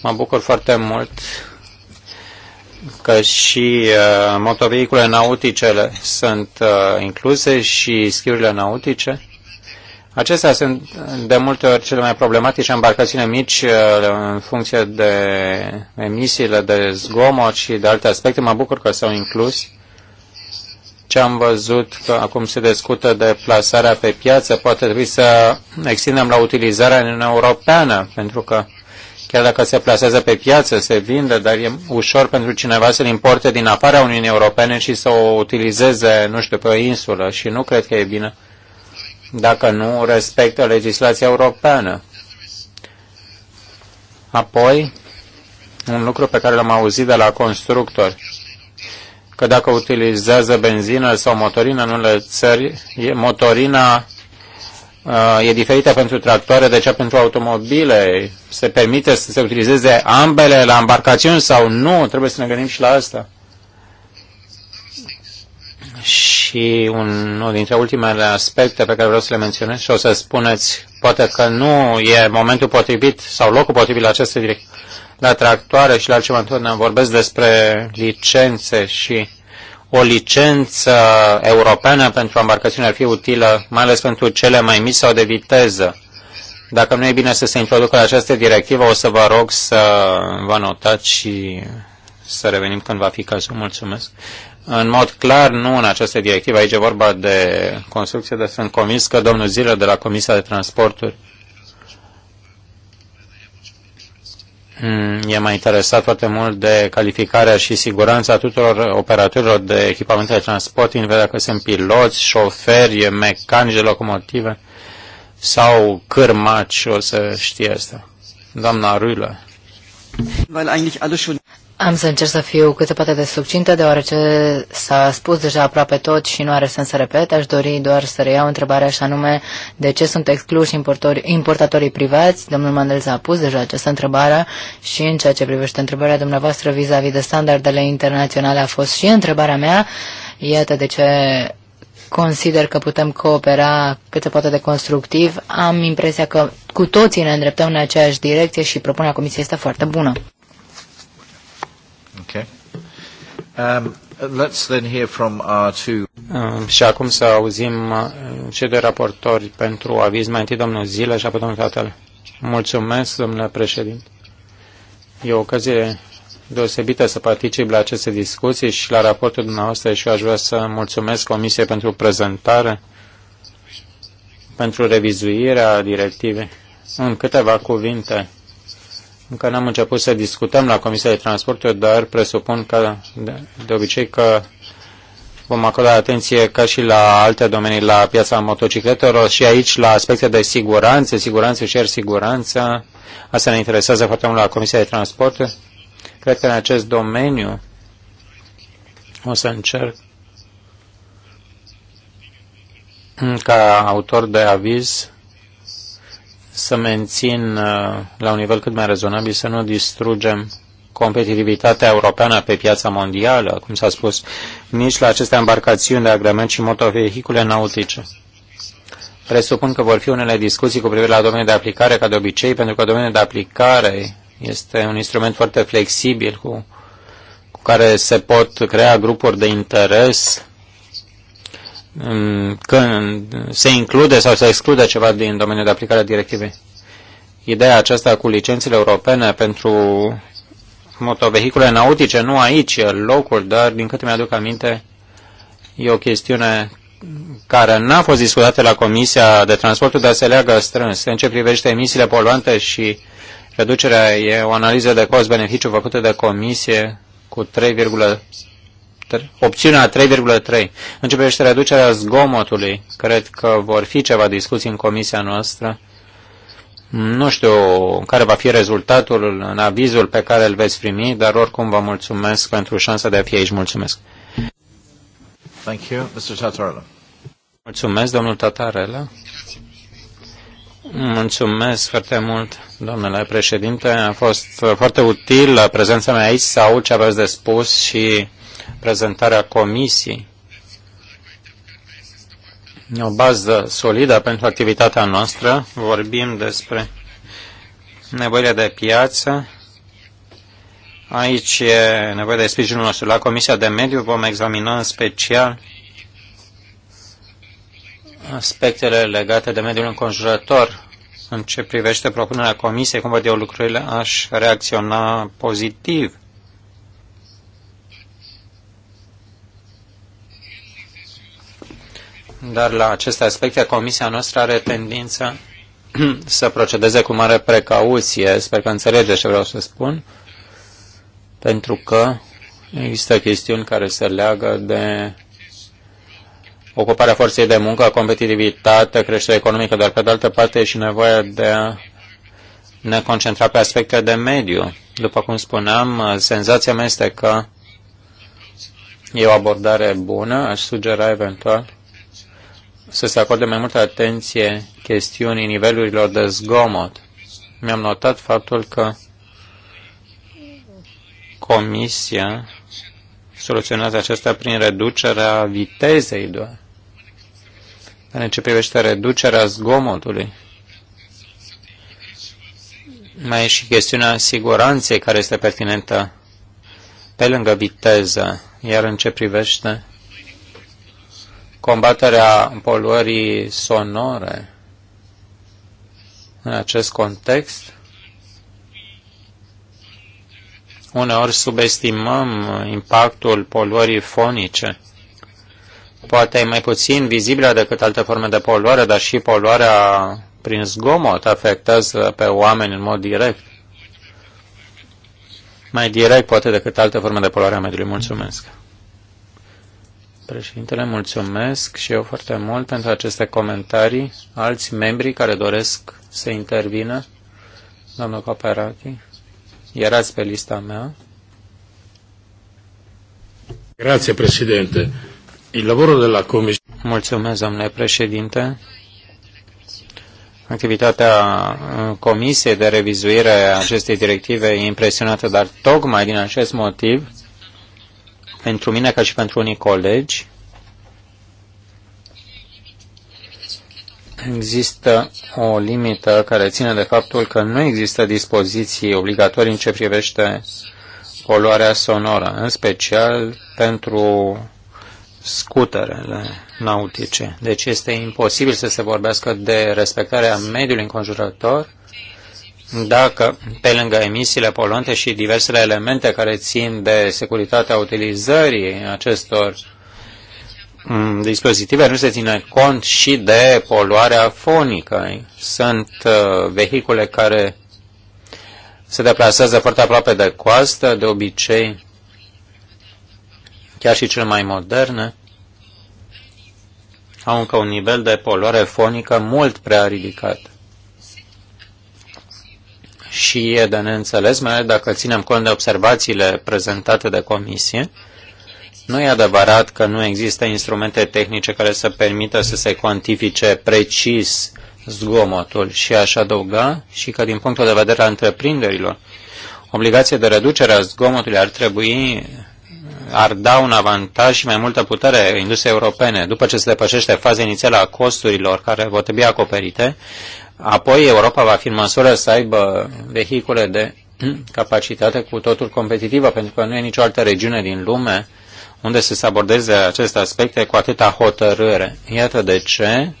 Mă bucur foarte mult că și uh, motovehicule nauticele sunt uh, incluse și schiurile nautice. Acestea sunt uh, de multe ori cele mai problematice embarcațiune mici uh, în funcție de emisiile de zgomot și de alte aspecte. Mă bucur că s-au inclus. Ce am văzut că acum se discută de plasarea pe piață, poate trebui să extindem la utilizarea în Europeană, pentru că Chiar dacă se plasează pe piață, se vinde, dar e ușor pentru cineva să-l importe din afara Uniunii Europene și să o utilizeze, nu știu, pe o insulă. Și nu cred că e bine dacă nu respectă legislația europeană. Apoi, un lucru pe care l-am auzit de la constructori, că dacă utilizează benzină sau motorină în unele țări, motorina Uh, e diferită pentru tractoare de cea pentru automobile. Se permite să se utilizeze ambele la embarcațiuni sau nu? Trebuie să ne gândim și la asta. Și unul dintre ultimele aspecte pe care vreau să le menționez și o să spuneți, poate că nu e momentul potrivit sau locul potrivit la aceste direcții la tractoare și la altceva întotdeauna vorbesc despre licențe și o licență europeană pentru embarcațiune ar fi utilă, mai ales pentru cele mai mici sau de viteză. Dacă nu e bine să se introducă această directivă, o să vă rog să vă notați și să revenim când va fi cazul. Mulțumesc. În mod clar, nu în această directivă. Aici e vorba de construcție, dar sunt convins că domnul Zilă de la Comisia de Transporturi Mm, e mai interesat foarte mult de calificarea și siguranța tuturor operatorilor de echipamente de transport, în vedea că sunt piloți, șoferi, mecanici de locomotive sau cârmaci, o să știe asta. Doamna Ruilă. Am să încerc să fiu cât se poate de succintă, deoarece s-a spus deja aproape tot și nu are sens să repet. Aș dori doar să reiau întrebarea așa nume de ce sunt excluși importatorii privați. Domnul Mandel a pus deja această întrebare și în ceea ce privește întrebarea dumneavoastră vis-a-vis -vis de standardele internaționale a fost și întrebarea mea. Iată de ce consider că putem coopera cât se poate de constructiv. Am impresia că cu toții ne îndreptăm în aceeași direcție și propunerea Comisiei este foarte bună. Okay. Um, let's then hear from our two... Uh, și acum să auzim uh, cei doi raportori pentru aviz. Mai întâi domnul Zile și apoi domnul Tatăl. Mulțumesc, domnule președinte. E o ocazie deosebită să particip la aceste discuții și la raportul dumneavoastră și eu aș vrea să mulțumesc Comisiei pentru prezentare, pentru revizuirea directivei. În câteva cuvinte, încă n-am început să discutăm la Comisia de Transporturi, dar presupun că de, de obicei că vom acorda atenție ca și la alte domenii, la piața motocicletelor și aici la aspecte de siguranță, siguranță și siguranță. Asta ne interesează foarte mult la Comisia de Transporturi. Cred că în acest domeniu o să încerc ca autor de aviz să mențin uh, la un nivel cât mai rezonabil, să nu distrugem competitivitatea europeană pe piața mondială, cum s-a spus, nici la aceste embarcațiuni de agrement și motovehicule nautice. Presupun că vor fi unele discuții cu privire la domeniul de aplicare, ca de obicei, pentru că domeniul de aplicare este un instrument foarte flexibil cu, cu care se pot crea grupuri de interes când se include sau se exclude ceva din domeniul de aplicare a directivei. Ideea aceasta cu licențele europene pentru motovehicule nautice, nu aici locul, dar din câte mi-aduc aminte, e o chestiune care n-a fost discutată la Comisia de transport, dar se leagă strâns. În ce privește emisiile poluante și reducerea, e o analiză de cost-beneficiu făcută de Comisie cu opțiunea 3,3. și reducerea zgomotului. Cred că vor fi ceva discuții în comisia noastră. Nu știu care va fi rezultatul în avizul pe care îl veți primi, dar oricum vă mulțumesc pentru șansa de a fi aici. Mulțumesc. Thank you, Mr. Tatarella. Mulțumesc, domnul Tatarella. Mulțumesc foarte mult, domnule președinte. A fost foarte util prezența mea aici să aud ce aveți de spus și prezentarea comisiei. O bază solidă pentru activitatea noastră. Vorbim despre nevoile de piață. Aici e nevoie de sprijinul nostru. La Comisia de Mediu vom examina în special aspectele legate de mediul înconjurător. În ce privește propunerea Comisiei, cum văd eu lucrurile, aș reacționa pozitiv dar la aceste aspecte comisia noastră are tendința să procedeze cu mare precauție. Sper că înțelegeți ce vreau să spun, pentru că există chestiuni care se leagă de ocuparea forței de muncă, competitivitate, creștere economică, dar pe de altă parte e și nevoia de a ne concentra pe aspecte de mediu. După cum spuneam, senzația mea este că e o abordare bună, aș sugera eventual să se acorde mai multă atenție chestiunii nivelurilor de zgomot. Mi-am notat faptul că Comisia soluționează acesta prin reducerea vitezei doar. În ce privește reducerea zgomotului, mai e și chestiunea siguranței care este pertinentă pe lângă viteză, iar în ce privește combaterea poluării sonore în acest context. Uneori subestimăm impactul poluării fonice. Poate e mai puțin vizibilă decât alte forme de poluare, dar și poluarea prin zgomot afectează pe oameni în mod direct. Mai direct, poate, decât alte forme de poluare a mediului. Mulțumesc! Președintele, mulțumesc și eu foarte mult pentru aceste comentarii. Alți membri care doresc să intervină? Domnul Coperati, erați pe lista mea. Grazie, președinte. Il lavoro della Commissione. Mulțumesc, domnule președinte. Activitatea uh, Comisiei de revizuire a acestei directive e impresionată, dar tocmai din acest motiv pentru mine ca și pentru unii colegi, există o limită care ține de faptul că nu există dispoziții obligatorii în ce privește poluarea sonoră, în special pentru scuterele nautice. Deci este imposibil să se vorbească de respectarea mediului înconjurător dacă, pe lângă emisiile poluante și diversele elemente care țin de securitatea utilizării acestor mm, dispozitive, nu se ține cont și de poluarea fonică. Sunt uh, vehicule care se deplasează foarte aproape de coastă, de obicei, chiar și cele mai moderne, au încă un nivel de poluare fonică mult prea ridicat și e de neînțeles, mai ales dacă ținem cont de observațiile prezentate de comisie. Nu e adevărat că nu există instrumente tehnice care să permită să se cuantifice precis zgomotul și aș adăuga și că din punctul de vedere al întreprinderilor, obligația de reducere a zgomotului ar trebui ar da un avantaj și mai multă putere industriei europene. După ce se depășește faza inițială a costurilor care vor trebui acoperite, Apoi Europa va fi în măsură să aibă vehicule de capacitate cu totul competitivă, pentru că nu e nicio altă regiune din lume unde să se abordeze aceste aspecte cu atâta hotărâre. Iată de ce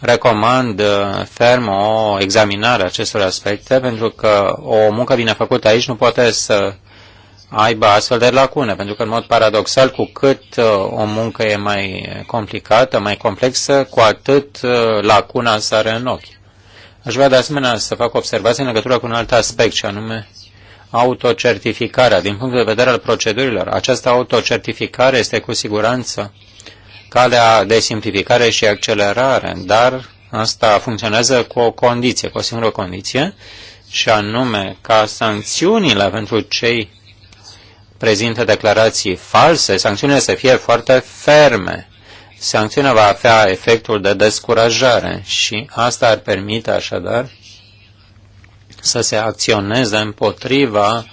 recomand uh, ferm o examinare a acestor aspecte, pentru că o muncă bine făcută aici nu poate să aibă astfel de lacune, pentru că, în mod paradoxal, cu cât uh, o muncă e mai complicată, mai complexă, cu atât uh, lacuna sare în ochi. Aș vrea de asemenea să fac observații în legătură cu un alt aspect, și anume autocertificarea. Din punct de vedere al procedurilor, această autocertificare este cu siguranță calea de simplificare și accelerare, dar asta funcționează cu o condiție, cu o singură condiție, și anume ca sancțiunile pentru cei prezintă declarații false, sancțiunile să fie foarte ferme sancțiunea va avea efectul de descurajare și asta ar permite așadar să se acționeze împotriva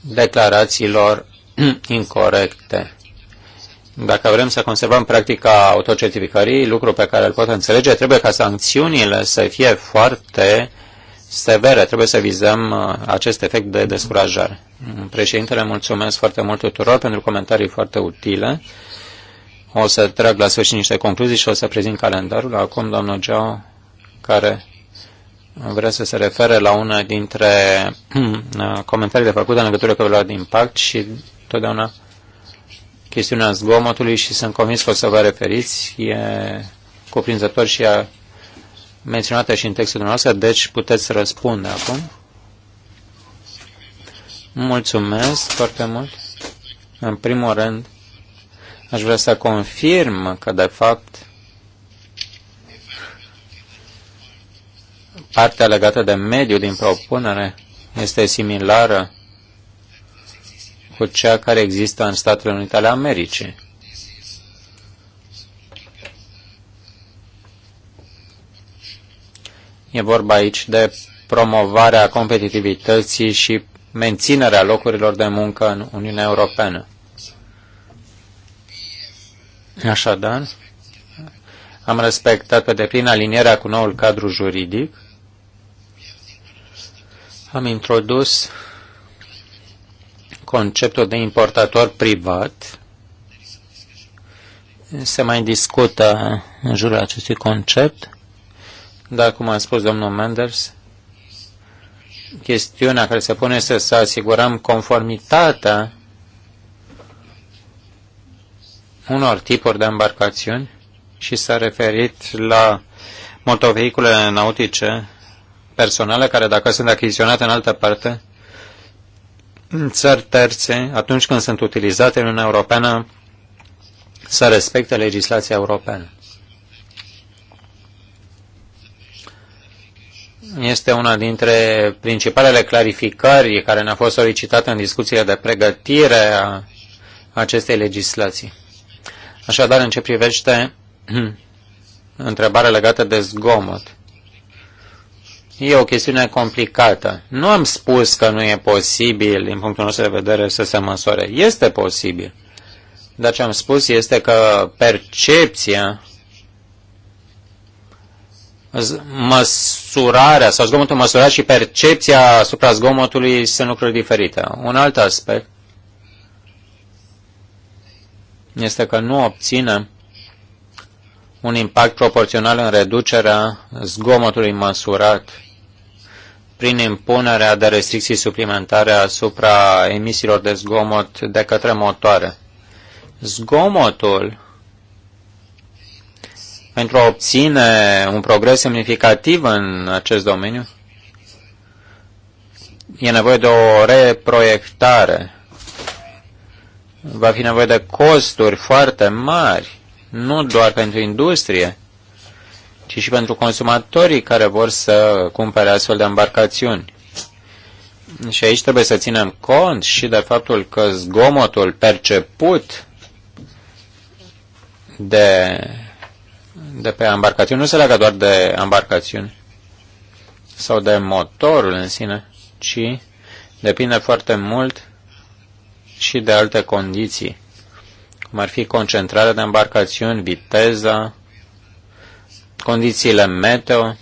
declarațiilor incorrecte. Dacă vrem să conservăm practica autocertificării, lucru pe care îl pot înțelege, trebuie ca sancțiunile să fie foarte severe. Trebuie să vizăm uh, acest efect de descurajare. Președintele, mulțumesc foarte mult tuturor pentru comentarii foarte utile. O să trag la sfârșit niște concluzii și o să prezint calendarul. Acum, doamnă Geau, care vrea să se refere la una dintre comentariile făcute în legătură cu valoarea de impact și totdeauna chestiunea zgomotului și sunt convins că o să vă referiți. E cuprinzător și a menționată și în textul dumneavoastră, deci puteți răspunde acum. Mulțumesc foarte mult. În primul rând, Aș vrea să confirm că, de fapt, partea legată de mediu din propunere este similară cu cea care există în Statele Unite ale Americii. E vorba aici de promovarea competitivității și menținerea locurilor de muncă în Uniunea Europeană. Așadar, am respectat pe deplin alinierea cu noul cadru juridic. Am introdus conceptul de importator privat. Se mai discută în jurul acestui concept, dar cum a spus domnul Menders, chestiunea care se pune este să asigurăm conformitatea unor tipuri de embarcațiuni și s-a referit la motovehicule nautice personale care, dacă sunt achiziționate în altă parte, în țări terțe, atunci când sunt utilizate în Uniunea Europeană, să respecte legislația europeană. Este una dintre principalele clarificări care ne-a fost solicitată în discuțiile de pregătire a acestei legislații. Așadar, în ce privește întrebarea legată de zgomot, e o chestiune complicată. Nu am spus că nu e posibil, din punctul nostru de vedere, să se măsoare. Este posibil. Dar ce am spus este că percepția, măsurarea sau zgomotul măsurat și percepția asupra zgomotului sunt lucruri diferite. Un alt aspect este că nu obținem un impact proporțional în reducerea zgomotului măsurat prin impunerea de restricții suplimentare asupra emisiilor de zgomot de către motoare. Zgomotul, pentru a obține un progres semnificativ în acest domeniu, e nevoie de o reproiectare va fi nevoie de costuri foarte mari, nu doar pentru industrie, ci și pentru consumatorii care vor să cumpere astfel de embarcațiuni. Și aici trebuie să ținem cont și de faptul că zgomotul perceput de, de pe embarcațiuni nu se leagă doar de embarcațiuni sau de motorul în sine, ci depinde foarte mult și de alte condiții, cum ar fi concentrarea de embarcațiuni, viteza, condițiile meteo.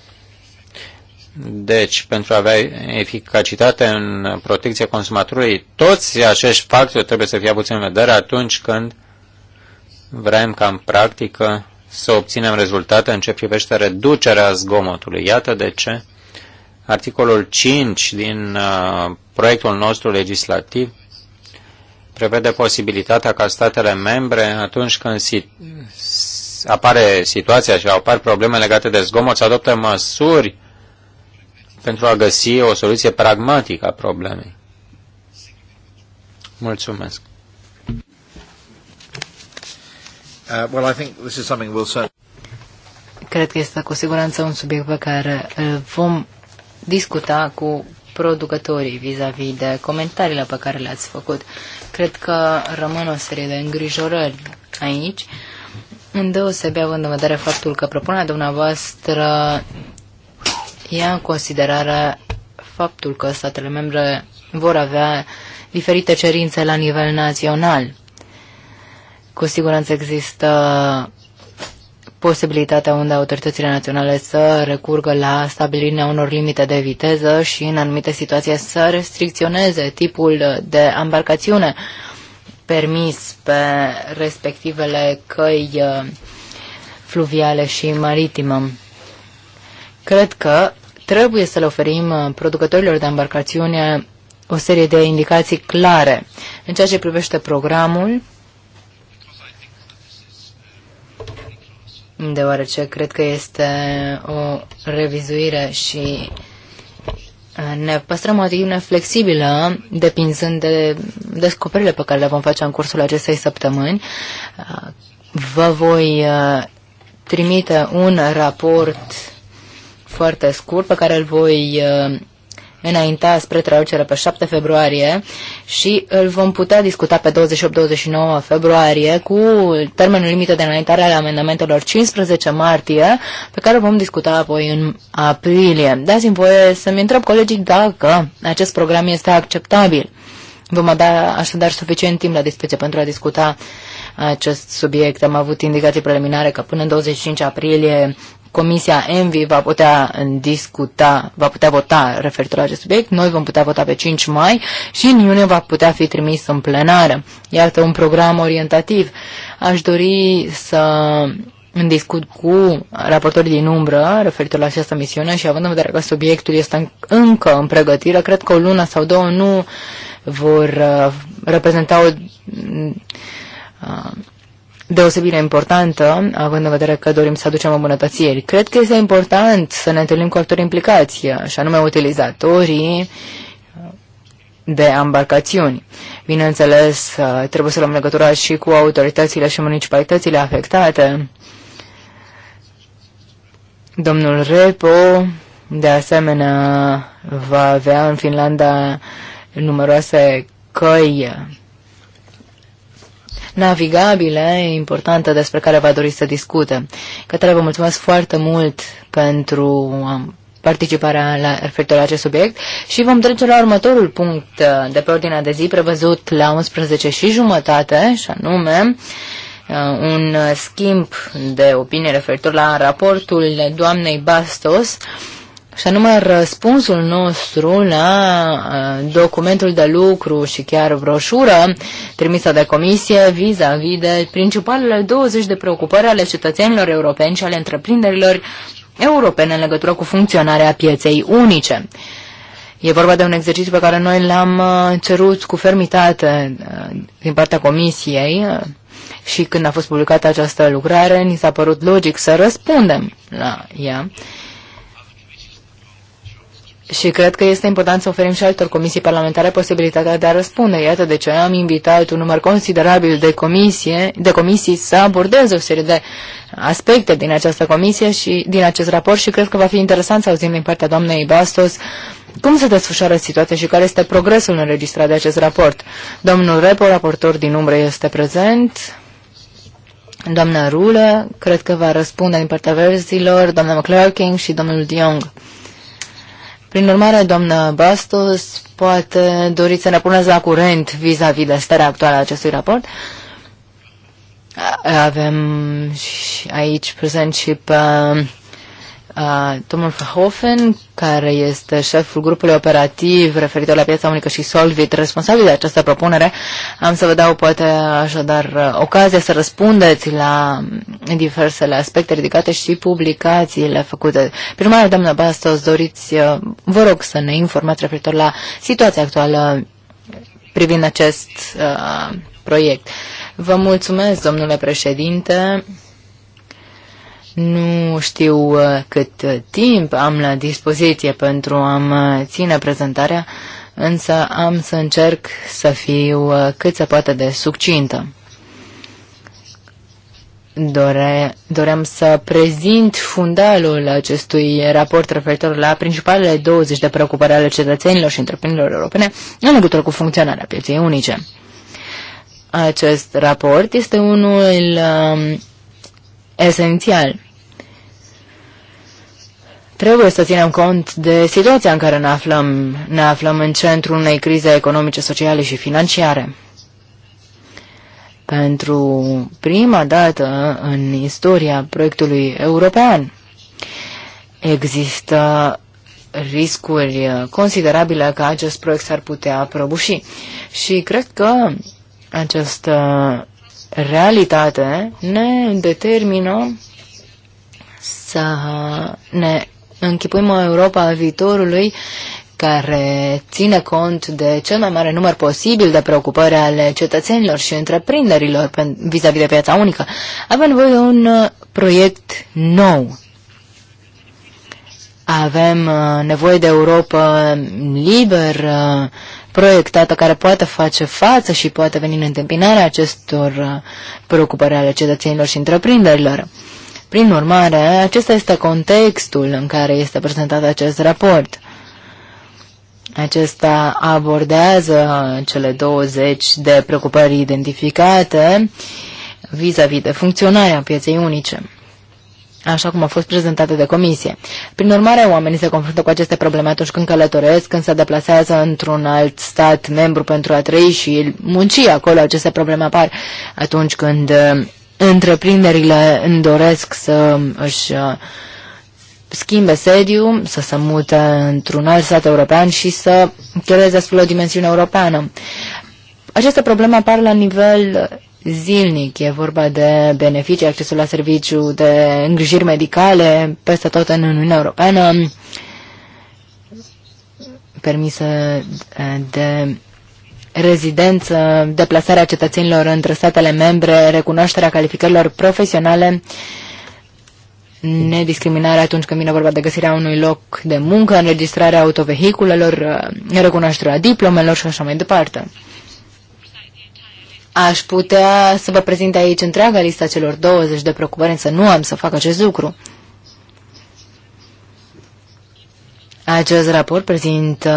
Deci, pentru a avea eficacitate în protecția consumatorului, toți acești factori trebuie să fie avuți în vedere atunci când vrem ca în practică să obținem rezultate în ce privește reducerea zgomotului. Iată de ce articolul 5 din uh, proiectul nostru legislativ prevede posibilitatea ca statele membre, atunci când si apare situația și apar probleme legate de zgomot, să adopte măsuri pentru a găsi o soluție pragmatică a problemei. Mulțumesc. Uh, well, I think this is something we'll certainly... Cred că este cu siguranță un subiect pe care îl uh, vom discuta cu producătorii vis-a-vis -vis de comentariile pe care le-ați făcut cred că rămân o serie de îngrijorări aici, îndeosebi având în vedere faptul că propunerea dumneavoastră ia în considerare faptul că statele membre vor avea diferite cerințe la nivel național. Cu siguranță există posibilitatea unde autoritățile naționale să recurgă la stabilirea unor limite de viteză și în anumite situații să restricționeze tipul de embarcațiune permis pe respectivele căi uh, fluviale și maritimă. Cred că trebuie să le oferim uh, producătorilor de embarcațiune o serie de indicații clare în ceea ce privește programul deoarece cred că este o revizuire și uh, ne păstrăm o atitudine flexibilă, depinzând de descoperirile pe care le vom face în cursul acestei săptămâni. Uh, vă voi uh, trimite un raport foarte scurt pe care îl voi înainta spre traducere pe 7 februarie și îl vom putea discuta pe 28-29 februarie cu termenul limită de înaintare ale amendamentelor 15 martie, pe care vom discuta apoi în aprilie. Dați-mi voie să-mi întreb colegii dacă acest program este acceptabil. Vom avea așadar suficient timp la dispoziție pentru a discuta acest subiect. Am avut indicații preliminare că până în 25 aprilie Comisia Envi va putea discuta, va putea vota referitor la acest subiect, noi vom putea vota pe 5 mai și în iunie va putea fi trimis în plenară. Iată un program orientativ. Aș dori să în discut cu raportorii din umbră referitor la această misiune și având în vedere că subiectul este încă în pregătire, cred că o lună sau două nu vor uh, reprezenta o uh, deosebire importantă, având în vedere că dorim să aducem îmbunătățiri. Cred că este important să ne întâlnim cu actori implicați, și anume utilizatorii uh, de embarcațiuni. Bineînțeles, uh, trebuie să luăm legătura și cu autoritățile și municipalitățile afectate. Domnul Repo, de asemenea, va avea în Finlanda numeroase căi navigabile importantă despre care va dori să discute. Cătăle, vă mulțumesc foarte mult pentru um, participarea la, referitor la acest subiect și vom trece la următorul punct uh, de pe ordinea de zi prevăzut la 11 și jumătate și anume uh, un schimb de opinie referitor la raportul doamnei Bastos și anume răspunsul nostru la documentul de lucru și chiar broșură trimisă de comisie vis-a-vis -vis de principalele 20 de preocupări ale cetățenilor europeni și ale întreprinderilor europene în legătură cu funcționarea pieței unice. E vorba de un exercițiu pe care noi l-am cerut cu fermitate din partea comisiei și când a fost publicată această lucrare, ni s-a părut logic să răspundem la ea. Și cred că este important să oferim și altor comisii parlamentare posibilitatea de a răspunde. Iată de ce am invitat un număr considerabil de, comisie, de comisii să abordeze o serie de aspecte din această comisie și din acest raport și cred că va fi interesant să auzim din partea doamnei Bastos cum se desfășoară situația și care este progresul înregistrat de acest raport. Domnul Repo, raportor din umbră, este prezent. Doamna Rulă, cred că va răspunde din partea verzilor, doamna McClarking și domnul Diong. Prin urmare, doamnă Bastos, poate doriți să ne puneți la curent vis-a-vis -vis de starea actuală a acestui raport. Avem și aici prezent și pe domnul Verhoeven, care este șeful grupului operativ referitor la piața unică și Solvit, responsabil de această propunere. Am să vă dau poate așadar ocazia să răspundeți la diversele aspecte ridicate și publicațiile făcute. Prin urmare, doamna Bastos, doriți, vă rog să ne informați referitor la situația actuală privind acest uh, proiect. Vă mulțumesc, domnule președinte. Nu știu uh, cât uh, timp am la dispoziție pentru a-mi uh, ține prezentarea, însă am să încerc să fiu cât se poate de succintă. Dore, doream să prezint fundalul acestui raport referitor la principalele 20 de preocupări ale cetățenilor și întreprinderilor europene în legătură cu funcționarea pieței unice. Acest raport este unul um, esențial. Trebuie să ținem cont de situația în care ne aflăm. Ne aflăm în centrul unei crize economice, sociale și financiare. Pentru prima dată în istoria proiectului european există riscuri considerabile că acest proiect s-ar putea prăbuși. Și cred că acest realitate ne determină să ne închipuim o Europa a viitorului care ține cont de cel mai mare număr posibil de preocupări ale cetățenilor și întreprinderilor vis-a-vis -vis de piața unică. Avem nevoie de un uh, proiect nou. Avem uh, nevoie de Europa liberă, proiectată care poate face față și poate veni în întâmpinarea acestor uh, preocupări ale cetățenilor și întreprinderilor. Prin urmare, acesta este contextul în care este prezentat acest raport. Acesta abordează cele 20 de preocupări identificate vis-a-vis -vis de funcționarea pieței unice așa cum a fost prezentată de comisie. Prin urmare, oamenii se confruntă cu aceste probleme atunci când călătoresc, când se deplasează într-un alt stat membru pentru a trăi și munci acolo, aceste probleme apar atunci când uh, întreprinderile îmi doresc să își uh, schimbe sediu, să se mute într-un alt stat european și să creeze astfel o dimensiune europeană. Aceste probleme apar la nivel zilnic. E vorba de beneficii, accesul la serviciu, de îngrijiri medicale peste tot în Uniunea Europeană, permisă de rezidență, deplasarea cetățenilor între statele membre, recunoașterea calificărilor profesionale, nediscriminarea atunci când vine vorba de găsirea unui loc de muncă, înregistrarea autovehiculelor, recunoașterea diplomelor și așa mai departe. Aș putea să vă prezint aici întreaga lista celor 20 de preocupări, însă nu am să fac acest lucru. Acest raport prezintă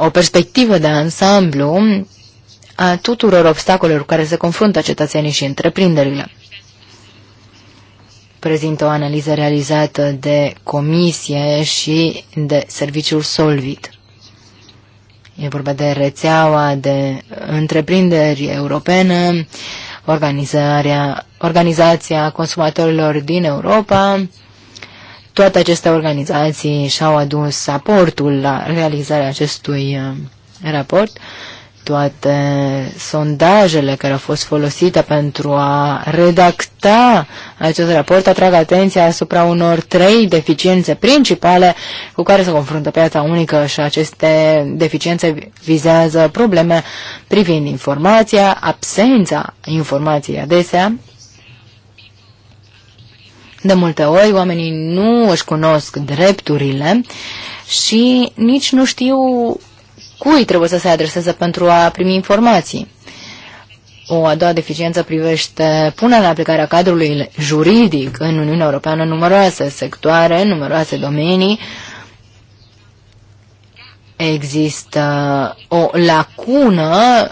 uh, o perspectivă de ansamblu a tuturor obstacolelor cu care se confruntă cetățenii și întreprinderile. Prezintă o analiză realizată de comisie și de serviciul Solvit. E vorba de rețeaua de întreprinderi europene, organizarea, organizația consumatorilor din Europa. Toate aceste organizații și-au adus aportul la realizarea acestui uh, raport toate sondajele care au fost folosite pentru a redacta acest raport atrag atenția asupra unor trei deficiențe principale cu care se confruntă piața unică și aceste deficiențe vizează probleme privind informația, absența informației adesea, de multe ori oamenii nu își cunosc drepturile și nici nu știu cui trebuie să se adreseze pentru a primi informații. O a doua deficiență privește punerea în aplicare a cadrului juridic în Uniunea Europeană în numeroase sectoare, în numeroase domenii. Există o lacună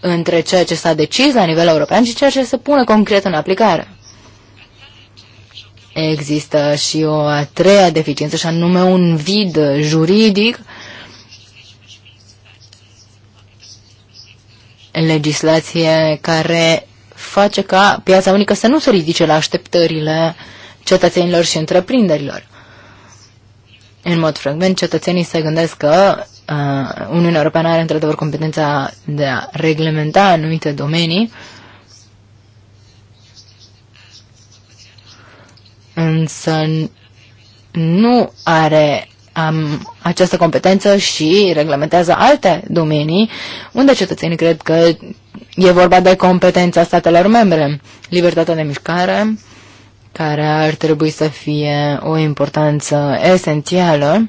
între ceea ce s-a decis la nivel european și ceea ce se pune concret în aplicare. Există și o a treia deficiență, și anume un vid juridic legislație care face ca piața unică să nu se ridice la așteptările cetățenilor și întreprinderilor. În mod frecvent, cetățenii se gândesc că uh, Uniunea Europeană are într-adevăr competența de a reglementa anumite domenii, însă nu are um, această competență și reglementează alte domenii unde cetățenii cred că e vorba de competența statelor membre. Libertatea de mișcare, care ar trebui să fie o importanță esențială.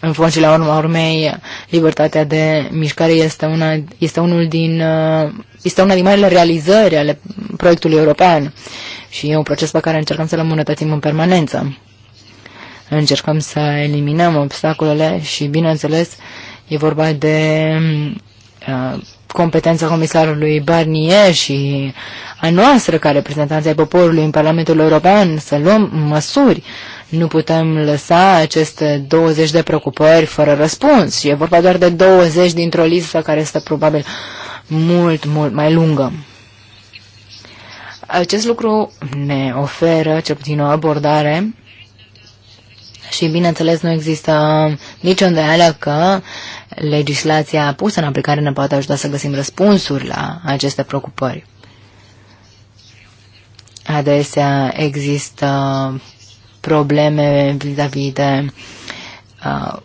În fond și la urma urmei, libertatea de mișcare este una, este unul din, uh, este una din marile realizări ale proiectului european și e un proces pe care încercăm să-l îmbunătățim în permanență încercăm să eliminăm obstacolele și, bineînțeles, e vorba de uh, competența comisarului Barnier și a noastră ca reprezentanța ai poporului în Parlamentul European să luăm măsuri. Nu putem lăsa aceste 20 de preocupări fără răspuns. E vorba doar de 20 dintr-o listă care este probabil mult, mult mai lungă. Acest lucru ne oferă, cel puțin o abordare, și, bineînțeles, nu există nicio îndoială că legislația pusă în aplicare ne poate ajuta să găsim răspunsuri la aceste preocupări. Adesea există probleme vis-a-vis de uh,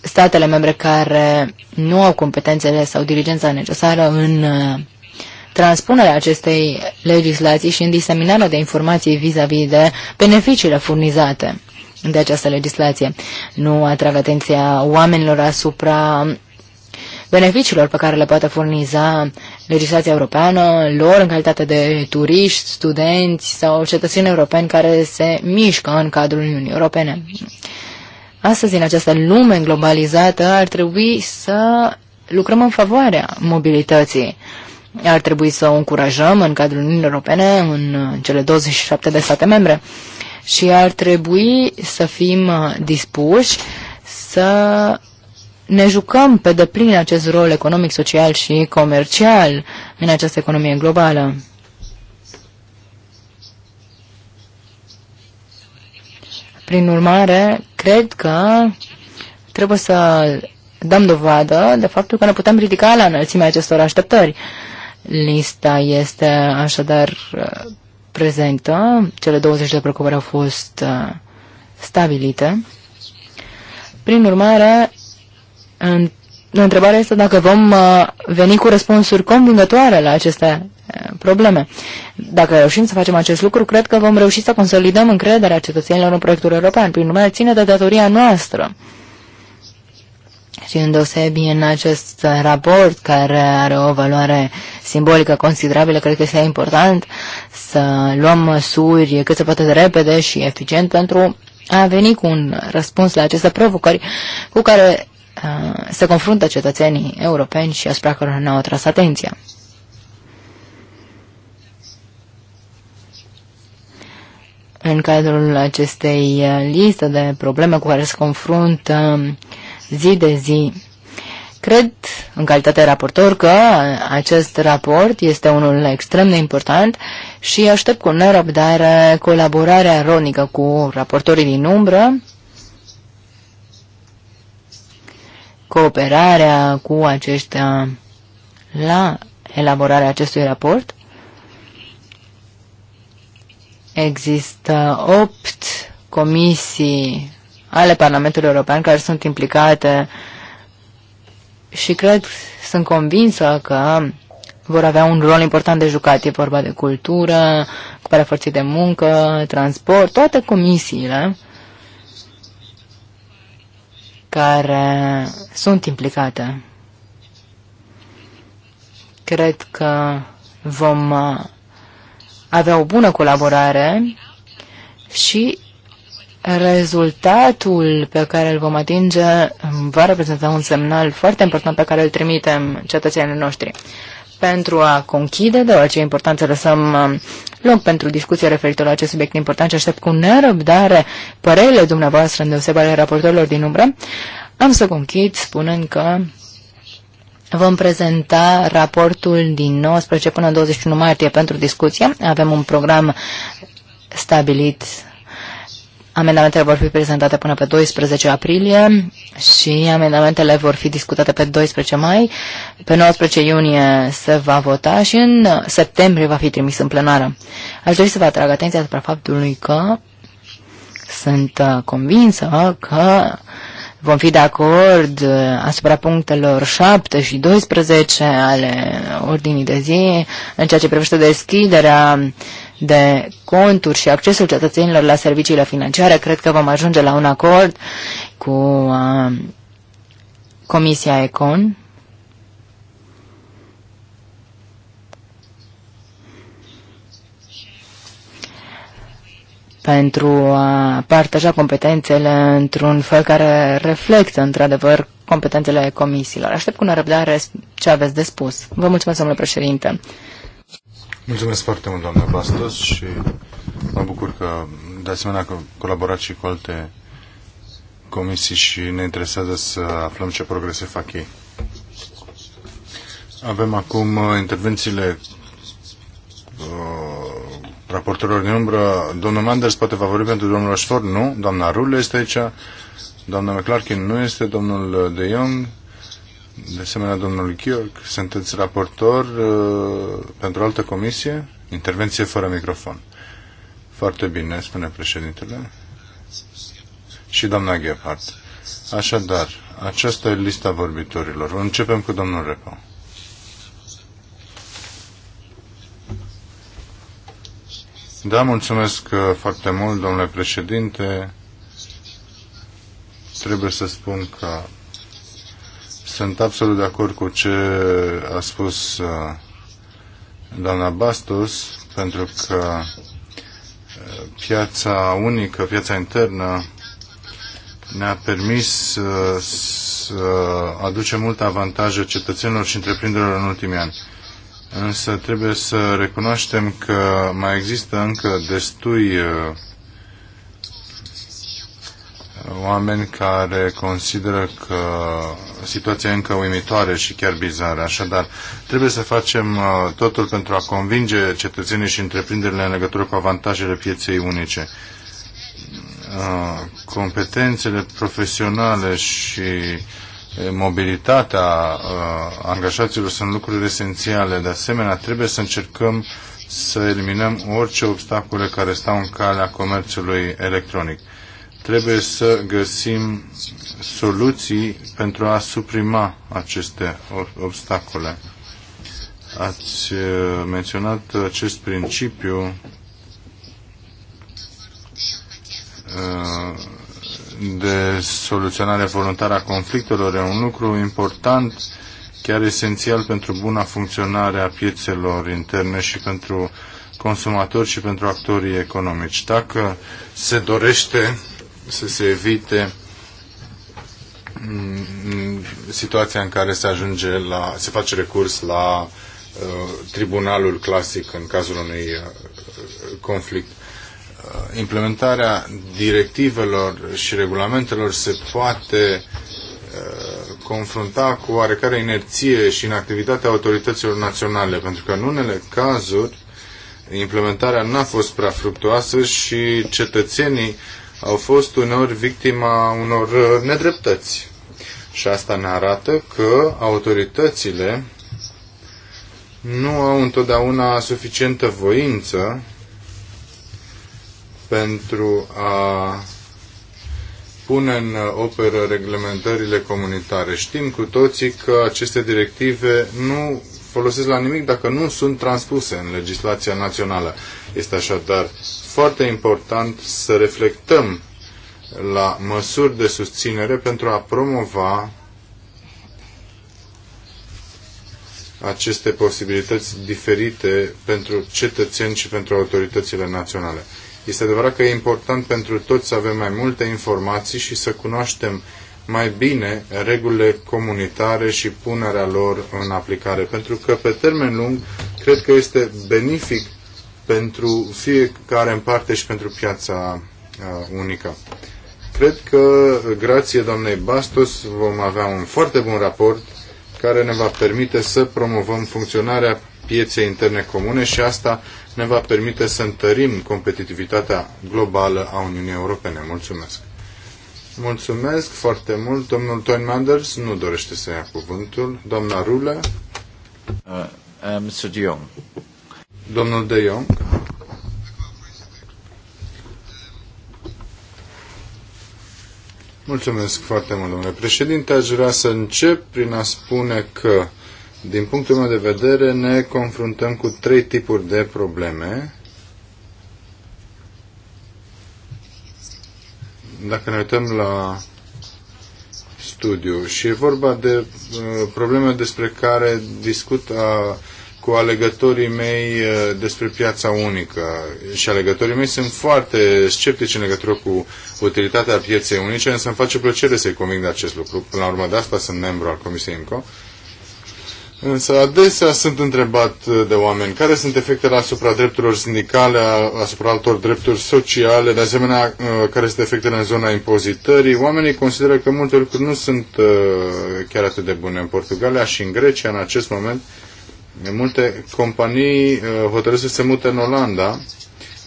statele membre care nu au competențele sau dirigența necesară în uh, transpunerea acestei legislații și în diseminarea de informații vis-a-vis -vis de beneficiile furnizate de această legislație. Nu atrag atenția oamenilor asupra beneficiilor pe care le poate furniza legislația europeană lor în calitate de turiști, studenți sau cetățeni europeni care se mișcă în cadrul Uniunii Europene. Astăzi, în această lume globalizată, ar trebui să lucrăm în favoarea mobilității. Ar trebui să o încurajăm în cadrul Uniunii Europene, în cele 27 de state membre și ar trebui să fim uh, dispuși să ne jucăm pe deplin acest rol economic, social și comercial în această economie globală. Prin urmare, cred că trebuie să dăm dovadă de faptul că ne putem ridica la înălțimea acestor așteptări. Lista este așadar uh, prezentă. Cele 20 de preocupări au fost uh, stabilite. Prin urmare, în Întrebarea este dacă vom uh, veni cu răspunsuri convingătoare la aceste uh, probleme. Dacă reușim să facem acest lucru, cred că vom reuși să consolidăm încrederea cetățenilor în proiectul european. Prin urmare, ține de datoria noastră și îndosebi în acest raport care are o valoare simbolică considerabilă, cred că este important să luăm măsuri cât se poate de repede și eficient pentru a veni cu un răspuns la aceste provocări cu care uh, se confruntă cetățenii europeni și asupra cărora ne-au atras atenția. În cadrul acestei uh, liste de probleme cu care se confruntă uh, zi de zi. Cred, în calitate de raportor, că acest raport este unul extrem de important și aștept cu nerăbdare colaborarea ironică cu raportorii din umbră, cooperarea cu aceștia la elaborarea acestui raport. Există opt comisii ale Parlamentului European care sunt implicate și cred, sunt convinsă că vor avea un rol important de jucat. E vorba de cultură, ocuparea forței de muncă, transport, toate comisiile care sunt implicate. Cred că vom avea o bună colaborare și rezultatul pe care îl vom atinge va reprezenta un semnal foarte important pe care îl trimitem cetățenilor noștri. Pentru a conchide, deoarece e important să lăsăm um, loc pentru discuție referitor la acest subiect important și aștept cu nerăbdare părerile dumneavoastră în ale raportorilor din umbră, am să conchid spunând că Vom prezenta raportul din 19 până 21 martie pentru discuție. Avem un program stabilit Amendamentele vor fi prezentate până pe 12 aprilie și amendamentele vor fi discutate pe 12 mai. Pe 19 iunie se va vota și în septembrie va fi trimis în plenară. Aș dori să vă atrag atenția asupra faptului că sunt uh, convinsă că vom fi de acord uh, asupra punctelor 7 și 12 ale ordinii de zi în ceea ce privește deschiderea de conturi și accesul cetățenilor la serviciile financiare, cred că vom ajunge la un acord cu uh, Comisia Econ. pentru a partaja competențele într-un fel care reflectă, într-adevăr, competențele comisiilor. Aștept cu nerăbdare ce aveți de spus. Vă mulțumesc, domnule președinte. Mulțumesc foarte mult, doamna Bastos, și mă bucur că, de asemenea, că colaborat și cu alte comisii și ne interesează să aflăm ce progrese fac ei. Avem acum uh, intervențiile uh, raportorilor din umbră. Domnul Manders poate va vorbi pentru domnul Ashford, nu? Doamna Rule este aici, doamna McClarkin nu este, domnul uh, De Jong, de asemenea, domnul Chiorc, sunteți raportor uh, pentru altă comisie? Intervenție fără microfon. Foarte bine, spune președintele. Și doamna Gephardt. Așadar, aceasta e lista vorbitorilor. Începem cu domnul Repo. Da, mulțumesc uh, foarte mult, domnule președinte. Trebuie să spun că sunt absolut de acord cu ce a spus uh, doamna Bastos, pentru că uh, piața unică, piața internă ne-a permis uh, să aduce multe avantaje cetățenilor și întreprinderilor în ultimii ani. Însă trebuie să recunoaștem că mai există încă destui oameni care consideră că situația e încă uimitoare și chiar bizară. Așadar, trebuie să facem uh, totul pentru a convinge cetățenii și întreprinderile în legătură cu avantajele pieței unice. Uh, competențele profesionale și eh, mobilitatea uh, angajaților sunt lucruri esențiale. De asemenea, trebuie să încercăm să eliminăm orice obstacole care stau în calea comerțului electronic trebuie să găsim soluții pentru a suprima aceste obstacole. Ați uh, menționat acest principiu uh, de soluționare voluntară a conflictelor e un lucru important, chiar esențial pentru buna funcționare a piețelor interne și pentru consumatori și pentru actorii economici. Dacă se dorește să se evite mm, mm, situația în care se ajunge la, se face recurs la uh, tribunalul clasic în cazul unui uh, conflict. Uh, implementarea directivelor și regulamentelor se poate uh, confrunta cu oarecare inerție și inactivitatea autorităților naționale, pentru că în unele cazuri implementarea n-a fost prea fructuoasă și cetățenii au fost uneori victima unor uh, nedreptăți. Și asta ne arată că autoritățile nu au întotdeauna suficientă voință pentru a pune în operă reglementările comunitare. Știm cu toții că aceste directive nu folosesc la nimic dacă nu sunt transpuse în legislația națională. Este așadar foarte important să reflectăm la măsuri de susținere pentru a promova aceste posibilități diferite pentru cetățeni și pentru autoritățile naționale. Este adevărat că e important pentru toți să avem mai multe informații și să cunoaștem mai bine regulile comunitare și punerea lor în aplicare, pentru că pe termen lung cred că este benefic pentru fiecare în parte și pentru piața uh, unică. Cred că, grație doamnei Bastos, vom avea un foarte bun raport care ne va permite să promovăm funcționarea pieței interne comune și asta ne va permite să întărim competitivitatea globală a Uniunii Europene. Mulțumesc! Mulțumesc foarte mult. Domnul Toin Manders nu dorește să ia cuvântul. Doamna Rulă. Uh, uh Mr. Domnul De Jong. Mulțumesc foarte mult, domnule președinte. Aș vrea să încep prin a spune că, din punctul meu de vedere, ne confruntăm cu trei tipuri de probleme. Dacă ne uităm la studiu și e vorba de uh, probleme despre care discută uh, cu alegătorii mei uh, despre piața unică și alegătorii mei sunt foarte sceptici în legătură cu utilitatea pieței unice, însă îmi face plăcere să-i conving de acest lucru. Până la urmă de asta sunt membru al Comisiei INCO. Însă adesea sunt întrebat uh, de oameni care sunt efectele asupra drepturilor sindicale, asupra altor drepturi sociale, de asemenea uh, care sunt efectele în zona impozitării. Oamenii consideră că multe lucruri nu sunt chiar atât de bune în Portugalia și în Grecia în acest moment. Uh, Multe companii uh, hotărăsc să se mute în Olanda,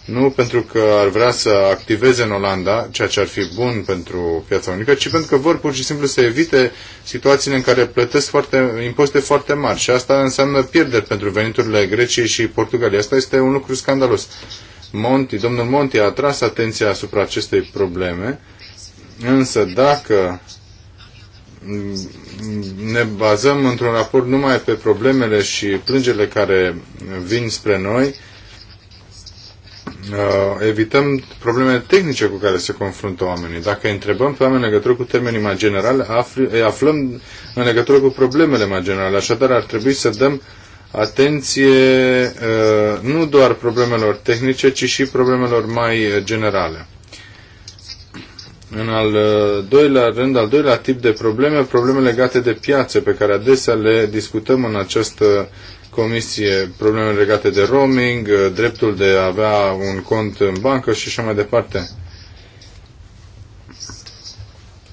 nu pentru că ar vrea să activeze în Olanda, ceea ce ar fi bun pentru piața unică, ci pentru că vor pur și simplu să evite situațiile în care plătesc foarte, impozite foarte mari. Și asta înseamnă pierderi pentru veniturile Greciei și Portugaliei. Asta este un lucru scandalos. Monti, domnul Monti a atras atenția asupra acestei probleme, însă dacă ne bazăm într-un raport numai pe problemele și plângerile care vin spre noi, uh, evităm problemele tehnice cu care se confruntă oamenii. Dacă întrebăm pe oameni în legătură cu termenii mai generale, îi aflăm în legătură cu problemele mai generale. Așadar, ar trebui să dăm atenție uh, nu doar problemelor tehnice, ci și problemelor mai generale. În al uh, doilea rând, al doilea tip de probleme, probleme legate de piață, pe care adesea le discutăm în această comisie, probleme legate de roaming, uh, dreptul de a avea un cont în bancă și așa mai departe.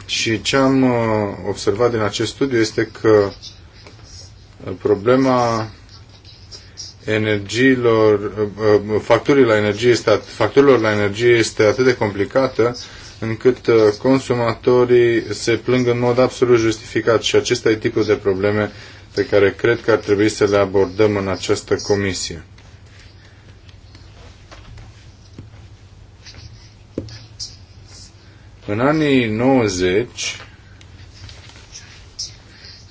Și ce am uh, observat din acest studiu este că problema energiilor, facturii la energie este, facturilor la energie este atât de complicată încât uh, consumatorii se plâng în mod absolut justificat și acesta e tipul de probleme pe care cred că ar trebui să le abordăm în această comisie. În anii 90,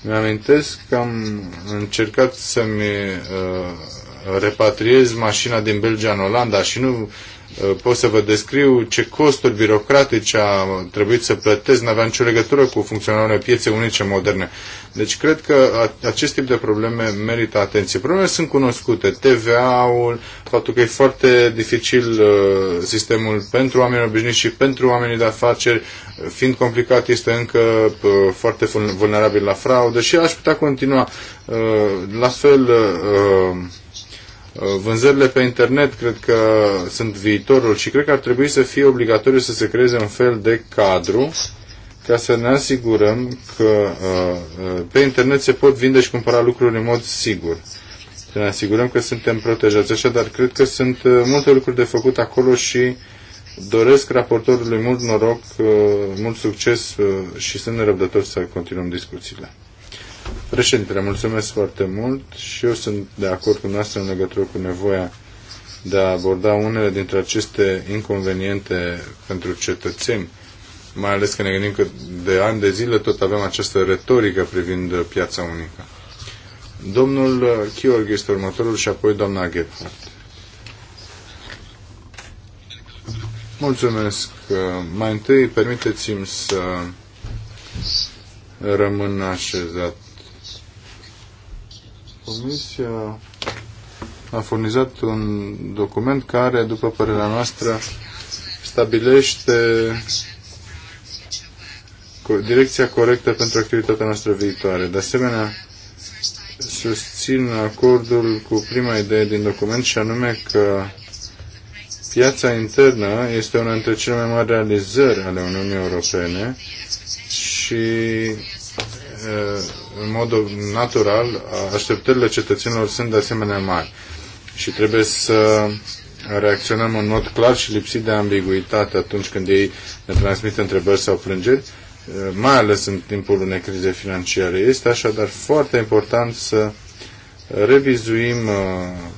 mi-amintesc că am încercat să-mi uh, repatriez mașina din Belgia în Olanda și nu Uh, pot să vă descriu ce costuri birocratice a trebuit să plătesc, n-avea nicio legătură cu funcționarea unei piețe unice moderne. Deci cred că acest tip de probleme merită atenție. Problemele sunt cunoscute, TVA-ul, faptul că e foarte dificil uh, sistemul pentru oamenii obișnuiți și pentru oamenii de afaceri, fiind complicat, este încă uh, foarte vulnerabil la fraudă și aș putea continua la fel Uh, vânzările pe internet cred că sunt viitorul și cred că ar trebui să fie obligatoriu să se creeze un fel de cadru ca să ne asigurăm că uh, uh, pe internet se pot vinde și cumpăra lucruri în mod sigur. Să ne asigurăm că suntem protejați. Așa dar cred că sunt multe lucruri de făcut acolo și doresc raportorului mult noroc, mult succes și sunt nerăbdător să continuăm discuțiile. Președintele, mulțumesc foarte mult și eu sunt de acord cu noastră în legătură cu nevoia de a aborda unele dintre aceste inconveniente pentru cetățeni, mai ales că ne gândim că de ani de zile tot avem această retorică privind piața unică. Domnul Chiorg este următorul și apoi doamna Gebhardt. Mulțumesc. Mai întâi, permiteți-mi să rămân așezat. Comisia a furnizat un document care, după părerea noastră, stabilește direcția corectă pentru activitatea noastră viitoare. De asemenea, susțin acordul cu prima idee din document și anume că piața internă este una dintre cele mai mari realizări ale Uniunii Europene și Uh, în mod natural, așteptările cetățenilor sunt de asemenea mari și trebuie să reacționăm în mod clar și lipsit de ambiguitate atunci când ei ne transmit întrebări sau plângeri, uh, mai ales în timpul unei crize financiare. Este așadar foarte important să revizuim uh,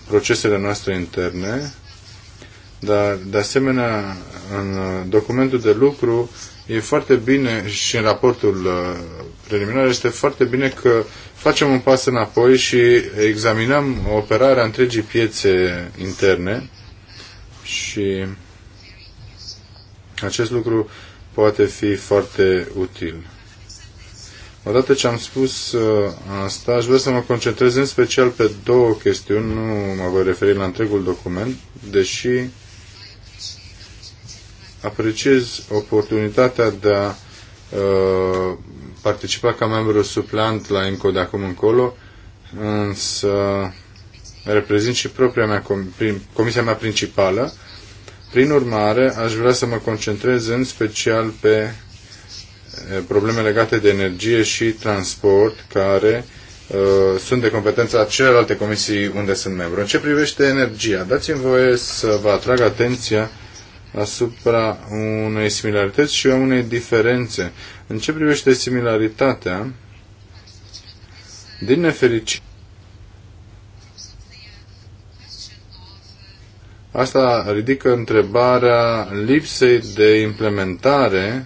procesele noastre interne, dar de asemenea în documentul de lucru e foarte bine și în raportul preliminară este foarte bine că facem un pas înapoi și examinăm operarea întregii piețe interne și acest lucru poate fi foarte util. Odată ce am spus uh, asta, aș vrea să mă concentrez în special pe două chestiuni, nu mă voi referi la întregul document, deși apreciez oportunitatea de a uh, participa ca membru suplant la INCO de acum încolo, însă reprezint și propria mea, comisia mea principală. Prin urmare, aș vrea să mă concentrez în special pe eh, probleme legate de energie și transport, care uh, sunt de competența celelalte comisii unde sunt membru. În ce privește energia, dați-mi voie să vă atrag atenția asupra unei similarități și a unei diferențe în ce privește similaritatea, din nefericire, Asta ridică întrebarea lipsei de implementare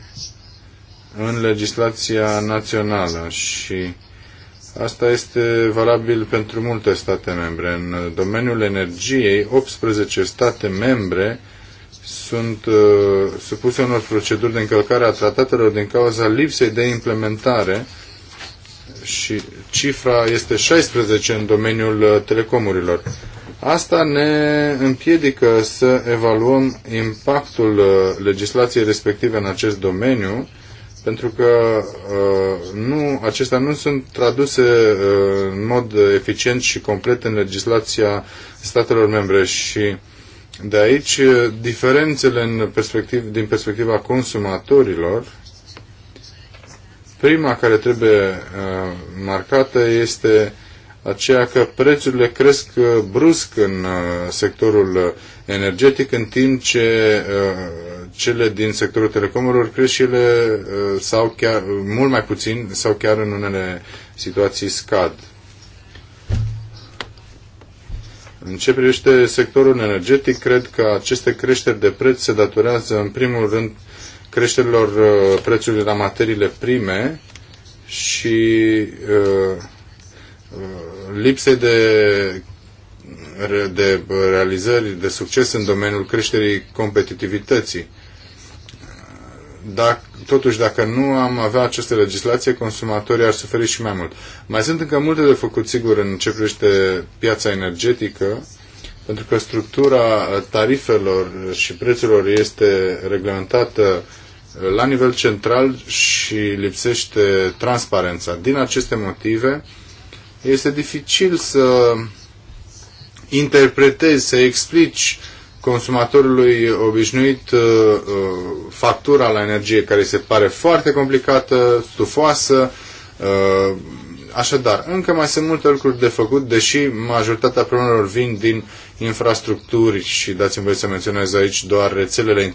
în legislația națională și asta este valabil pentru multe state membre. În domeniul energiei, 18 state membre sunt uh, supuse unor proceduri de încălcare a tratatelor din cauza lipsei de implementare și cifra este 16 în domeniul uh, telecomurilor. Asta ne împiedică să evaluăm impactul uh, legislației respective în acest domeniu, pentru că uh, nu, acestea nu sunt traduse în mod eficient și complet în legislația statelor membre și de aici, eh, diferențele în perspectiv, din perspectiva consumatorilor, prima care trebuie uh, marcată este aceea că prețurile cresc eh, brusc în uh, sectorul energetic, în timp ce uh, cele din sectorul telecomurilor cresc și ele sau chiar mult mai puțin sau chiar în unele situații scad. În ce privește sectorul energetic, cred că aceste creșteri de preț se datorează în primul rând creșterilor uh, prețului la materiile prime și uh, uh, lipsei de, de realizări de succes în domeniul creșterii competitivității. Dacă, totuși, dacă nu am avea această legislație, consumatorii ar suferi și mai mult. Mai sunt încă multe de făcut, sigur, în ce privește piața energetică, pentru că structura tarifelor și prețurilor este reglementată uh, la nivel central și lipsește transparența. Din aceste motive, este dificil să interpretezi, să explici uh, consumatorului obișnuit uh, uh, factura la energie care se pare foarte complicată, stufoasă. Uh, așadar, încă mai sunt multe lucruri de făcut, deși majoritatea problemelor vin din infrastructuri și dați-mi voie să menționez aici doar rețelele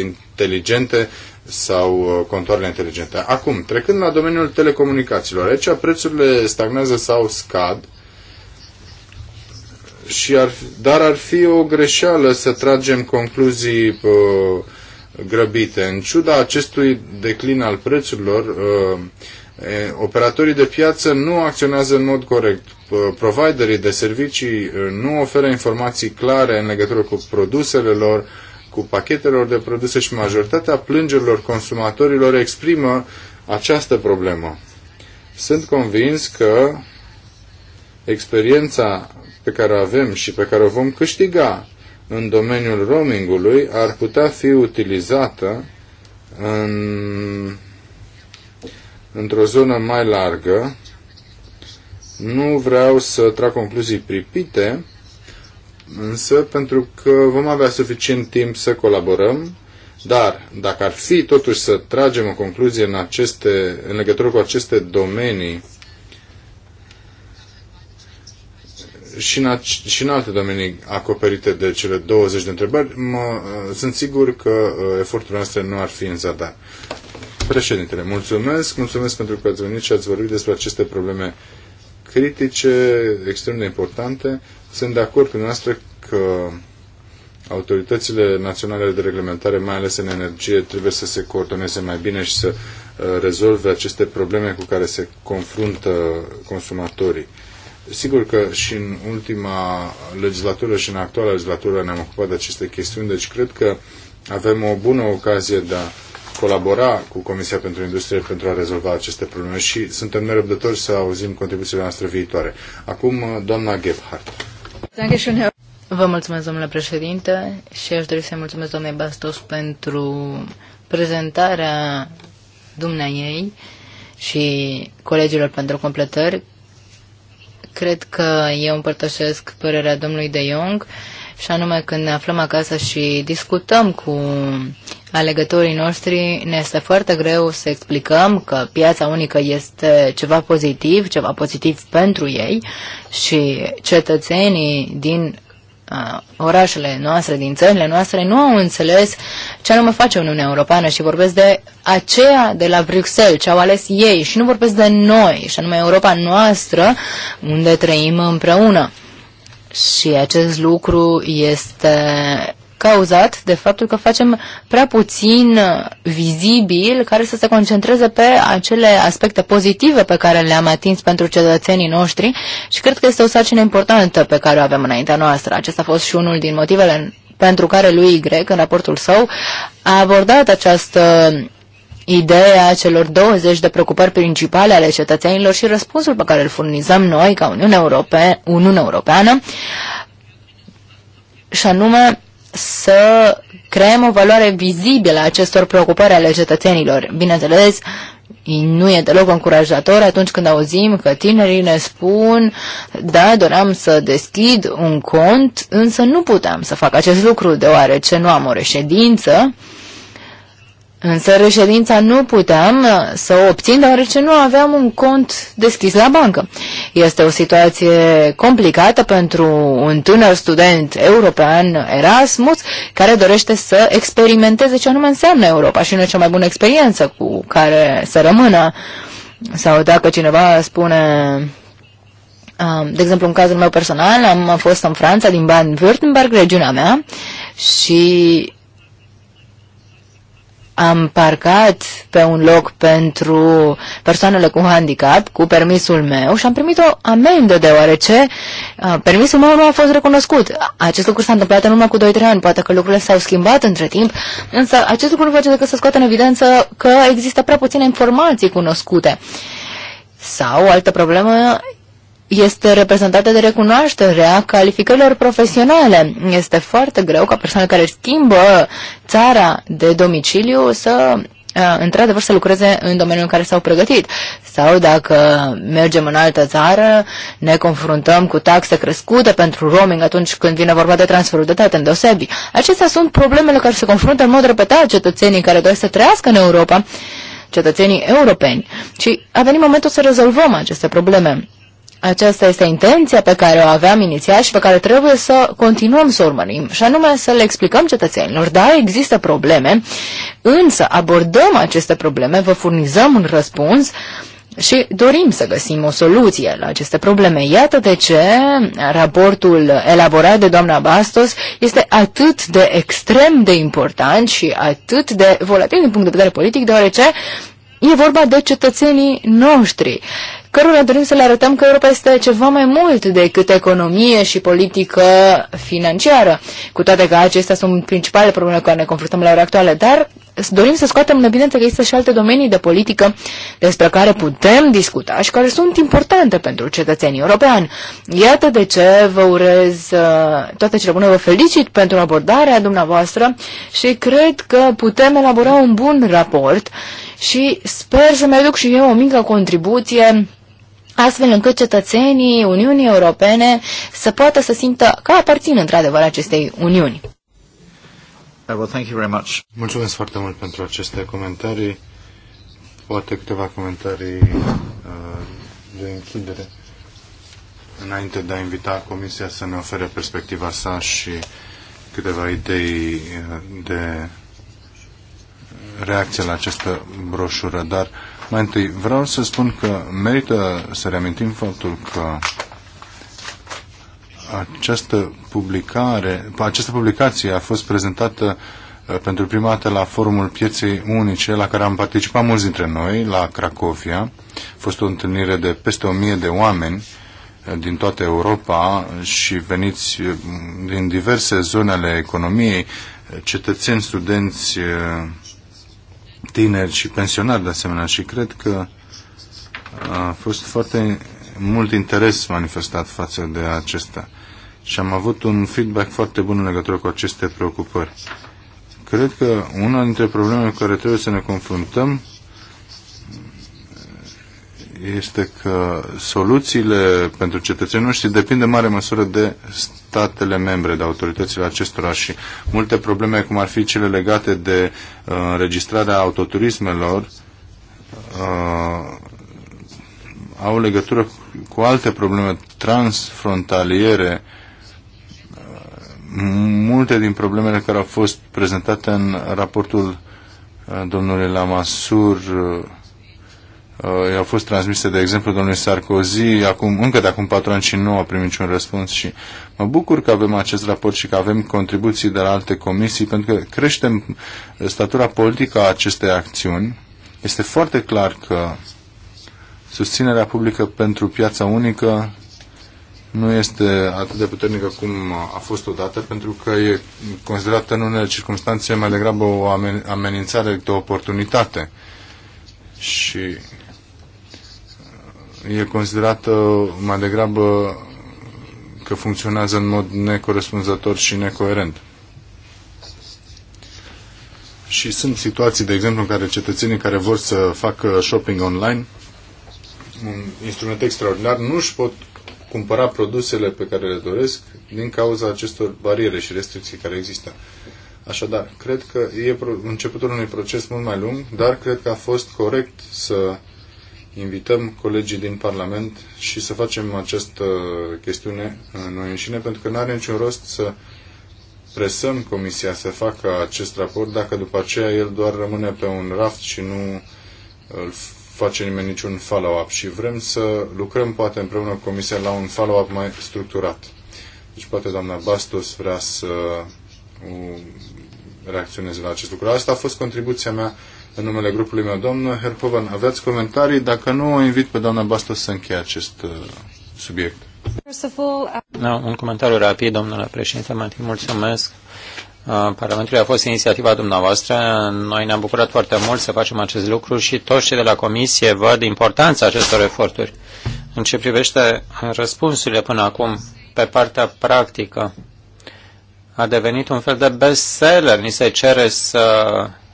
inteligente sau contoarele inteligente. Acum, trecând la domeniul telecomunicațiilor, aici prețurile stagnează sau scad, și ar, dar ar fi o greșeală să tragem concluzii pă, uh, grăbite. În ciuda acestui declin al prețurilor, uh, operatorii de piață nu acționează în mod corect. Uh, providerii de servicii uh, nu oferă informații clare în legătură cu produsele lor, cu pachetelor de produse și majoritatea plângerilor consumatorilor exprimă această problemă. Sunt convins că experiența pe care o avem și pe care o vom câștiga în domeniul roamingului ar putea fi utilizată în, într-o zonă mai largă. Nu vreau să trag concluzii pripite, însă pentru că vom avea suficient timp să colaborăm, dar dacă ar fi totuși să tragem o concluzie în, aceste, în legătură cu aceste domenii, și în, și în alte domenii acoperite de cele 20 de întrebări, mă, uh, sunt sigur că uh, eforturile noastre nu ar fi în zadar. Președintele, mulțumesc, mulțumesc pentru că ați venit și ați vorbit despre aceste probleme critice, extrem de importante. Sunt de acord cu noastră că autoritățile naționale de reglementare, mai ales în energie, trebuie să se coordoneze mai bine și să uh, rezolve aceste probleme cu care se confruntă consumatorii. Sigur că și în ultima legislatură și în actuala legislatură ne-am ocupat de aceste chestiuni, deci cred că avem o bună ocazie de a colabora cu Comisia pentru Industrie pentru a rezolva aceste probleme și suntem nerăbdători să auzim contribuțiile noastre viitoare. Acum, uh, doamna Gebhardt. Vă mulțumesc, domnule președinte, și aș dori să mulțumesc doamnei Bastos pentru prezentarea dumnea ei și colegilor pentru completări. Cred că eu împărtășesc părerea domnului De Jong și anume când ne aflăm acasă și discutăm cu alegătorii noștri, ne este foarte greu să explicăm că piața unică este ceva pozitiv, ceva pozitiv pentru ei și cetățenii din orașele noastre, din țările noastre, nu au înțeles ce anume face Uniunea Europeană și vorbesc de aceea de la Bruxelles, ce au ales ei și nu vorbesc de noi, și anume Europa noastră, unde trăim împreună. Și acest lucru este cauzat de faptul că facem prea puțin vizibil care să se concentreze pe acele aspecte pozitive pe care le-am atins pentru cetățenii noștri și cred că este o sarcină importantă pe care o avem înaintea noastră. Acesta a fost și unul din motivele pentru care lui Y, în raportul său, a abordat această ideea celor 20 de preocupări principale ale cetățenilor și răspunsul pe care îl furnizăm noi ca Uniune, Europe, Uniune Europeană, și anume să creăm o valoare vizibilă a acestor preocupări ale cetățenilor. Bineînțeles, nu e deloc încurajator atunci când auzim că tinerii ne spun da, doream să deschid un cont, însă nu puteam să fac acest lucru deoarece nu am o reședință Însă reședința nu puteam uh, să o obțin deoarece nu aveam un cont deschis la bancă. Este o situație complicată pentru un tânăr student european Erasmus care dorește să experimenteze ce anume înseamnă Europa și nu e cea mai bună experiență cu care să rămână. Sau dacă cineva spune uh, de exemplu, în cazul meu personal, am fost în Franța, din Baden-Württemberg, regiunea mea, și am parcat pe un loc pentru persoanele cu handicap, cu permisul meu și am primit o amendă deoarece uh, permisul meu nu a fost recunoscut. Acest lucru s-a întâmplat în urmă cu 2-3 ani, poate că lucrurile s-au schimbat între timp, însă acest lucru nu face decât să scoată în evidență că există prea puține informații cunoscute. Sau o altă problemă este reprezentată de recunoașterea calificărilor profesionale. Este foarte greu ca persoane care schimbă țara de domiciliu să într-adevăr să lucreze în domeniul în care s-au pregătit. Sau dacă mergem în altă țară, ne confruntăm cu taxe crescute pentru roaming atunci când vine vorba de transferul de date în deosebi. Acestea sunt problemele care se confruntă în mod repetat cetățenii care doresc să trăiască în Europa, cetățenii europeni. Și a venit momentul să rezolvăm aceste probleme. Aceasta este intenția pe care o aveam inițial și pe care trebuie să continuăm să urmărim, și anume să le explicăm cetățenilor, da, există probleme, însă abordăm aceste probleme, vă furnizăm un răspuns și dorim să găsim o soluție la aceste probleme. Iată de ce raportul elaborat de doamna Bastos este atât de extrem de important și atât de volatil din punct de vedere politic, deoarece E vorba de cetățenii noștri cărora dorim să le arătăm că Europa este ceva mai mult decât economie și politică financiară, cu toate că acestea sunt principalele probleme cu care ne confruntăm la ora actuală, dar dorim să scoatem în evidență că există și alte domenii de politică despre care putem discuta și care sunt importante pentru cetățenii europeni. Iată de ce vă urez uh, toate cele bune, vă felicit pentru abordarea dumneavoastră și cred că putem elabora un bun raport și sper să mai aduc și eu o mică contribuție astfel încât cetățenii Uniunii Europene să poată să simtă că aparțin într-adevăr acestei Uniuni. Uh, well, thank you very much. Mulțumesc foarte mult pentru aceste comentarii. Poate câteva comentarii uh, de închidere înainte de a invita Comisia să ne ofere perspectiva sa și câteva idei uh, de reacție la această broșură, dar mai întâi, vreau să spun că merită să reamintim faptul că această publicare, această publicație a fost prezentată uh, pentru prima dată la Forumul Pieței Unice, la care am participat mulți dintre noi, la Cracovia. A fost o întâlnire de peste o mie de oameni uh, din toată Europa și veniți uh, din diverse zone ale economiei, cetățeni, studenți, tineri și pensionari de asemenea și cred că a fost foarte mult interes manifestat față de acesta și am avut un feedback foarte bun în legătură cu aceste preocupări. Cred că una dintre problemele cu care trebuie să ne confruntăm este că soluțiile pentru cetățenii noștri depind în mare măsură de statele membre, de autoritățile acestora și multe probleme, cum ar fi cele legate de uh, înregistrarea autoturismelor, uh, au legătură cu alte probleme transfrontaliere uh, multe din problemele care au fost prezentate în raportul uh, domnului Lamasur uh, uh, au fost transmise, de exemplu, domnului Sarkozy, acum, încă de acum patru ani și nu a primit niciun răspuns și mă bucur că avem acest raport și că avem contribuții de la alte comisii, pentru că creștem statura politică a acestei acțiuni. Este foarte clar că susținerea publică pentru piața unică nu este atât de puternică cum a fost odată, pentru că e considerată în unele circunstanțe mai degrabă o amenințare decât o oportunitate. Și e considerată uh, mai degrabă că funcționează în mod necorespunzător și necoerent. Și sunt situații, de exemplu, în care cetățenii care vor să facă shopping online, un instrument extraordinar, nu își pot cumpăra produsele pe care le doresc din cauza acestor bariere și restricții care există. Așadar, cred că e începutul unui proces mult mai lung, dar cred că a fost corect să invităm colegii din Parlament și să facem această chestiune noi înșine, pentru că nu are niciun rost să presăm Comisia să facă acest raport dacă după aceea el doar rămâne pe un raft și nu îl face nimeni niciun follow-up și vrem să lucrăm poate împreună cu Comisia la un follow-up mai structurat. Deci poate doamna Bastos vrea să reacționeze la acest lucru. Asta a fost contribuția mea în numele grupului meu. Domnul Herpovan, aveți comentarii? Dacă nu, o invit pe doamna Bastos să încheie acest uh, subiect. No, da, un comentariu rapid, domnule președinte. Mai întâi mulțumesc. Uh, Parlamentului a fost inițiativa dumneavoastră. Noi ne-am bucurat foarte mult să facem acest lucru și toți cei de la Comisie văd importanța acestor eforturi. În ce privește răspunsurile până acum, pe partea practică, a devenit un fel de bestseller. Ni se cere să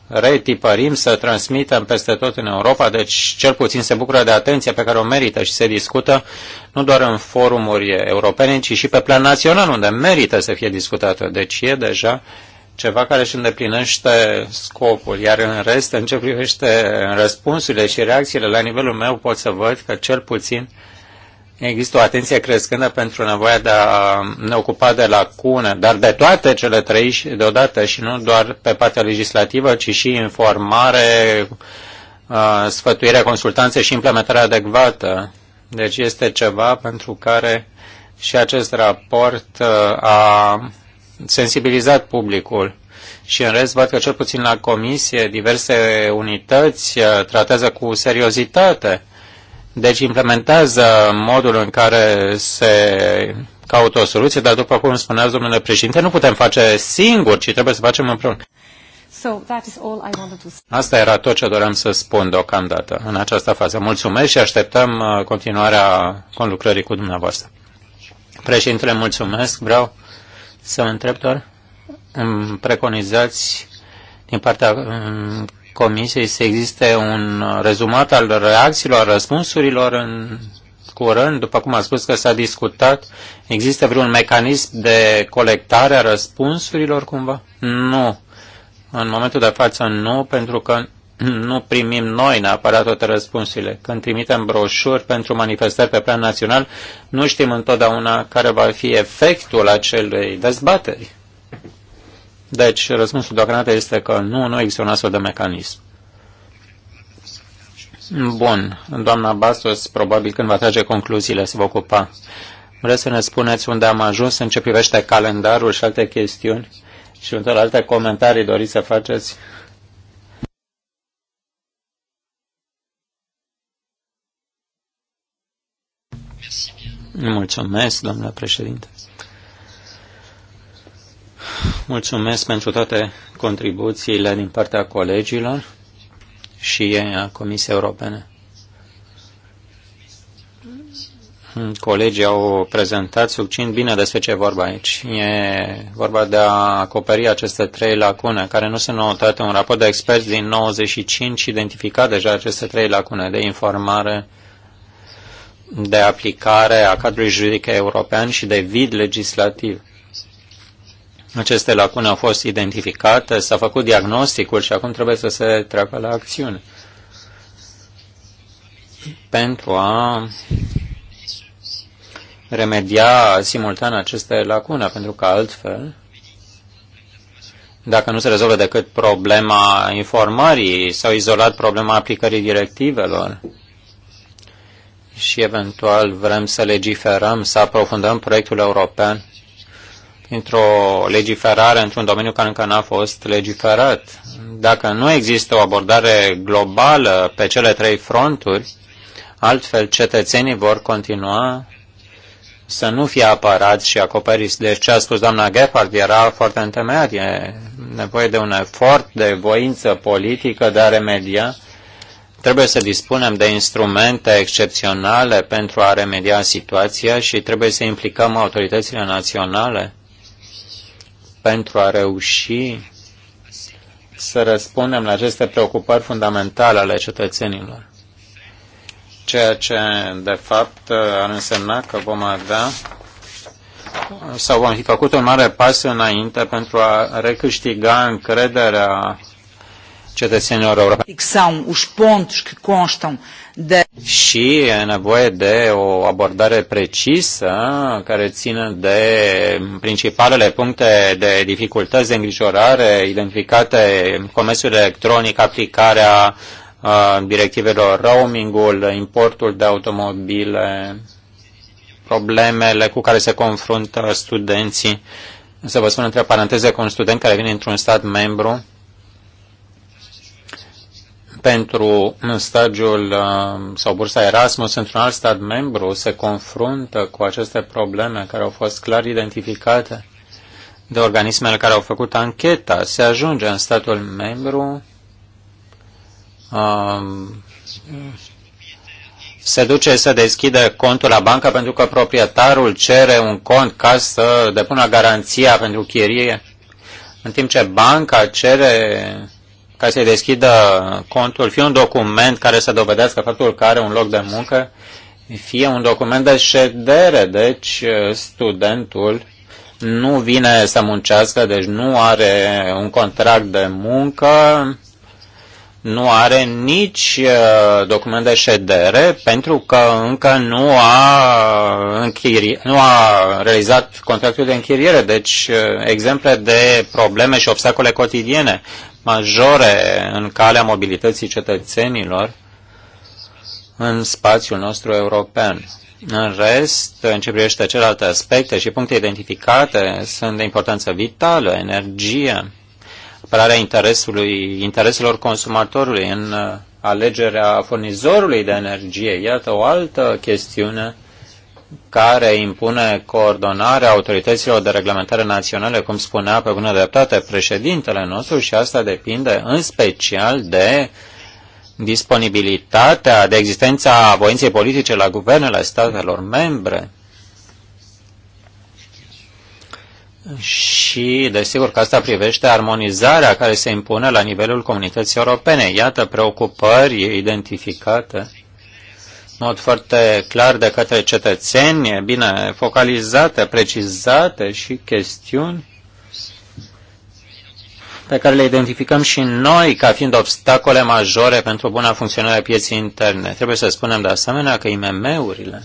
retipărim, să transmitem peste tot în Europa, deci cel puțin se bucură de atenția pe care o merită și se discută nu doar în forumuri europene, ci și pe plan național, unde merită să fie discutată. Deci e deja ceva care își îndeplinește scopul, iar în rest, în ce privește răspunsurile și reacțiile la nivelul meu, pot să văd că cel puțin uh, există o atenție crescândă pentru nevoia de a ne ocupa de lacune, dar de toate cele trei și deodată și nu doar pe partea legislativă, ci și informare, sfătuirea, consultanțe și implementarea adecvată. Deci este ceva pentru care și acest raport a sensibilizat publicul. Și în rest văd că cel puțin la comisie diverse unități tratează cu seriozitate deci implementează modul în care se caută o soluție, dar după cum spuneați, domnule președinte, nu putem face singur, ci trebuie să facem împreună. So, that is all I wanted to... Asta era tot ce doream să spun deocamdată în această fază. Mulțumesc și așteptăm uh, continuarea conlucrării cu dumneavoastră. Președintele, mulțumesc. Vreau să întreb doar, îmi preconizați din partea Comisiei să existe un rezumat al reacțiilor, răspunsurilor în curând, după cum a spus că s-a discutat, există vreun mecanism de colectare a răspunsurilor cumva? Nu. În momentul de față nu, pentru că nu primim noi neapărat toate răspunsurile. Când trimitem broșuri pentru manifestări pe plan național, nu știm întotdeauna care va fi efectul acelei dezbateri. Deci, răspunsul deocamdată este că nu, nu există un astfel de mecanism. Bun, doamna Bastos, probabil când va trage concluziile, se va ocupa. Vreți să ne spuneți unde am ajuns în ce privește calendarul și alte chestiuni? Și unor alte comentarii doriți să faceți? Mulțumesc, domnule președinte. Mulțumesc pentru toate contribuțiile din partea colegilor și a Comisiei Europene. Colegii au prezentat succint bine despre ce vorba aici. E vorba de a acoperi aceste trei lacune, care nu sunt notate Un raport de experți din 95 identificat deja aceste trei lacune de informare, de aplicare a cadrului juridic european și de vid legislativ. Aceste lacune au fost identificate, s-a făcut diagnosticul și acum trebuie să se treacă la acțiune pentru a remedia simultan aceste lacune, pentru că altfel, dacă nu se rezolvă decât problema informării sau izolat problema aplicării directivelor și eventual vrem să legiferăm, să aprofundăm proiectul european într-o legiferare într-un domeniu care încă n-a fost legiferat. Dacă nu există o abordare globală pe cele trei fronturi, altfel cetățenii vor continua să nu fie apărați și acoperiți. Deci ce a spus doamna Gephardt era foarte întemeiat. E nevoie de un efort de voință politică de a remedia. Trebuie să dispunem de instrumente excepționale pentru a remedia situația și trebuie să implicăm autoritățile naționale pentru a reuși să răspundem la aceste preocupări fundamentale ale cetățenilor. Ceea ce, de fapt, ar însemna că vom avea sau vom fi făcut un mare pas înainte pentru a recâștiga încrederea cetățenilor europeni. São os pontos que constam de... Și e nevoie de o abordare precisă care țină de principalele puncte de dificultăți, de îngrijorare identificate în comerțul electronic, aplicarea directivelor roamingul, importul de automobile, problemele cu care se confruntă studenții. Să vă spun între paranteze că un student care vine într-un stat membru pentru stagiul uh, sau bursa Erasmus într-un alt stat membru se confruntă cu aceste probleme care au fost clar identificate de organismele care au făcut ancheta. Se ajunge în statul membru, um, se duce să deschide contul la bancă pentru că proprietarul cere un cont ca să depună garanția pentru chirie, în timp ce banca cere ca să-i deschidă contul, fie un document care să dovedească faptul că are un loc de muncă, fie un document de ședere, deci studentul nu vine să muncească, deci nu are un contract de muncă, nu are nici uh, document de ședere pentru că încă nu a, închiri, nu a realizat contractul de închiriere. Deci uh, exemple de probleme și obstacole cotidiene majore în calea mobilității cetățenilor în spațiul nostru european. În rest, în ce privește celelalte aspecte și puncte identificate, sunt de importanță vitală, energie, apărarea interesului, intereselor consumatorului în uh, alegerea furnizorului de energie. Iată o altă chestiune care impune coordonarea autorităților de reglementare naționale, cum spunea pe bună dreptate președintele nostru și asta depinde în special de disponibilitatea, de existența voinței politice la guvernele statelor membre. Și, desigur, că asta privește armonizarea care se impune la nivelul comunității europene. Iată preocupări identificate mod foarte clar de către cetățeni, bine focalizate, precizate și chestiuni pe care le identificăm și noi ca fiind obstacole majore pentru buna funcționare a pieții interne. Trebuie să spunem de asemenea că IMM-urile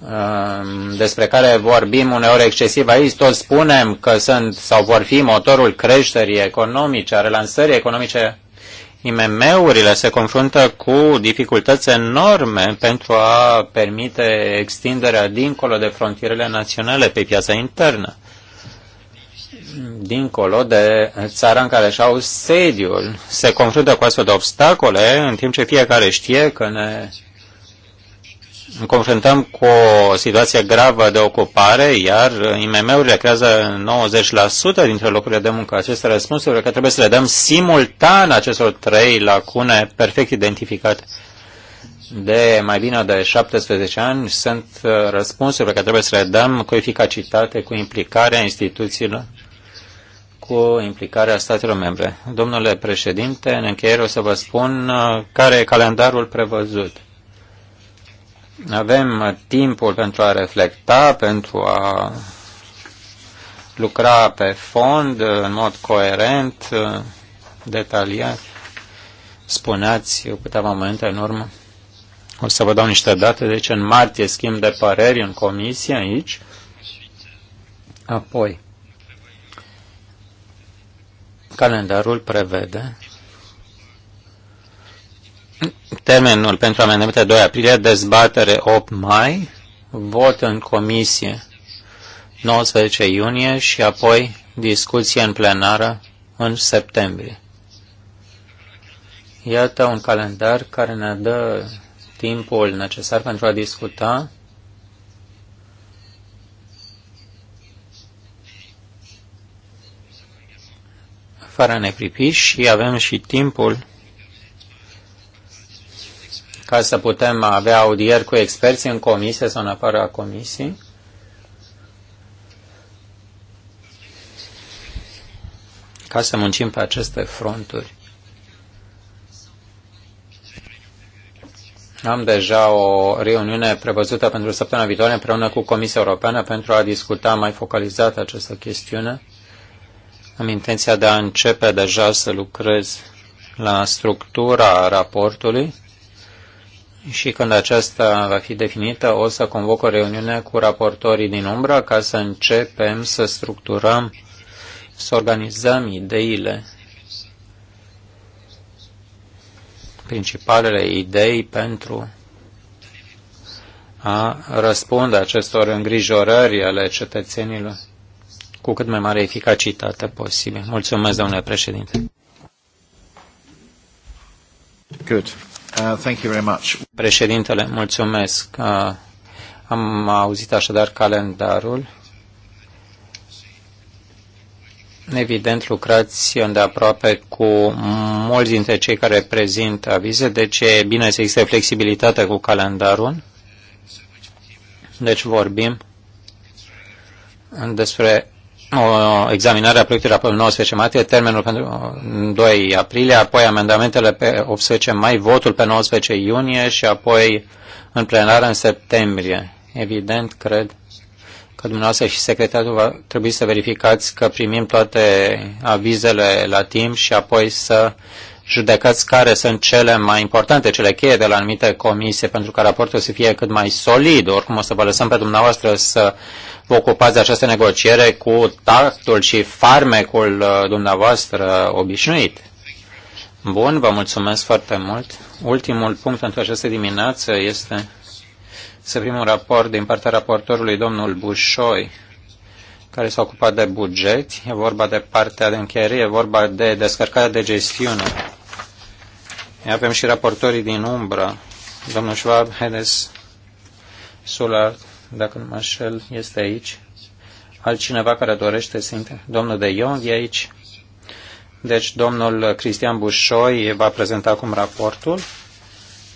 um, despre care vorbim uneori excesiv aici, toți spunem că sunt sau vor fi motorul creșterii economice, a relansării economice IMM-urile se confruntă cu dificultăți enorme pentru a permite extinderea dincolo de frontierele naționale pe piața internă, dincolo de țara în care și-au sediul. Se confruntă cu astfel de obstacole, în timp ce fiecare știe că ne confruntăm cu o situație gravă de ocupare, iar IMM-urile creează 90% dintre locurile de muncă. Aceste răspunsuri că trebuie să le dăm simultan acestor trei lacune perfect identificate. De mai bine de 17 ani sunt uh, răspunsuri că care trebuie să le dăm cu eficacitate, cu implicarea instituțiilor, cu implicarea statelor membre. Domnule președinte, în încheiere o să vă spun uh, care e calendarul prevăzut avem timpul pentru a reflecta, pentru a lucra pe fond, în mod coerent, detaliat. Spuneați eu câteva momente în urmă. O să vă dau niște date. Deci în martie schimb de păreri în comisie aici. Apoi, calendarul prevede termenul pentru amendamente 2 aprilie, dezbatere 8 mai, vot în comisie 19 iunie și apoi discuție în plenară în septembrie. Iată un calendar care ne dă timpul necesar pentru a discuta fără nepripiși și avem și timpul ca să putem avea audieri cu experții în comisie sau în afara comisiei. Ca să muncim pe aceste fronturi. Am deja o reuniune prevăzută pentru săptămâna viitoare împreună cu Comisia Europeană pentru a discuta mai focalizat această chestiune. Am intenția de a începe deja să lucrez la structura raportului și când aceasta va fi definită, o să convoc o reuniune cu raportorii din umbra, ca să începem să structurăm, să organizăm ideile, principalele idei pentru a răspunde acestor îngrijorări ale cetățenilor cu cât mai mare eficacitate posibil. Mulțumesc, domnule președinte. Good. Uh, thank you very much. Președintele, mulțumesc. Uh, am auzit așadar calendarul. Evident, lucrați aproape cu mulți dintre cei care prezintă avize, deci e bine să existe flexibilitate cu calendarul. Deci vorbim despre o examinare a proiectului pe 19 martie, termenul pentru 2 uh, aprilie, apoi amendamentele pe 18 mai, votul pe 19 iunie și apoi în plenară în septembrie. Evident, cred că dumneavoastră și secretarul va trebui să verificați că primim toate avizele la timp și apoi să judecăți care sunt cele mai importante, cele cheie de la anumite comisii, pentru ca raportul să fie cât mai solid. Oricum o să vă lăsăm pe dumneavoastră să vă ocupați de această negociere cu tactul și farmecul uh, dumneavoastră obișnuit. Bun, vă mulțumesc foarte mult. Ultimul punct pentru această dimineață este să primim un raport din partea raportorului domnul Bușoi, care s-a ocupat de buget, e vorba de partea de încheiere, e vorba de descărcarea de gestiune. Avem și raportorii din umbră. Domnul Schwab, Hedes, Solar, dacă nu mă înșel, este aici. Altcineva care dorește să intre? Domnul De Ion e aici. Deci domnul Cristian Bușoi va prezenta acum raportul.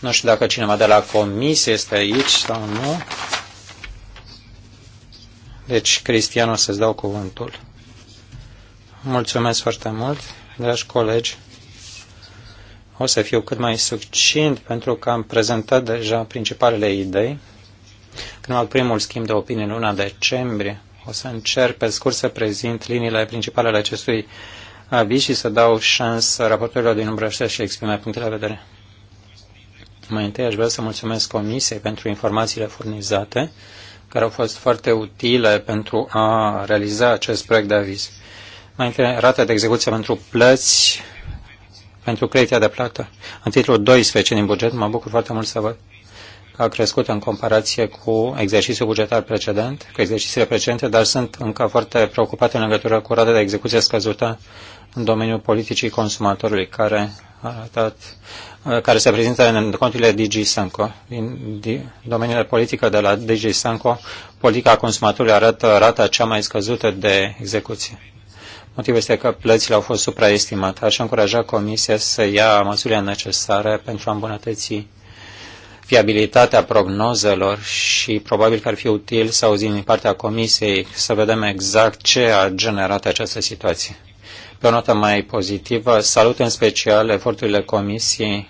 Nu știu dacă cineva de la comisie este aici sau nu. Deci, Cristian, o să-ți dau cuvântul. Mulțumesc foarte mult, dragi colegi. O să fiu cât mai succint pentru că am prezentat deja principalele idei. Când al primul schimb de opinie în luna decembrie, o să încerc pe scurt să prezint liniile principale ale acestui aviz și să dau șansă raportorilor din umbrăște și exprime punctele de vedere. Mai întâi aș vrea să mulțumesc Comisiei pentru informațiile furnizate, care au fost foarte utile pentru a realiza acest proiect de aviz. Mai întâi, rata de execuție pentru plăți pentru creția de plată. În titlul 12 din buget, mă bucur foarte mult să văd că a crescut în comparație cu exercițiul bugetar precedent, cu exercițiile precedente, dar sunt încă foarte preocupat în legătură cu rata de execuție scăzută în domeniul politicii consumatorului, care a arătat, care se prezintă în conturile DG Sanco. Din, domeniul politică de la DG Sanco, politica consumatorului arată rata cea mai scăzută de execuție. Motivul este că plățile au fost supraestimate. Aș încuraja Comisia să ia măsurile necesare pentru a îmbunătăți fiabilitatea prognozelor și probabil că ar fi util să auzim din partea Comisiei să vedem exact ce a generat această situație. Pe o notă mai pozitivă, salut în special eforturile Comisiei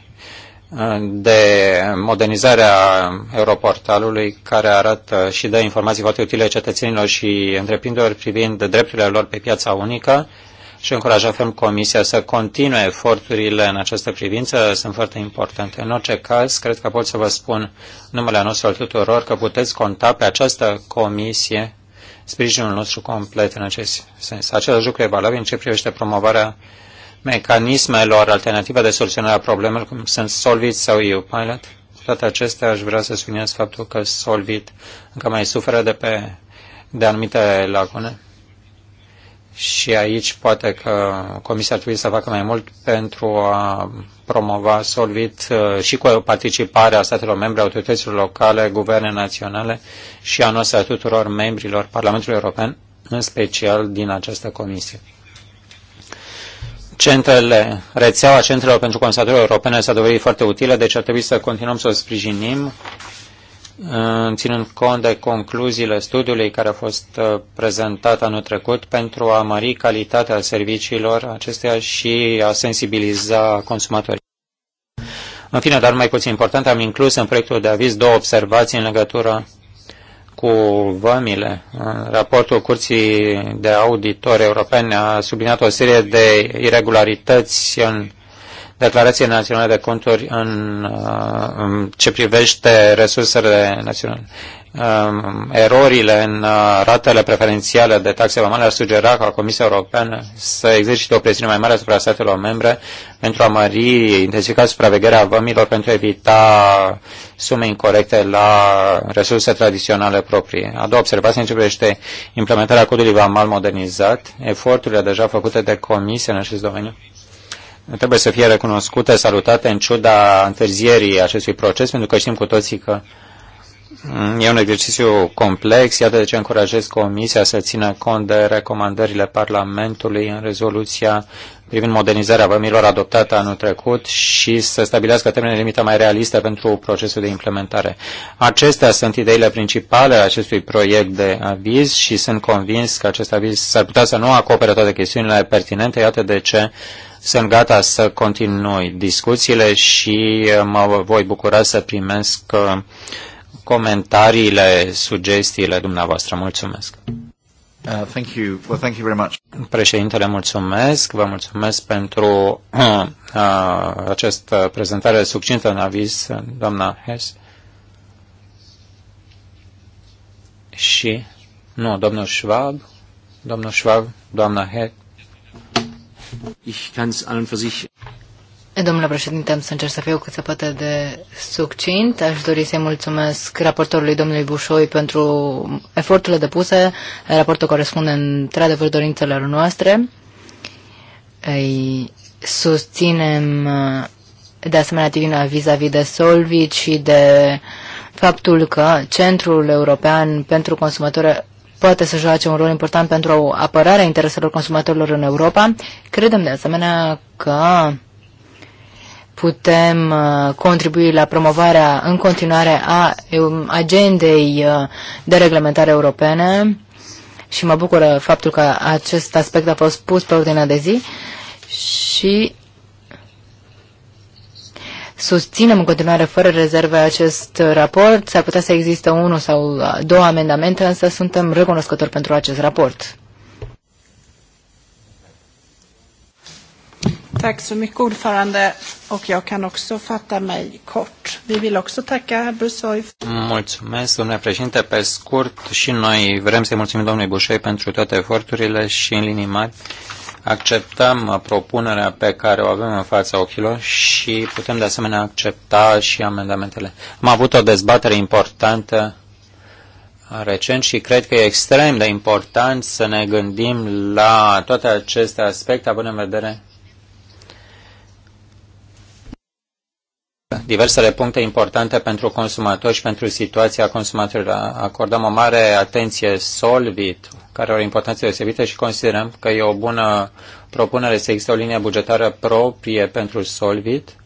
de modernizare a Europortalului, care arată și dă informații foarte utile cetățenilor și întreprinderilor privind drepturile lor pe piața unică și încurajăm ferm Comisia să continue eforturile în această privință, sunt foarte importante. În orice caz, cred că pot să vă spun numele nostru al tuturor că puteți conta pe această comisie sprijinul nostru complet în acest sens. Același lucru e valabil în ce privește promovarea mecanismelor alternative de soluționare a problemelor, cum sunt Solvit sau EU-Pilot. Toate acestea aș vrea să subliniez faptul că Solvit încă mai suferă de, pe, de anumite lacune și aici poate că Comisia ar trebui să facă mai mult pentru a promova Solvit uh, și cu participarea statelor membre, autorităților locale, guverne naționale și a noastră a tuturor membrilor Parlamentului European, în special din această comisie. Centrele, rețeaua centrelor pentru consumatori europene s-a dovedit foarte utilă, deci ar trebui să continuăm să o sprijinim, uh, ținând cont de concluziile studiului care a fost uh, prezentat anul trecut pentru a mări calitatea serviciilor acesteia și a sensibiliza consumatorii. În fine, dar mai puțin important, am inclus în proiectul de aviz două observații în legătură cu vămile. În raportul Curții de Auditori Europene a subliniat o serie de irregularități în declarație națională de Conturi în, uh, în ce privește resursele naționale. Um, erorile în uh, ratele preferențiale de taxe vamale ar sugera ca Comisia Europeană să exercite o presiune mai mare asupra statelor membre pentru a mări, intensifica supravegherea vămilor pentru a evita sume incorrecte la resurse tradiționale proprie. A doua observație în ce privește implementarea codului vamal modernizat, eforturile deja făcute de Comisie în acest domeniu trebuie să fie recunoscute, salutate în ciuda întârzierii acestui proces, pentru că știm cu toții că mm, e un exercițiu complex. Iată de ce încurajez Comisia să țină cont de recomandările Parlamentului în rezoluția privind modernizarea vămilor adoptată anul trecut și să stabilească termene limită mai realiste pentru procesul de implementare. Acestea sunt ideile principale ale acestui proiect de aviz și sunt convins că acest aviz s-ar putea să nu acopere toate chestiunile pertinente. Iată de ce uh, sunt gata să continui discuțiile și uh, mă voi bucura să primesc uh, comentariile, sugestiile dumneavoastră. Mulțumesc! Uh, thank you. Well, thank you very much. Președintele, mulțumesc. Vă mulțumesc pentru uh, uh, această prezentare succintă în avis, doamna Hess. Și, nu, domnul Schwab, domnul Schwab, doamna Hess. Ich für sich. Domnule președinte, am să încerc să fiu cât se poate de succint. Aș dori să-i mulțumesc raportorului domnului Bușoi pentru eforturile depuse. Raportul corespunde într-adevăr dorințelor noastre. Îi susținem de asemenea atitudinea vis-a-vis de Solvit și de faptul că Centrul European pentru Consumatori poate să joace un rol important pentru apărarea intereselor consumatorilor în Europa. Credem de asemenea că putem uh, contribui la promovarea în continuare a um, agendei uh, de reglementare europene și mă bucură faptul că acest aspect a fost pus pe ordinea de zi și susținem în continuare fără rezerve acest raport. S-ar putea să există unul sau două amendamente, însă suntem recunoscători pentru acest raport. Tack så mycket ordförande och jag kan också fatta mig kort. Vi vill också tacka Busoy. Mulțumesc, domnule președinte. Pe scurt, și noi vrem să-i mulțumim domnului Bușoi pentru toate eforturile și în linii mari acceptăm uh, propunerea pe care o avem în fața ochilor și putem de asemenea accepta și amendamentele. Am avut o dezbatere importantă uh, recent și cred că e extrem de important să ne gândim la toate aceste aspecte, având în vedere diversele puncte importante pentru consumatori și pentru situația consumatorilor. Acordăm o mare atenție Solvit, care are o importanță deosebită și considerăm că e o bună propunere să existe o linie bugetară proprie pentru Solvit.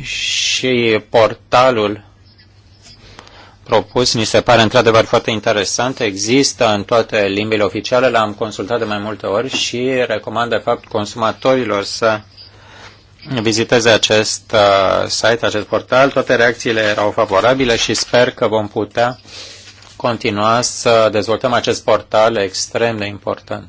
Și portalul propus mi se pare într-adevăr foarte interesant. Există în toate limbile oficiale, l-am consultat de mai multe ori și recomand de fapt consumatorilor să viziteze acest uh, site, acest portal. Toate reacțiile erau favorabile și sper că vom putea continua să dezvoltăm acest portal extrem de important.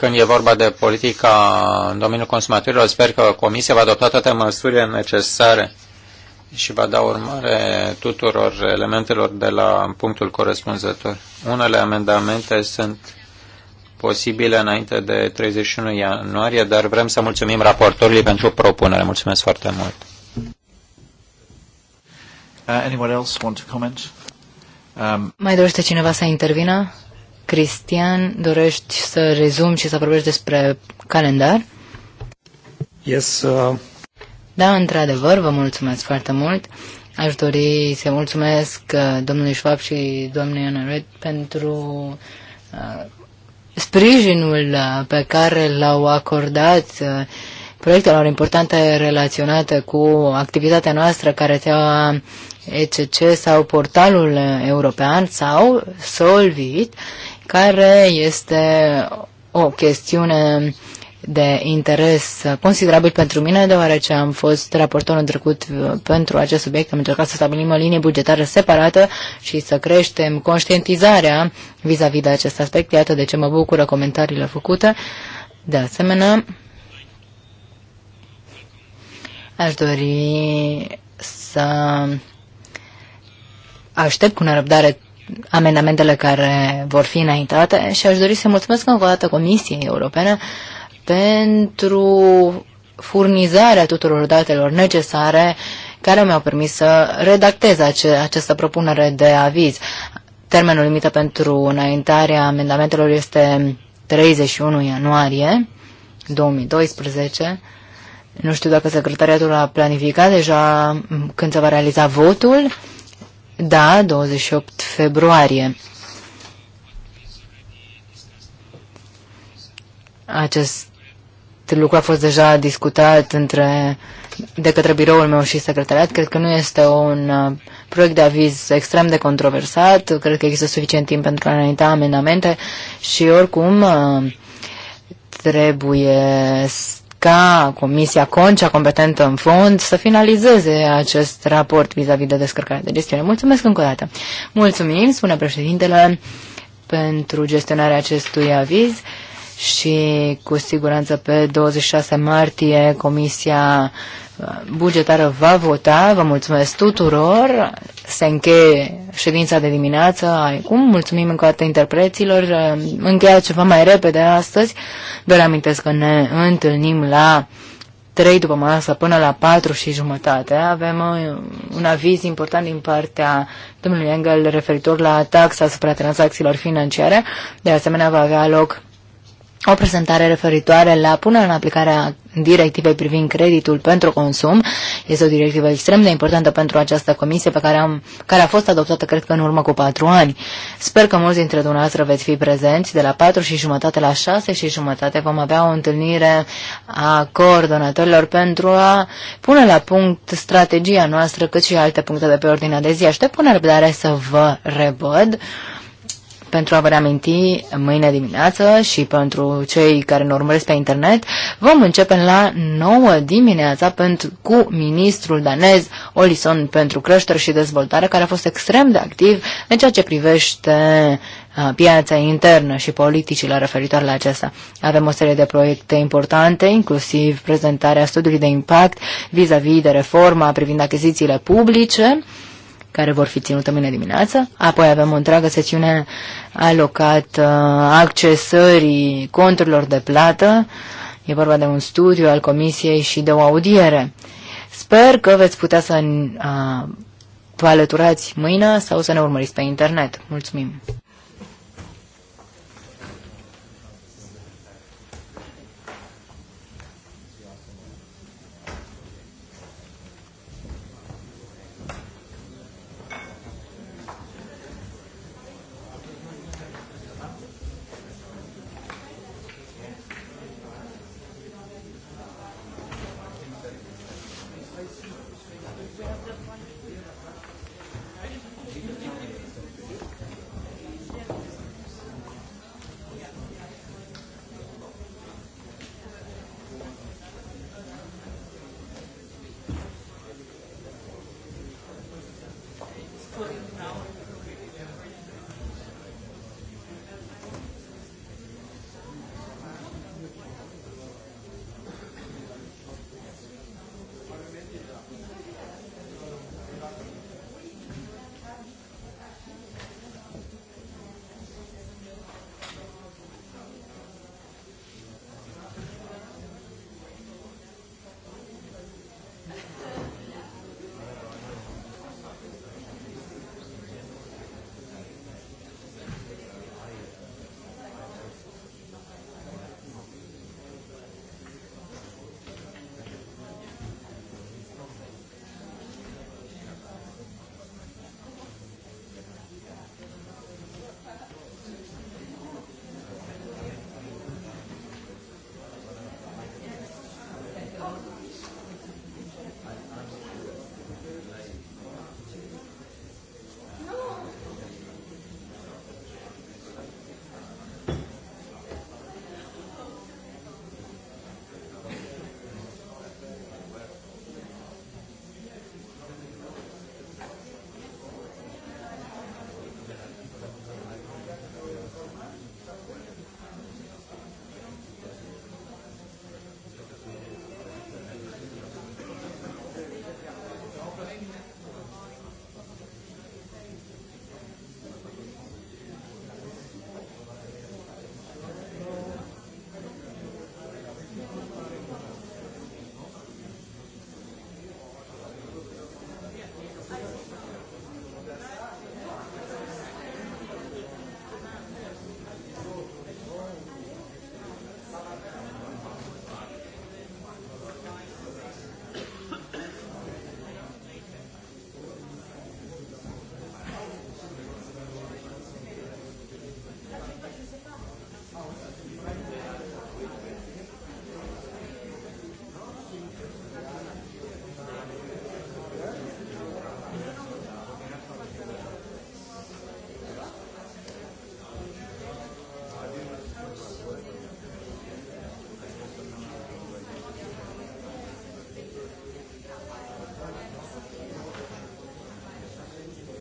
Când e vorba de politica în domeniul consumatorilor, sper că Comisia va adopta toate măsurile necesare și va da urmare tuturor elementelor de la punctul corespunzător. Unele amendamente sunt posibile înainte de 31 ianuarie, dar vrem să mulțumim raportorului pentru propunere. Mulțumesc foarte mult. Uh, anyone else want to comment? Um... Mai dorește cineva să intervină? Cristian, dorești să rezumi și să vorbești despre calendar? Yes. Uh... Da, într-adevăr, vă mulțumesc foarte mult. Aș dori să mulțumesc uh, domnului Schwab și domnului Anaret pentru uh, sprijinul uh, pe care l-au acordat uh, proiectelor importante relaționate cu activitatea noastră care țeaua ECC sau portalul european sau Solvit care este o chestiune de interes considerabil pentru mine, deoarece am fost raportor în trecut pentru acest subiect, am încercat să stabilim o linie bugetară separată și să creștem conștientizarea vis-a-vis -vis de acest aspect. Iată de ce mă bucură comentariile făcute. De asemenea, aș dori să aștept cu nerăbdare amendamentele care vor fi înaintate și aș dori să mulțumesc încă o dată Comisiei Europene pentru furnizarea tuturor datelor necesare care mi-au permis să redactez ace această propunere de aviz. Termenul limită pentru înaintarea amendamentelor este 31 ianuarie 2012. Nu știu dacă secretariatul a planificat deja când se va realiza votul. Da, 28 februarie. Acest lucru a fost deja discutat între, de către biroul meu și secretariat. Cred că nu este un uh, proiect de aviz extrem de controversat. Cred că există suficient timp pentru a înainta amendamente și oricum uh, trebuie să ca Comisia Concea, competentă în fond, să finalizeze acest raport vis-a-vis -vis de descărcarea de gestiune. Mulțumesc încă o dată. Mulțumim, spune președintele, pentru gestionarea acestui aviz și cu siguranță pe 26 martie Comisia uh, Bugetară va vota. Vă mulțumesc tuturor. Se încheie ședința de dimineață. Acum mulțumim încă o dată interpreților. Uh, încheia ceva mai repede astăzi. Vă amintesc că ne întâlnim la 3 după masă până la 4 și jumătate. Avem uh, un aviz important din partea domnului Engel referitor la taxa asupra tranzacțiilor financiare. De asemenea, va avea loc o prezentare referitoare la punerea în aplicare a directivei privind creditul pentru consum. Este o directivă extrem de importantă pentru această comisie pe care, am, care a fost adoptată, cred că, în urmă cu patru ani. Sper că mulți dintre dumneavoastră veți fi prezenți. De la patru și jumătate la șase și jumătate vom avea o întâlnire a coordonatorilor pentru a pune la punct strategia noastră, cât și alte puncte de pe ordinea de zi. Aștept până răbdare să vă revăd. Pentru a vă reaminti, mâine dimineață și pentru cei care ne urmăresc pe internet, vom începe la 9 dimineața pentru, cu ministrul danez Olison pentru creștere și dezvoltare, care a fost extrem de activ în ceea ce privește piața internă și politicile referitoare la aceasta. Avem o serie de proiecte importante, inclusiv prezentarea studiului de impact vis-a-vis -vis de reforma privind achizițiile publice, care vor fi ținute mâine dimineață. Apoi avem o întreagă sesiune alocată accesării conturilor de plată. E vorba de un studiu al comisiei și de o audiere. Sper că veți putea să vă alăturați mâine sau să ne urmăriți pe internet. Mulțumim!